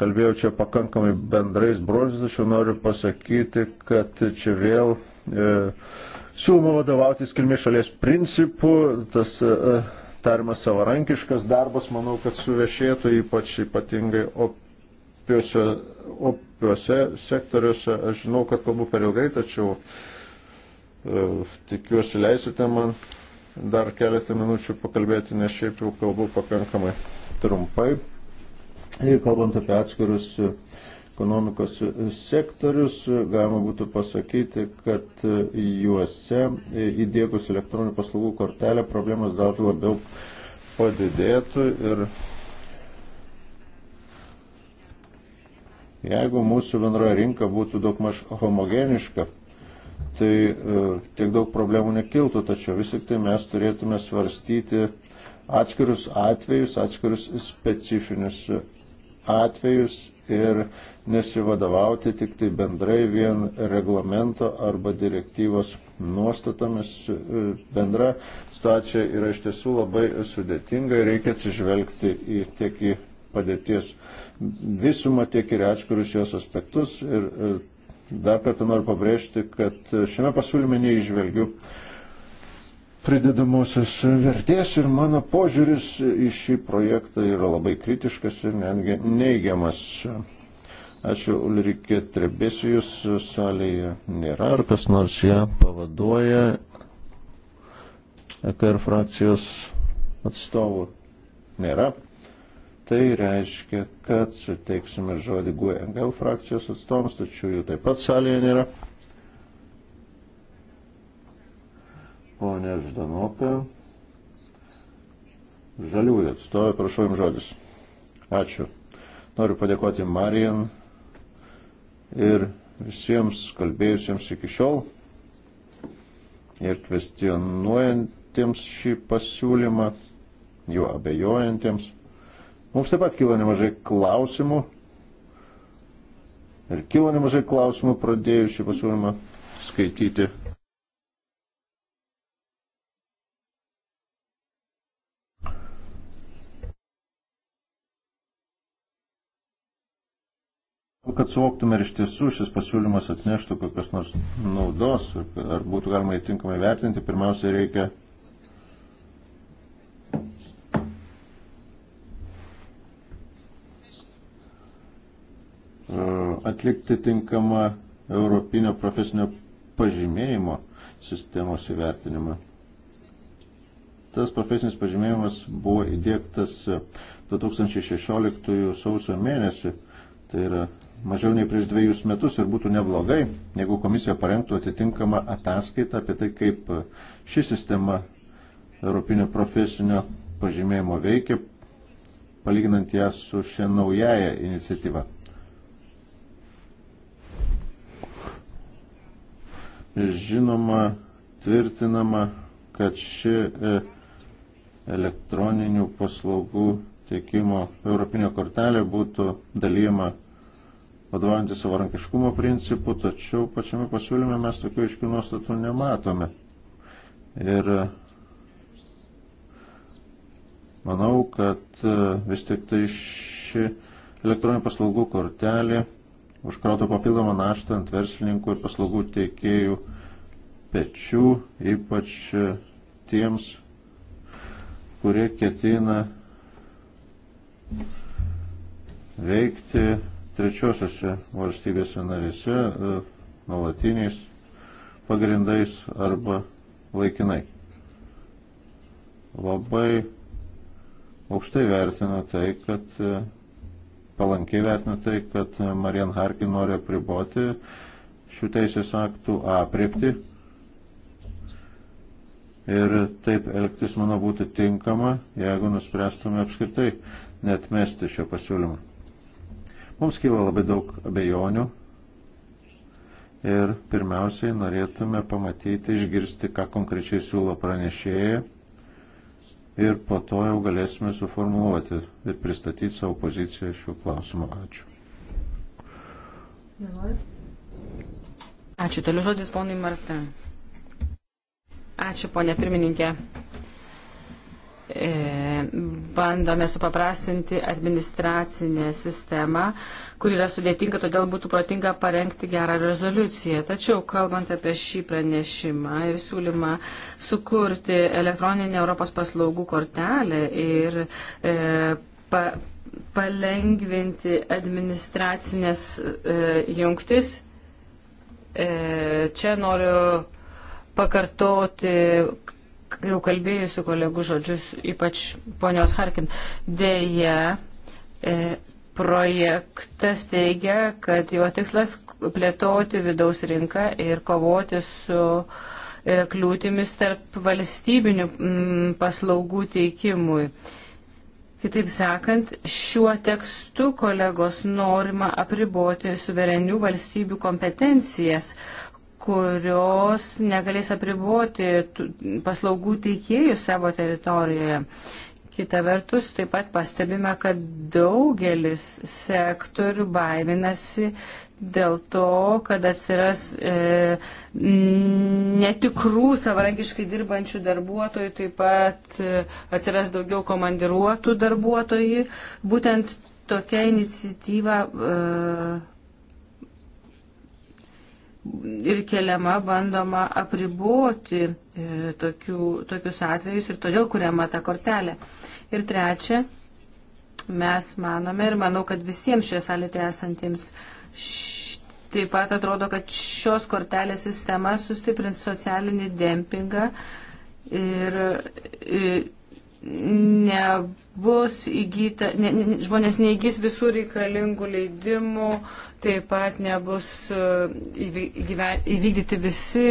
kalbėjau čia pakankamai bendrais brožiais, tačiau noriu pasakyti, kad čia vėl e, siūloma vadovautis kilmės šalies principu, tas e, tarimas savarankiškas darbas, manau, kad suvešėtų ypač ypatingai opiuose, op, kuriuose sektoriuose. Aš žinau, kad kalbu per ilgai, tačiau e, tikiuosi leisite man dar keletą minučių pakalbėti, nes šiaip jau kalbu pakankamai trumpai. Ir kalbant apie atskirus ekonomikos sektorius, galima būtų pasakyti, kad juose įdėgus elektroninių paslaugų kortelę problemas dar labiau padidėtų ir Jeigu mūsų bendroja rinka būtų daugmaž homogeniška, tai e, tiek daug problemų nekiltų, tačiau vis tik tai mes turėtume svarstyti atskirus atvejus, atskirus specifinius atvejus ir nesivadovauti tik tai bendrai vien reglamento arba direktyvos nuostatomis. E, bendra situacija yra iš tiesų labai sudėtinga ir reikia atsižvelgti į tiek į padėties visumą, tiek ir atskirus jos aspektus. Ir e, dar kartą noriu pabrėžti, kad e, šiame pasiūlyme neižvelgiu pridedamosios vertės ir mano požiūris į šį projektą yra labai kritiškas ir netgi neigiamas. Ačiū Ulrike Trebesijus, salėje nėra, ar kas nors ją pavaduoja EKR frakcijos atstovų nėra. Tai reiškia, kad suteiksime žodį GUNGL frakcijos atstovams, tačiau jų taip pat salėje nėra. Pone Ždanopė, žaliųjų atstovė, prašau jums žodis. Ačiū. Noriu padėkoti Marijan ir visiems kalbėjusiems iki šiol ir kvestionuojantiems šį pasiūlymą, juo abejojantiems. Mums taip pat kilo nemažai klausimų ir kilo nemažai klausimų pradėjus šį pasiūlymą skaityti. Kad suvoktume ir iš tiesų šis pasiūlymas atneštų kokios nors naudos, ar būtų galima įtinkamai vertinti, pirmiausia reikia E, atlikti tinkamą Europinio profesinio pažymėjimo sistemos įvertinimą. Tas profesinis pažymėjimas buvo įdėktas 2016 sausio mėnesį, tai yra mažiau nei prieš dviejus metus ir būtų neblogai, jeigu komisija parengtų atitinkamą ataskaitą apie tai, kaip ši sistema Europinio profesinio pažymėjimo veikia, palyginant ją su šia naujaja iniciatyva. Žinoma, tvirtinama, kad ši e, elektroninių paslaugų tiekimo Europinė kortelė būtų dalyjama vadovaujantis savarankiškumo principu, tačiau pačiame pasiūlyme mes tokių iškių nuostatų nematome. Ir manau, kad e, vis tik tai ši elektroninių paslaugų kortelė užkrautų papildomą naštą ant verslininkų ir paslaugų teikėjų pečių, ypač e, tiems, kurie ketina veikti trečiosiose valstybėse narėse e, nuolatiniais pagrindais arba laikinai. Labai aukštai vertinu tai, kad e, palankiai vertina tai, kad Marian Harkin nori apriboti šių teisės aktų apriepti. Ir taip elgtis, manau, būtų tinkama, jeigu nuspręstume apskritai netmesti šio pasiūlymo. Mums kyla labai daug abejonių ir pirmiausiai norėtume pamatyti, išgirsti, ką konkrečiai siūlo pranešėjai ir po to jau galėsime suformuoluoti ir pristatyti savo poziciją šiuo klausimu. Ačiū. Ačiū. Toliau žodis ponui Martin. Ačiū, ponė pirmininkė. E, bandome supaprastinti administracinę sistemą, kur yra sudėtinga, todėl būtų protinga parengti gerą rezoliuciją. Tačiau, kalbant apie šį pranešimą ir siūlymą sukurti elektroninę Europos paslaugų kortelę ir e, pa, palengvinti administracinės e, jungtis, e, čia noriu pakartoti jau kalbėjusių kolegų žodžius, ypač ponios Harkin, dėja e, projektas teigia, kad jo tikslas plėtoti vidaus rinką ir kovoti su e, kliūtimis tarp valstybinių m, mm, paslaugų teikimui. Kitaip sakant, šiuo tekstu kolegos norima apriboti suverenių valstybių kompetencijas, kurios negalės apriboti paslaugų teikėjų savo teritorijoje. Kita vertus, taip pat pastebime, kad daugelis sektorių baiminasi dėl to, kad atsiras e, netikrų savarankiškai dirbančių darbuotojų, taip pat e, atsiras daugiau komandiruotų darbuotojų. Būtent tokia iniciatyva. E, ir keliama bandoma apriboti e, tokių, tokius atvejus ir todėl kuriama ta kortelė. Ir trečia, mes manome ir manau, kad visiems šioje salėte esantiems š, taip pat atrodo, kad šios kortelės sistema sustiprins socialinį dempingą ir, ir nebus įgyta, ne, ne, žmonės neįgys visų reikalingų leidimų, taip pat nebus e, įvykdyti visi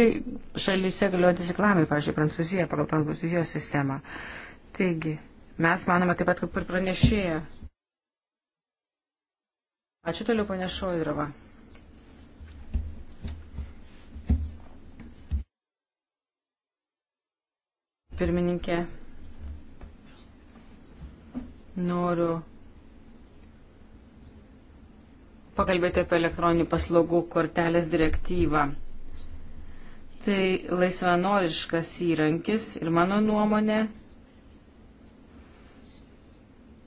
šalyse galiojantis reklamai, pavyzdžiui, Prancūzija pagal Prancūzijos sistemą. Taigi, mes manome taip pat kaip ir pranešėja. Ačiū toliau, ponia Šoirova. Pirmininkė. Noriu pakalbėti apie elektroninių paslaugų kortelės direktyvą. Tai laisvanoriškas įrankis ir mano nuomonė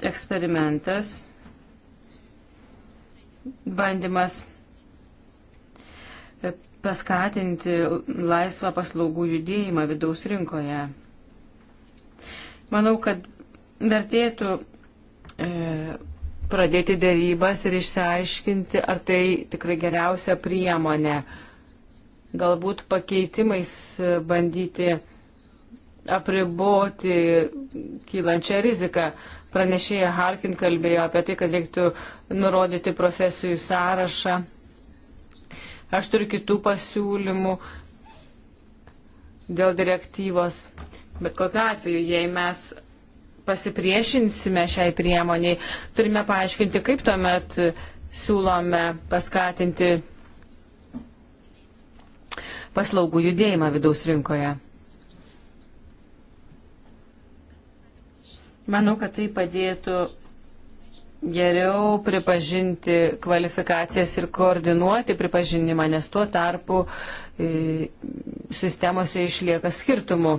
eksperimentas, bandymas paskatinti laisvą paslaugų judėjimą vidaus rinkoje. Manau, kad vertėtų E, pradėti dėrybas ir išsiaiškinti, ar tai tikrai geriausia priemonė. Galbūt pakeitimais bandyti apriboti kylančią riziką. Pranešėja Harkin kalbėjo apie tai, kad reiktų nurodyti profesijų sąrašą. Aš turiu kitų pasiūlymų dėl direktyvos. Bet kokiu atveju, jei mes pasipriešinsime šiai priemoniai, turime paaiškinti, kaip tuomet siūlome paskatinti paslaugų judėjimą vidaus rinkoje. Manau, kad tai padėtų geriau pripažinti kvalifikacijas ir koordinuoti pripažinimą, nes tuo tarpu e, sistemose išlieka skirtumų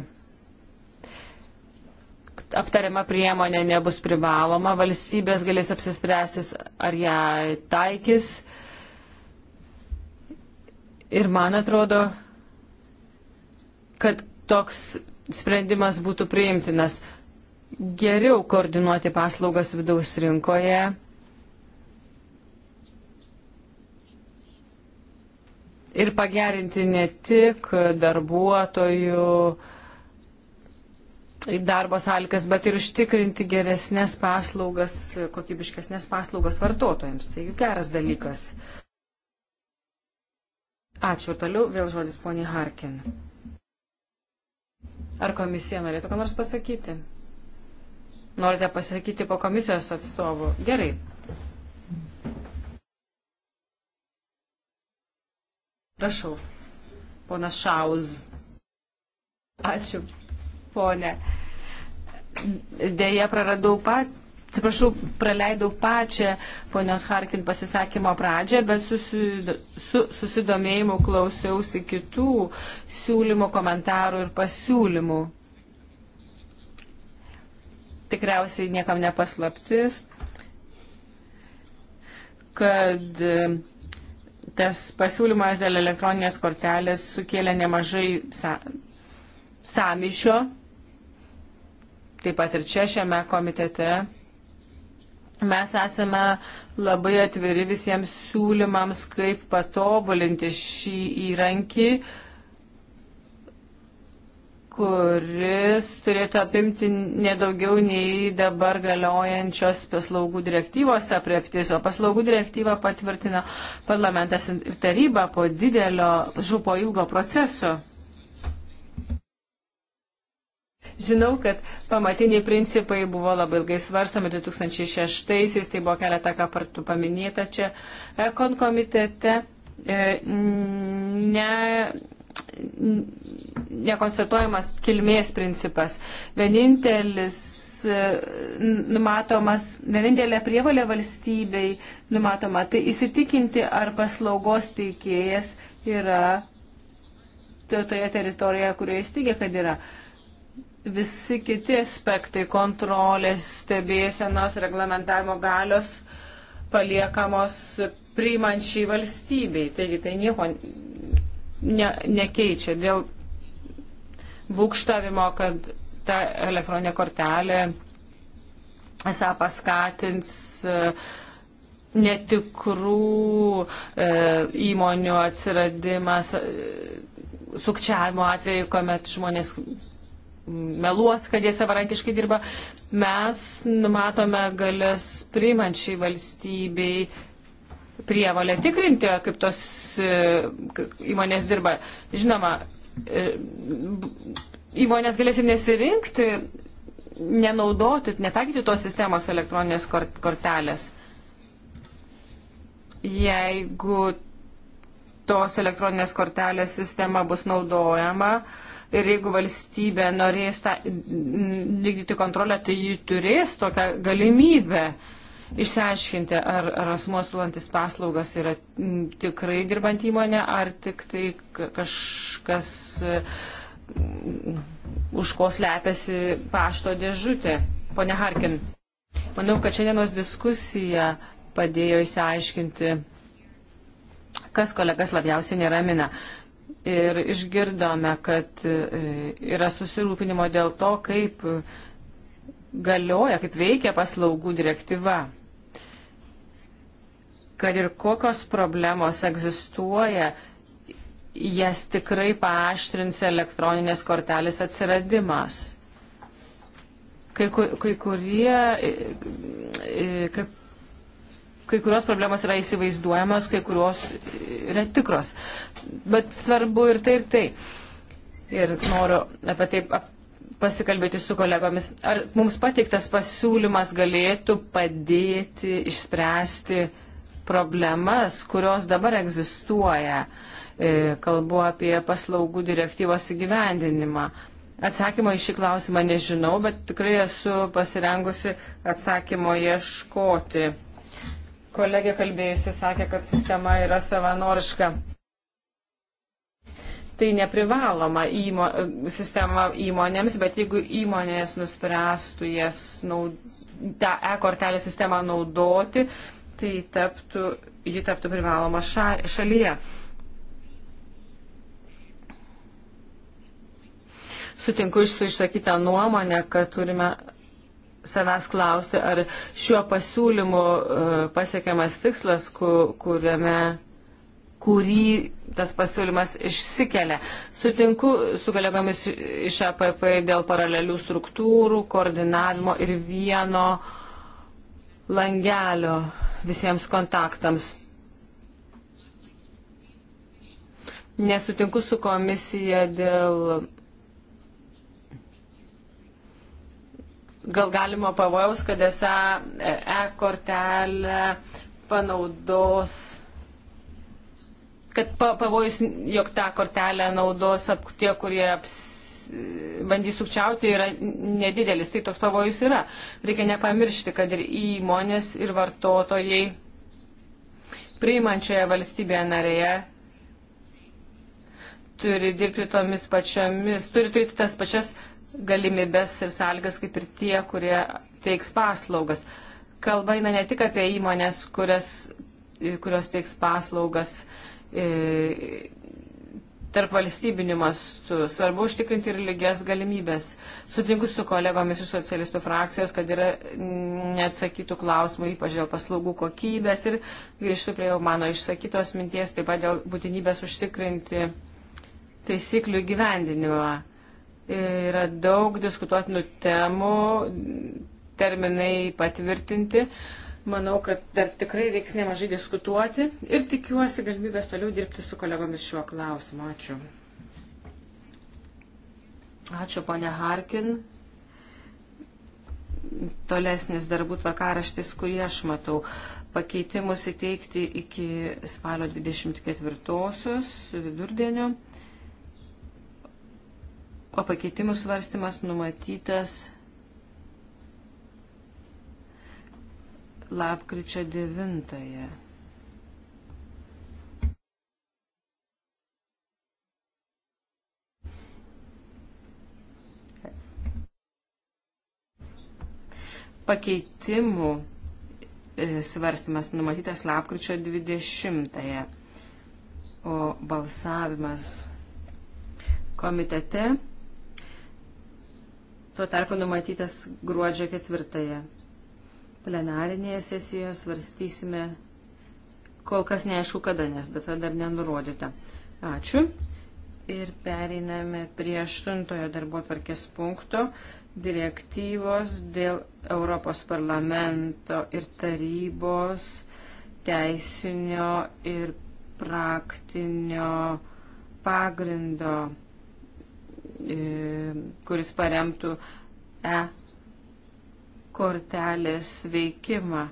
aptariama priemonė nebus privaloma, valstybės galės apsispręstis, ar ją taikys. Ir man atrodo, kad toks sprendimas būtų priimtinas. Geriau koordinuoti paslaugas vidaus rinkoje. Ir pagerinti ne tik darbuotojų, uh, darbo sąlygas, bet ir užtikrinti geresnės paslaugas, kokybiškesnės paslaugas vartotojams. Tai geras dalykas. Ačiū. Toliau vėl žodis poniai Harkin. Ar komisija norėtų ką nors pasakyti? Norite pasakyti po komisijos atstovų? Gerai. Prašau, ponas Šauz. Ačiū ponė. Deja, praradau pat. Atsiprašau, praleidau pačią ponios Harkin pasisakymo pradžią, bet susido, su susidomėjimu klausiausi kitų siūlymų, komentarų ir pasiūlymų. Tikriausiai niekam nepaslaptis, kad e, tas pasiūlymas dėl elektroninės kortelės sukėlė nemažai sąmyšio. Sa taip pat ir čia šiame komitete. Mes esame labai atviri visiems siūlymams, kaip patobulinti šį įrankį, kuris turėtų apimti nedaugiau nei dabar galiojančios paslaugų direktyvos apreptis, o paslaugų direktyvą patvirtino parlamentas ir taryba po didelio, župo ilgo proceso. Žinau, kad pamatiniai principai buvo labai ilgai svarstami 2006-aisiais, tai buvo keletą kartų paminėta čia. Ekon komitete e, ne, nekonstatuojamas kilmės principas. Vienintelis e, numatomas, vienintelė prievalė valstybei numatoma, tai įsitikinti, ar paslaugos teikėjas yra toje teritorijoje, kurioje įsteigia, kad yra. Uh, visi kiti aspektai - kontrolės, stebėsenos, reglamentavimo galios paliekamos priimančiai valstybei. Taigi tai nieko ne, nekeičia dėl būkštavimo, kad ta elektroninė kortelė esą paskatins e, netikrų e, įmonių atsiradimas, e, sukčiavimo atveju, kuomet žmonės meluos, kad jie savarankiškai dirba. Mes numatome galės priimančiai valstybei prievalę tikrinti, kaip tos e, įmonės dirba. Žinoma, e, įmonės galės ir nesirinkti, nenaudoti, netakyti tos sistemos elektroninės kortelės. Jeigu tos elektroninės kortelės sistema bus naudojama, uh, ir jeigu valstybė norės tą mm, vykdyti kontrolę, tai ji turės tokią galimybę išsiaiškinti, ar, ar asmo sulantis paslaugas yra mm, tikrai dirbant įmonė, ar tik tai kažkas mm, už ko slepiasi pašto dėžutė. Pone Harkin, manau, kad šiandienos diskusija padėjo įsiaiškinti, kas kolegas labiausiai neramina ir išgirdome, kad e, yra susirūpinimo dėl to, kaip galioja, kaip veikia paslaugų direktyva. Kad ir kokios problemos egzistuoja, jas tikrai paaštrins elektroninės kortelės atsiradimas. Kai, kai kurie, e, e, kai, kai kurios problemos yra įsivaizduojamos, kai kurios yra tikros. Bet svarbu ir tai, ir tai. Ir noriu apie tai pasikalbėti su kolegomis. Ar mums pateiktas pasiūlymas galėtų padėti išspręsti problemas, kurios dabar egzistuoja? E, kalbu apie paslaugų direktyvos įgyvendinimą. Atsakymo į šį klausimą nežinau, bet tikrai esu pasirengusi atsakymo ieškoti Kolegė kalbėjusi sakė, kad sistema yra savanoriška. Tai neprivaloma įmo, sistema įmonėms, bet jeigu įmonės nuspręstų jas naud, tą e-kortelę sistemą naudoti, tai taptų, ji taptų privaloma ša, šalyje. Sutinku iš su išsakytą nuomonę, kad turime savęs klausti, ar šiuo pasiūlymu e, pasiekiamas tikslas, kuriame kurį tas pasiūlymas išsikelia. Sutinku su kolegomis iš APP dėl paralelių struktūrų, koordinavimo ir vieno langelio visiems kontaktams. Nesutinku su komisija dėl gal galima pavojaus, kad esą e, e-kortelę panaudos kad pa, pavojus, jog tą kortelę naudos ap, tie, kurie aps, bandys sukčiauti, yra nedidelis. Tai toks pavojus yra. Reikia nepamiršti, kad ir įmonės, ir vartotojai priimančioje valstybėje narėje turi dirbti tomis pačiomis, turi turėti tas pačias galimybės ir sąlygas kaip ir tie, kurie teiks paslaugas. Kalba eina ne tik apie įmonės, kurias, e, kurios teiks paslaugas e, tarp valstybinių mastų. Svarbu užtikrinti ir lygias galimybės. Sutinku su kolegomis iš socialistų frakcijos, kad yra neatsakytų klausimų, ypač dėl paslaugų kokybės ir grįžtu prie jau mano išsakytos minties, taip pat dėl būtinybės užtikrinti taisyklių gyvendinimą. Yra daug diskutuotinų temų, terminai patvirtinti. Manau, kad dar tikrai reiks nemažai diskutuoti ir tikiuosi galimybės toliau dirbti su kolegomis šiuo klausimu. Ačiū. Ačiū, ponia Harkin. Tolesnis darbų tvarkaraštis, kurį aš matau pakeitimus įteikti iki spalio 24 vidurdienio o pakeitimų svarstymas numatytas lapkričio 9. Pakeitimų e, svarstymas numatytas lapkričio 20. O balsavimas komitete tuo tarpu numatytas gruodžio ketvirtąją. Plenarinėje sesijoje svarstysime, kol kas neaišku kada, nes data dar nenurodyta. Ačiū. Ir pereiname prie aštuntojo darbo tvarkės punkto direktyvos dėl Europos parlamento ir tarybos teisinio ir praktinio pagrindo E, kuris paremtų E kortelės veikimą.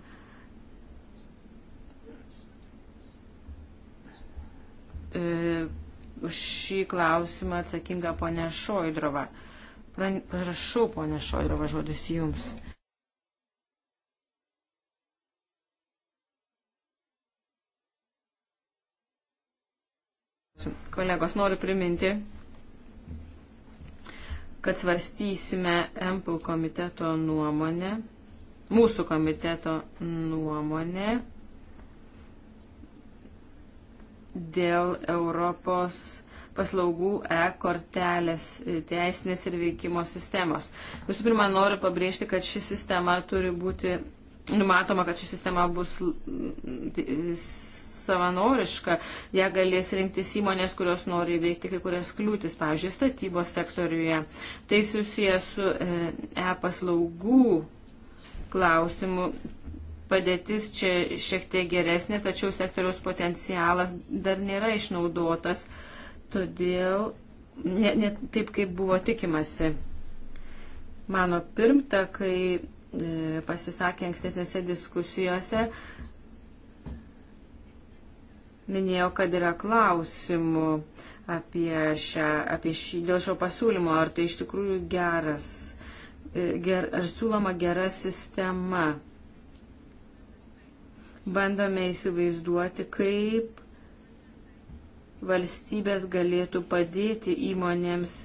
E, už šį klausimą atsakinga ponė Šoidrova. Prašau, ponė Šoidrova, žodis jums. Kolegos, noriu priminti, kad svarstysime MPL komiteto nuomonę, mūsų komiteto nuomonę dėl Europos paslaugų e-kortelės teisinės ir veikimo sistemos. Visų pirma, noriu pabrėžti, kad ši sistema turi būti numatoma, kad ši sistema bus savanoriška, ją galės rinktis įmonės, kurios nori įveikti kai kurias kliūtis, pavyzdžiui, statybos sektoriuje. Tai susijęs su e, e-paslaugų klausimu. Padėtis čia šiek tiek geresnė, tačiau sektoriaus potencialas dar nėra išnaudotas, todėl net ne taip, kaip buvo tikimasi. Mano pirmtakai e, pasisakė ankstesnėse diskusijose, minėjo, kad yra klausimų apie, šią, apie šį, dėl šio pasiūlymo, ar tai iš tikrųjų geras, e, ger, ar siūloma gera sistema. Bandome įsivaizduoti, kaip valstybės galėtų padėti įmonėms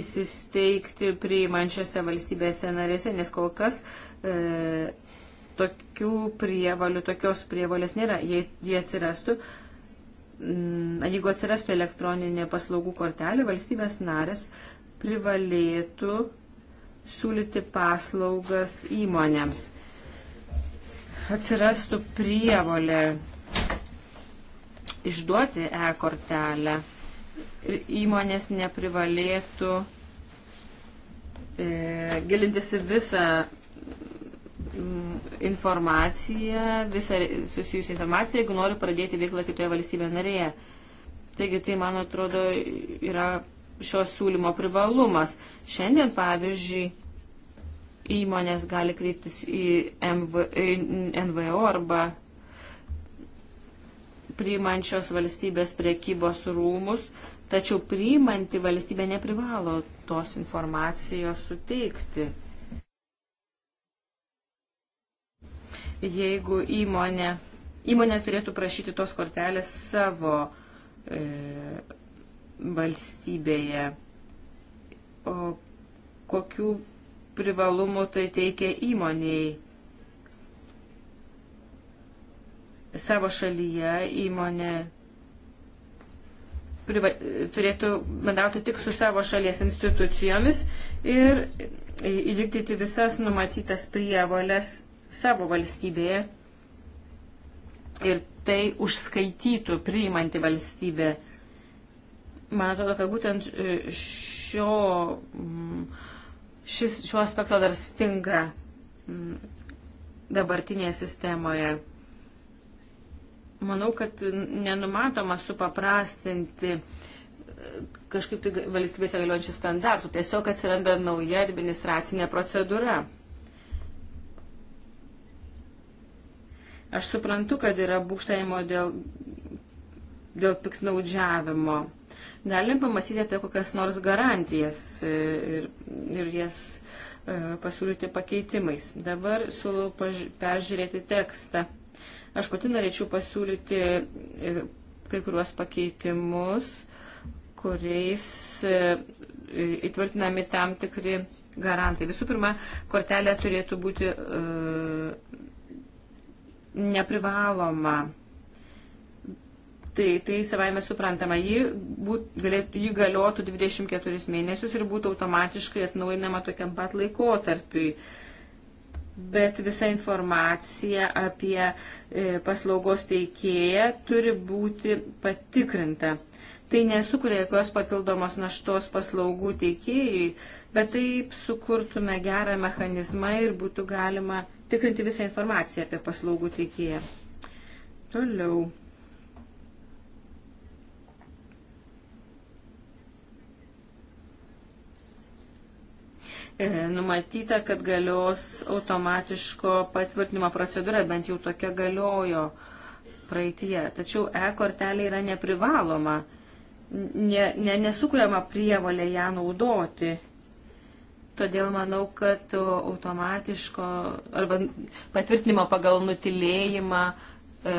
įsisteigti priimančiose valstybėse narėse, nes kol kas e, tokių prievalių, tokios prievalės nėra. Jei jie atsirastų, mm, jeigu atsirastų elektroninė paslaugų kortelė, valstybės narės privalėtų siūlyti paslaugas įmonėms. Atsirastų prievolė išduoti e-kortelę ir įmonės neprivalėtų e, gilintis į visą Mm, informaciją, visą susijusią informaciją, jeigu noriu pradėti veiklą kitoje valstybėje narėje. Taigi tai, man atrodo, yra šios siūlymo privalumas. Šiandien, pavyzdžiui, įmonės gali kreiptis į MV, NVO arba priimančios valstybės priekybos rūmus, tačiau priimanti valstybė neprivalo tos informacijos suteikti. jeigu įmonė, įmonė turėtų prašyti tos kortelės savo e, valstybėje. O kokių privalumų tai teikia įmoniai? Savo šalyje įmonė priva, turėtų bendrauti tik su savo šalies institucijomis ir įvykdyti visas numatytas prievolės savo valstybėje ir tai užskaitytų priimanti valstybė. Man atrodo, kad būtent e, šio, šis, šio aspekto dar stinga dabartinėje sistemoje. Manau, kad nenumatoma supaprastinti e, kažkaip tai valstybėse galiojančių standartų. Tiesiog atsiranda nauja administracinė procedūra. Aš suprantu, kad yra būkštaimo dėl, dėl piknaudžiavimo. Galim pamastyti apie kokias nors garantijas e, ir, ir jas e, pasiūlyti pakeitimais. Dabar siūlau peržiūrėti tekstą. Aš pati norėčiau pasiūlyti e, kai kuriuos pakeitimus, kuriais įtvirtinami tam tikri garantai. Visų pirma, kortelė turėtų būti uh, neprivaloma. Tai, tai savaime suprantama, ji, būt, galėtų, ji galiotų 24 mėnesius ir būtų automatiškai atnaujinama tokiam pat laikotarpiui. Bet visa informacija apie e, paslaugos teikėją turi būti patikrinta. Tai nesukuria jokios papildomos naštos paslaugų teikėjui, bet taip sukurtume gerą mechanizmą ir būtų galima tikrinti visą informaciją apie paslaugų teikėją. Toliau. E, numatyta, kad galios automatiško patvirtinimo procedūra, bent jau tokia galiojo praeitie. Tačiau e-kortelė yra neprivaloma, ne, ne, nesukuriama prievalė ją naudoti Todėl manau, kad automatiško arba patvirtinimo pagal nutilėjimą e,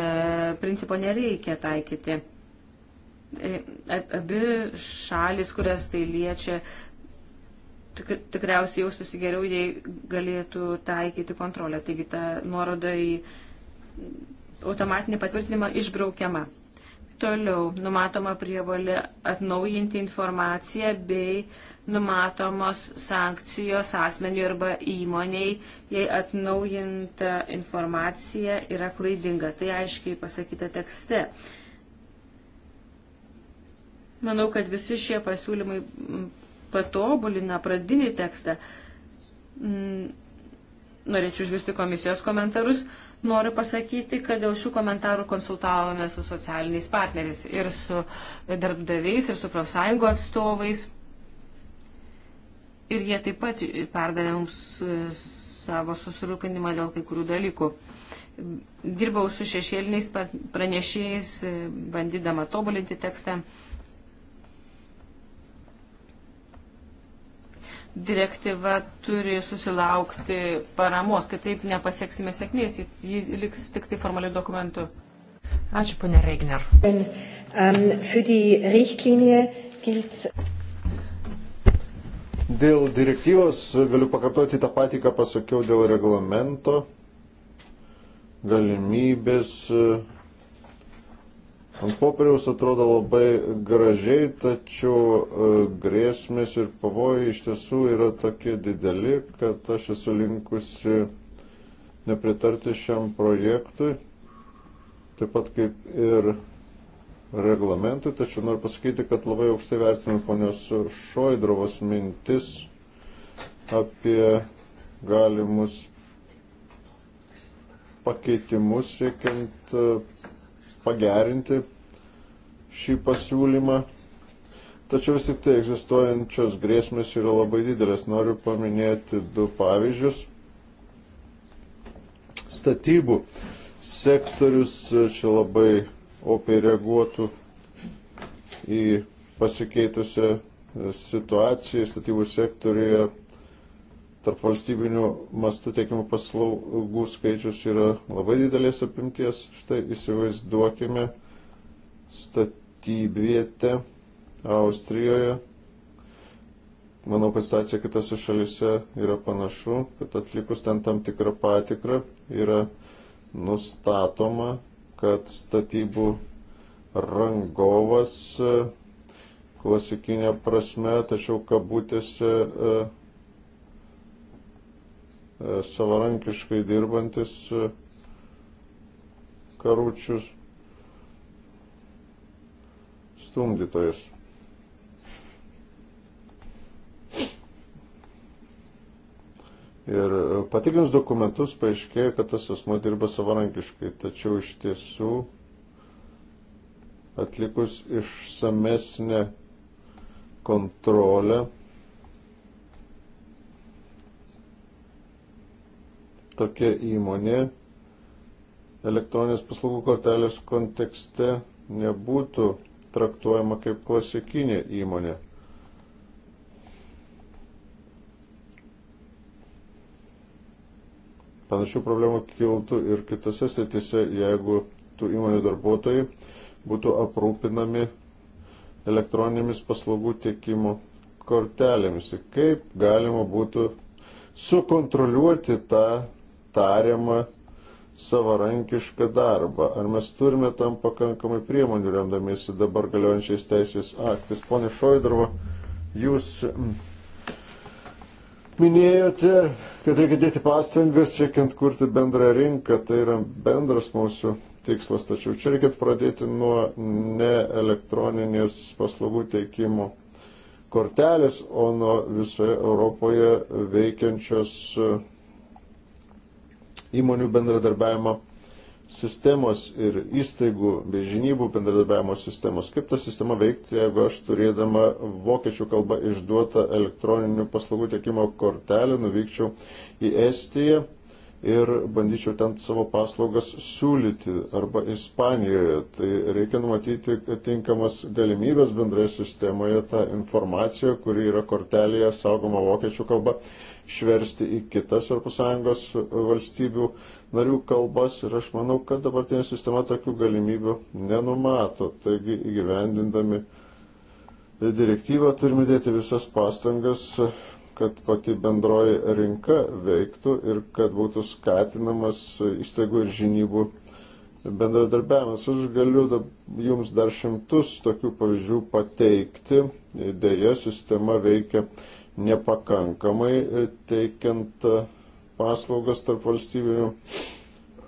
principo nereikia taikyti. E, abi šalis, kurias tai liečia, tikriausiai jaustųsi geriau, jei galėtų taikyti kontrolę. Taigi ta nuoroda į automatinį patvirtinimą išbraukiama. Toliau numatoma prievalė atnaujinti informaciją bei uh, numatomos sankcijos asmeniui arba įmoniai, jei atnaujinta informacija yra klaidinga. Tai aiškiai pasakyta tekste. Manau, kad visi šie pasiūlymai patobulina pradinį tekstą. Mm, norėčiau išgirsti komisijos komentarus. Noriu pasakyti, kad dėl šių komentarų konsultavome su socialiniais partneriais ir su darbdaviais, ir su profsąjungo atstovais ir jie taip pat perdavė mums e, savo susirūpinimą dėl kai kurių dalykų. Dirbau su šešėliniais pranešėjais, e, bandydama tobulinti tekstą. Direktyva turi susilaukti paramos, kitaip nepasieksime sėkmės, ji liks tik tai formaliu dokumentu. Ačiū, ponė Regner. Um, Dėl direktyvos galiu pakartoti tą patį, ką pasakiau dėl reglamento galimybės. E, ant popieriaus atrodo labai gražiai, tačiau e, grėsmės ir pavojai iš tiesų yra tokie dideli, kad aš esu linkusi nepritarti šiam projektui, taip pat kaip ir reglamentui, tačiau noriu pasakyti, kad labai aukštai vertinu ponios Šoidrovos mintis apie galimus pakeitimus siekiant e, pagerinti šį pasiūlymą. Tačiau vis tik tai egzistuojančios grėsmės yra labai didelės. Noriu paminėti du pavyzdžius. Statybų sektorius e, čia labai opiai reaguotų į pasikeitusią e, situaciją statybų sektoriuje. Tarp valstybinių mastų teikiamų paslaugų skaičius yra labai didelės apimties. Štai įsivaizduokime statybvietę Austrijoje. Manau, kad stacija kitose šalise yra panašu, kad atlikus ten tam tikrą patikrą yra nustatoma, kad statybų rangovas e, klasikinė prasme, tačiau kabutėse e, e, savarankiškai dirbantis karučius stumdytojas. Ir patikrinus dokumentus paaiškėjo, kad tas asmo dirba savarankiškai, tačiau iš tiesų atlikus išsamesnę kontrolę tokia įmonė elektroninės paslaugų kortelės kontekste nebūtų traktuojama kaip klasikinė įmonė. Panašių problemų kiltų ir kitose sritise, jeigu tų įmonių darbuotojai būtų aprūpinami elektroninėmis paslaugų tiekimo kortelėmis. Ir kaip galima būtų sukontroliuoti tą tariamą savarankišką darbą. Ar mes turime tam pakankamai priemonių remdamiesi dabar galiojančiais teisės aktais? Pone Šoidrovo, jūs Minėjote, kad reikia dėti pastangas, siekiant kurti bendrą rinką, tai yra bendras mūsų tikslas, tačiau čia reikėtų pradėti nuo ne elektroninės paslaugų teikimo kortelės, o nuo visoje Europoje veikiančios įmonių bendradarbiavimo sistemos ir įstaigų bei žinybų bendradarbiavimo sistemos. Kaip ta sistema veiktų, jeigu aš turėdama vokiečių kalbą išduotą elektroninių paslaugų tiekimo kortelę nuvykčiau į Estiją ir bandyčiau ten savo paslaugas siūlyti arba Ispanijoje. Tai reikia numatyti tinkamas galimybės bendroje sistemoje tą informaciją, kuri yra kortelėje saugoma vokiečių kalba, šversti į kitas ES valstybių narių kalbas ir aš manau, kad dabartinė sistema tokių galimybių nenumato. Taigi įgyvendindami direktyvą turime dėti visas pastangas, kad pati bendroji rinka veiktų ir kad būtų skatinamas įstaigų ir žinybų bendradarbiavimas. Aš galiu da, jums dar šimtus tokių pavyzdžių pateikti. Deja, sistema veikia nepakankamai, teikiant paslaugas tarp valstybinių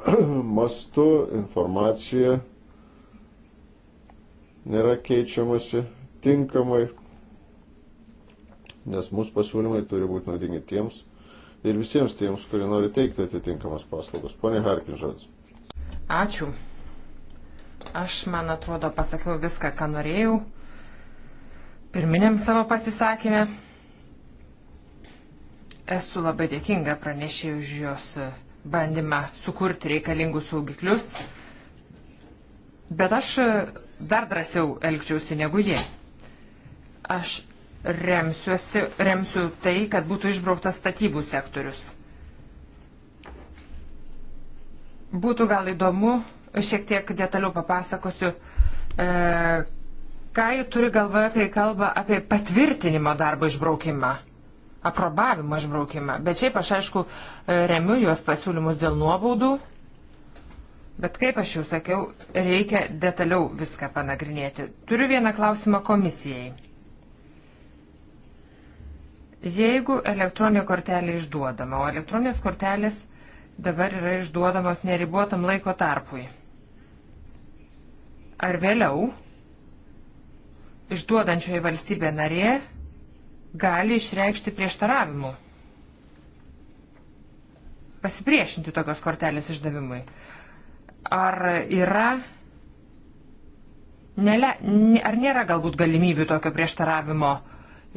mastų, informacija nėra keičiamasi tinkamai, nes mūsų pasiūlymai turi būti naudingi tiems ir visiems tiems, kurie nori teikti atitinkamas paslaugas. Pone Harkin žodis. Ačiū. Aš, man atrodo, pasakiau viską, ką norėjau pirminiam savo pasisakymę. Esu labai dėkinga pranešėjai už jos bandymą sukurti reikalingus saugiklius, bet aš dar drąsiau elgčiausi negu jie. Aš remsiuosi, remsiu tai, kad būtų išbrauktas statybų sektorius. Būtų gal įdomu, šiek tiek detaliau papasakosiu, e, ką jį turi galvoje, kai kalba apie patvirtinimo darbo išbraukimą aprobavimo išbraukimą. Bet šiaip aš aišku e, remiu juos pasiūlymus dėl nuobaudų. Bet kaip aš jau sakiau, reikia detaliau viską panagrinėti. Turiu vieną klausimą komisijai. Jeigu elektroninė kortelė išduodama, o elektroninės kortelės dabar yra išduodamos neribotam laiko tarpui, ar vėliau išduodančioji valstybė narė gali išreikšti prieštaravimu. Pasipriešinti tokios kortelės išdavimui. Ar yra. Nele, ar nėra galbūt galimybių tokio prieštaravimo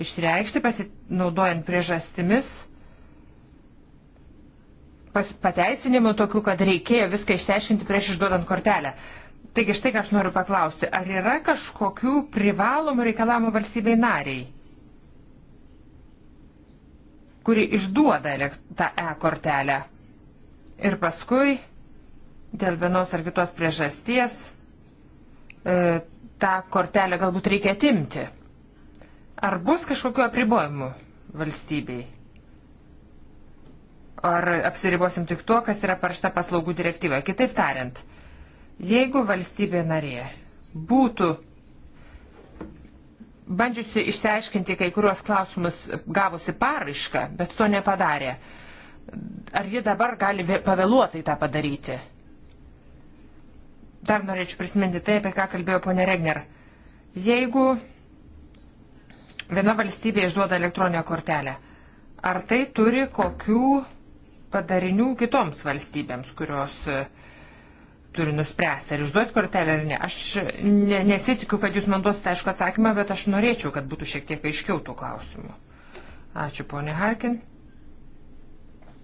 išreikšti, pasinaudojant priežastimis, pas, pateisinimu tokiu, kad reikėjo viską išsiaiškinti prieš išduodant kortelę. Taigi štai ką aš noriu paklausti. Ar yra kažkokių privalomų reikalavimų valstybei nariai? kuri išduoda tą e-kortelę. Ir paskui dėl vienos ar kitos priežasties e, tą kortelę galbūt reikia atimti. Ar bus kažkokiu apribojimu valstybei? Ar apsiribosim tik tuo, kas yra parašta paslaugų direktyvoje? Kitaip tariant, jeigu valstybė narė būtų bandžiusi išsiaiškinti kai kuriuos klausimus gavusi paraišką, bet to nepadarė. Ar ji dabar gali pavėluotai tą padaryti? Dar norėčiau prisiminti tai, apie ką kalbėjo ponė Regner. Jeigu viena valstybė išduoda elektroninę kortelę, ar tai turi kokių padarinių kitoms valstybėms, kurios uh, turi nuspręsti, ar išduoti kortelę ar ne. Aš ne, nesitikiu, kad jūs man duosite aišku atsakymą, bet aš norėčiau, kad būtų šiek tiek aiškiau tų klausimų. Ačiū, ponė Harkin.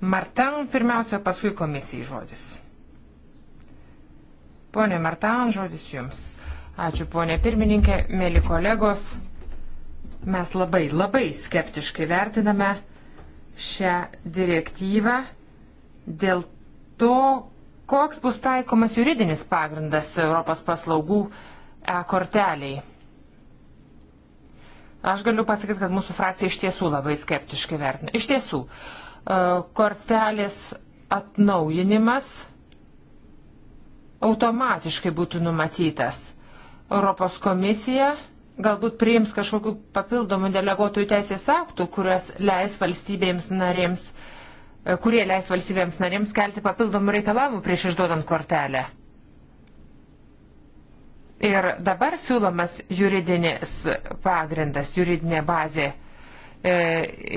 Martin, pirmiausia, paskui komisijai žodis. Pone Martin, žodis jums. Ačiū, ponė pirmininkė, mėly kolegos. Mes labai, labai skeptiškai vertiname šią direktyvą dėl to, Koks bus taikomas juridinis pagrindas Europos paslaugų e-korteliai? Aš galiu pasakyti, kad mūsų frakcija iš tiesų labai skeptiškai vertina. Iš tiesų, e, kortelės atnaujinimas automatiškai būtų numatytas. Europos komisija galbūt priims kažkokių papildomų deleguotojų teisės aktų, kurias leis valstybėms narėms uh, E, kurie leis valstybėms narėms kelti papildomų reikalavimų prieš išduodant kortelę. Ir dabar siūlomas juridinis pagrindas, juridinė bazė e,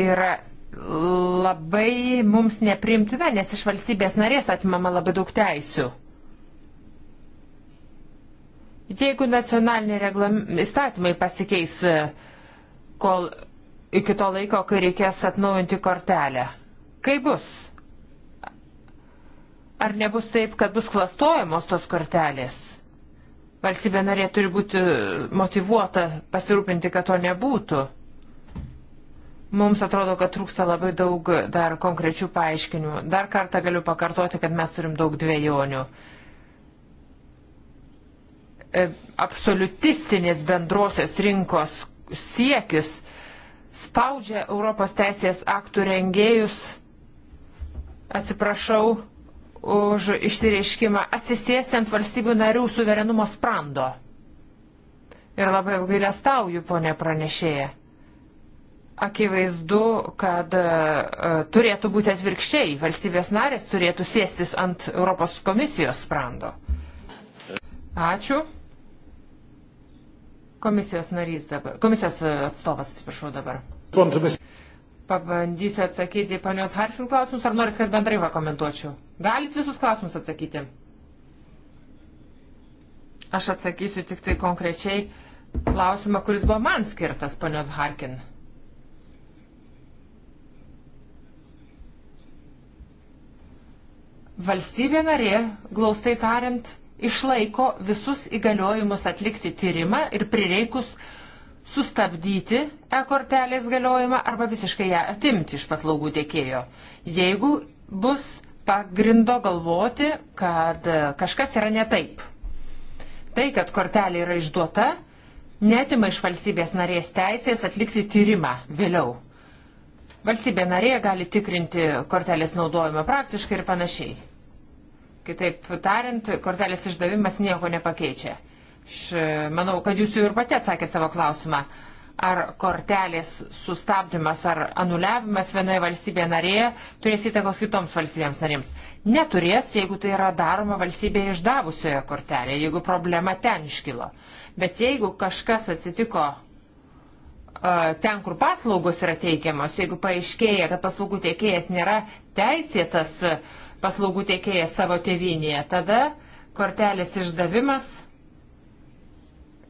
yra labai mums neprimtina, nes iš valstybės narės atimama labai daug teisių. Jeigu nacionaliniai reglam... įstatymai pasikeis e, kol... iki to laiko, kai reikės atnaujinti kortelę Kaip bus? Ar nebus taip, kad bus klastojamos tos kortelės? Valstybė narė turi būti motivuota pasirūpinti, kad to nebūtų. Mums atrodo, kad trūksta labai daug dar konkrečių paaiškinimų. Dar kartą galiu pakartoti, kad mes turim daug dviejonių. E, absoliutistinės bendrosios rinkos siekis spaudžia Europos teisės aktų rengėjus atsiprašau už išsireiškimą, atsisėsti ant valstybių narių suverenumo sprando. Ir labai apgailestauju, ponė pranešėja. Akivaizdu, kad uh, turėtų būti atvirkščiai. Valstybės narės turėtų sėstis ant Europos komisijos sprando. Ačiū. Komisijos narys dabar. Komisijos e, atstovas, atsiprašau dabar. Pabandysiu atsakyti panios Harfin klausimus, ar norit, kad bendrai pakomentuočiau? Galit visus klausimus atsakyti. Aš atsakysiu tik tai konkrečiai klausimą, kuris buvo man skirtas, panios Harkin. Valstybė narė, glaustai tariant, išlaiko visus įgaliojimus atlikti tyrimą ir prireikus uh, sustabdyti e-kortelės galiojimą arba visiškai ją atimti iš paslaugų tiekėjo, jeigu bus pagrindo galvoti, kad e, kažkas yra ne taip. Tai, kad kortelė yra išduota, netima iš valstybės narės teisės atlikti tyrimą vėliau. Valstybė narė gali tikrinti kortelės naudojimą praktiškai ir panašiai. Kitaip tariant, kortelės išdavimas nieko nepakeičia. Aš e, manau, kad jūs jau ir pati atsakėt savo klausimą. Ar kortelės sustabdymas ar anuliavimas vienoje valstybėje narėje turės įtakos kitoms valstybėms narėms? Neturės, jeigu tai yra daroma valstybėje išdavusioje kortelėje, jeigu problema ten iškilo. Bet jeigu kažkas atsitiko e, ten, kur paslaugos yra teikiamos, jeigu paaiškėja, kad paslaugų tiekėjas nėra teisėtas e, paslaugų tiekėjas savo tėvinėje, tada kortelės išdavimas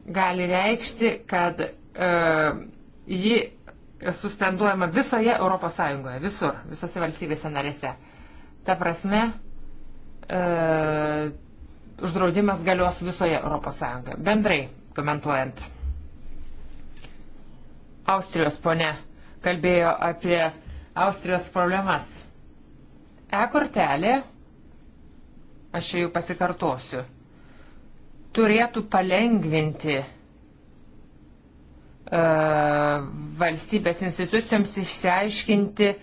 gali reikšti, kad e, ji suspenduojama visoje Europos Sąjungoje, visur, visose valstybėse narėse. Ta prasme, e, uždraudimas galios visoje Europos Sąjungoje. Bendrai komentuojant, Austrijos pone kalbėjo apie Austrijos problemas. E kortelė, aš jau pasikartosiu turėtų palengvinti e, valstybės institucijoms išsiaiškinti e,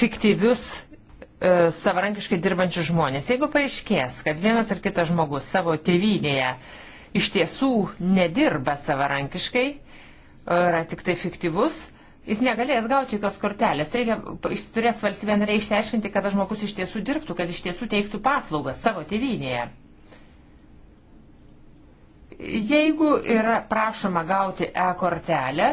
fiktyvius e, savarankiškai dirbančius žmonės. Jeigu paaiškės, kad vienas ar kitas žmogus savo tėvynėje iš tiesų nedirba savarankiškai, yra tik tai fiktyvus, jis negalės gauti jokios kortelės. Reikia, jis turės valstybė nariai išsiaiškinti, kad tas žmogus iš tiesų dirbtų, kad iš tiesų teiktų paslaugas savo tėvynėje. Jeigu yra prašoma gauti e-kortelę,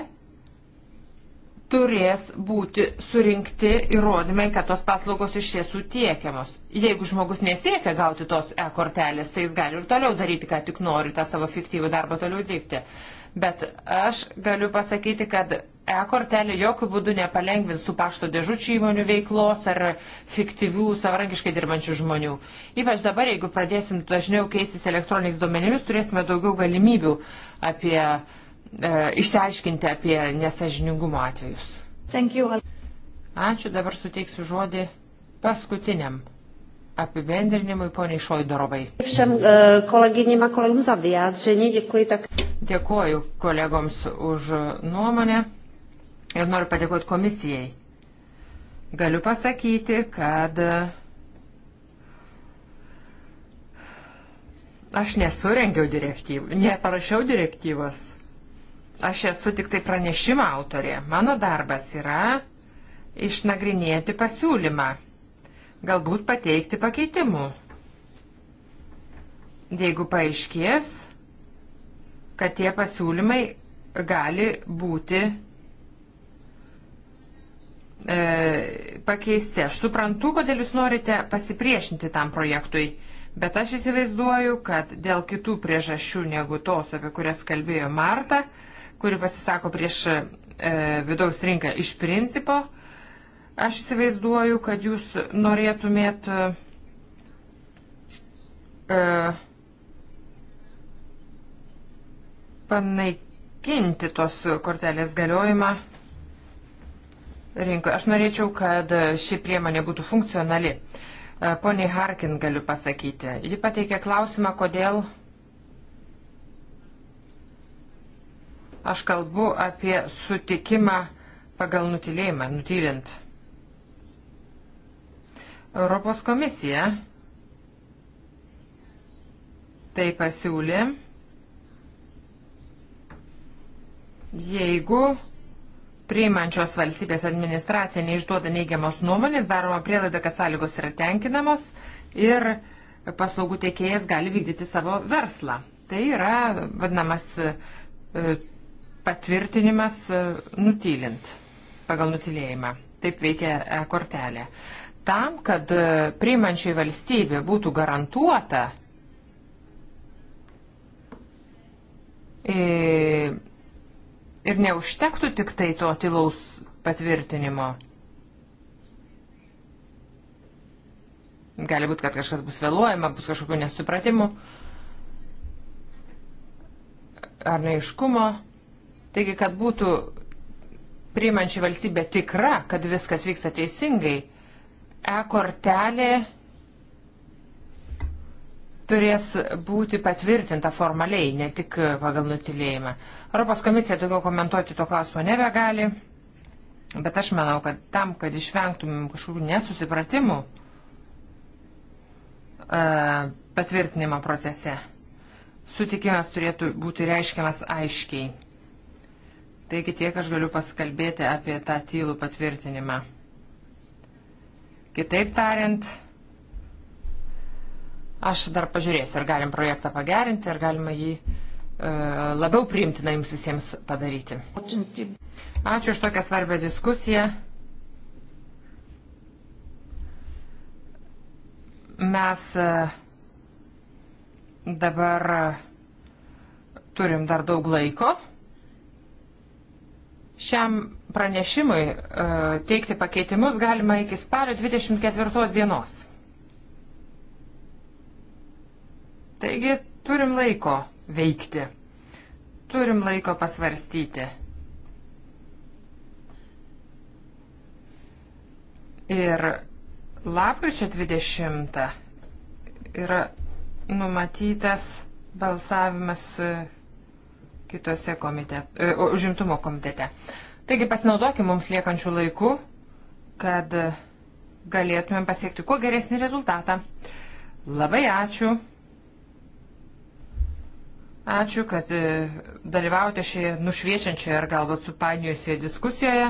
turės būti surinkti įrodymai, kad tos paslaugos iš tiesų tiekiamos. Jeigu žmogus nesiekia gauti tos e-kortelės, tai jis gali ir toliau daryti, ką tik nori, tą savo fiktyvų darbą toliau dirbti. Bet aš galiu pasakyti, kad E-kortelė jokių būdų nepalengvins su pašto dėžučių įmonių veiklos ar fiktyvių savarankiškai dirbančių žmonių. Ypač dabar, jeigu pradėsim dažniau keistis elektroniniais duomenimis, turėsime daugiau galimybių apie, e, išsiaiškinti apie nesažiningumo atvejus. Ačiū, dabar suteiksiu žodį paskutiniam apibendrinimui poniai Šoidorovai. Všem e, kolegyním a kolegům za vyjádření, děkuji tak. Dėkuoju kolegoms už nuomonę. Ir noriu padėkoti komisijai. Galiu pasakyti, kad aš nesurengiau direktyvų, neparašiau direktyvos. Aš esu tik tai pranešimo autorė. Mano darbas yra išnagrinėti pasiūlymą, galbūt pateikti pakeitimų. Jeigu paaiškės, kad tie pasiūlymai gali būti e, pakeisti. Aš suprantu, kodėl jūs norite pasipriešinti tam projektui, bet aš įsivaizduoju, kad dėl kitų priežasčių negu tos, apie kurias kalbėjo Marta, kuri pasisako prieš e, vidaus rinką iš principo, aš įsivaizduoju, kad jūs norėtumėt. E, panaikinti tos kortelės galiojimą rinkoje. Aš norėčiau, kad ši priemonė būtų funkcionali. E, poniai Harkin galiu pasakyti. Ji pateikė klausimą, kodėl aš kalbu apie sutikimą pagal nutilėjimą, nutylint. Europos komisija tai pasiūlė, jeigu priimančios valstybės administracija neišduoda neigiamos nuomonės, daroma prielaida, kad sąlygos yra tenkinamos ir paslaugų tiekėjas gali vykdyti savo verslą. Tai yra vadinamas e, patvirtinimas e, nutylint pagal nutilėjimą. Taip veikia e kortelė. Tam, kad e, priimančiai valstybė būtų garantuota, e, Ir neužtektų tik tai to tylaus patvirtinimo. Gali būti, kad kažkas bus vėluojama, bus kažkokių nesupratimų ar neiškumo. Taigi, kad būtų priimančių valstybė tikra, kad viskas vyksta teisingai, e-kortelė turės būti patvirtinta formaliai, ne tik pagal nutilėjimą. Europos komisija daugiau komentuoti to klausimo nebegali, bet aš manau, kad tam, kad išvengtumėm kažkokių nesusipratimų e, patvirtinimo procese, sutikimas turėtų būti reiškiamas aiškiai. Taigi tiek aš galiu pasikalbėti apie tą tylų patvirtinimą. Kitaip tariant, Aš dar pažiūrėsiu, ar galim projektą pagerinti, ar galima jį e, labiau priimtinai jums visiems padaryti. Ačiū už tokią svarbę diskusiją. Mes e, dabar e, turim dar daug laiko šiam pranešimui e, teikti pakeitimus galima iki spalio 24 dienos. Taigi turim laiko veikti, turim laiko pasvarstyti. Ir lapkričio 20 yra numatytas balsavimas e, kitose komite, e, užimtumo komitete. Taigi pasinaudokime mums liekančių laikų, kad galėtumėm pasiekti kuo geresnį rezultatą. Labai ačiū. Ačiū, kad e, dalyvaujate šioje nušviečiančioje ir galbūt supainiojusioje diskusijoje.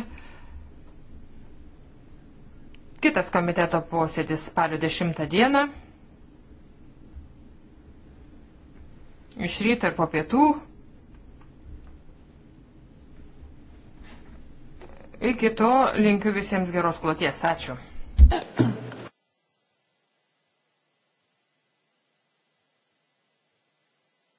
Kitas komiteto posėdis spalio 10 dieną. Iš ryto ir po pietų. Iki to linkiu visiems geros kloties. Ačiū.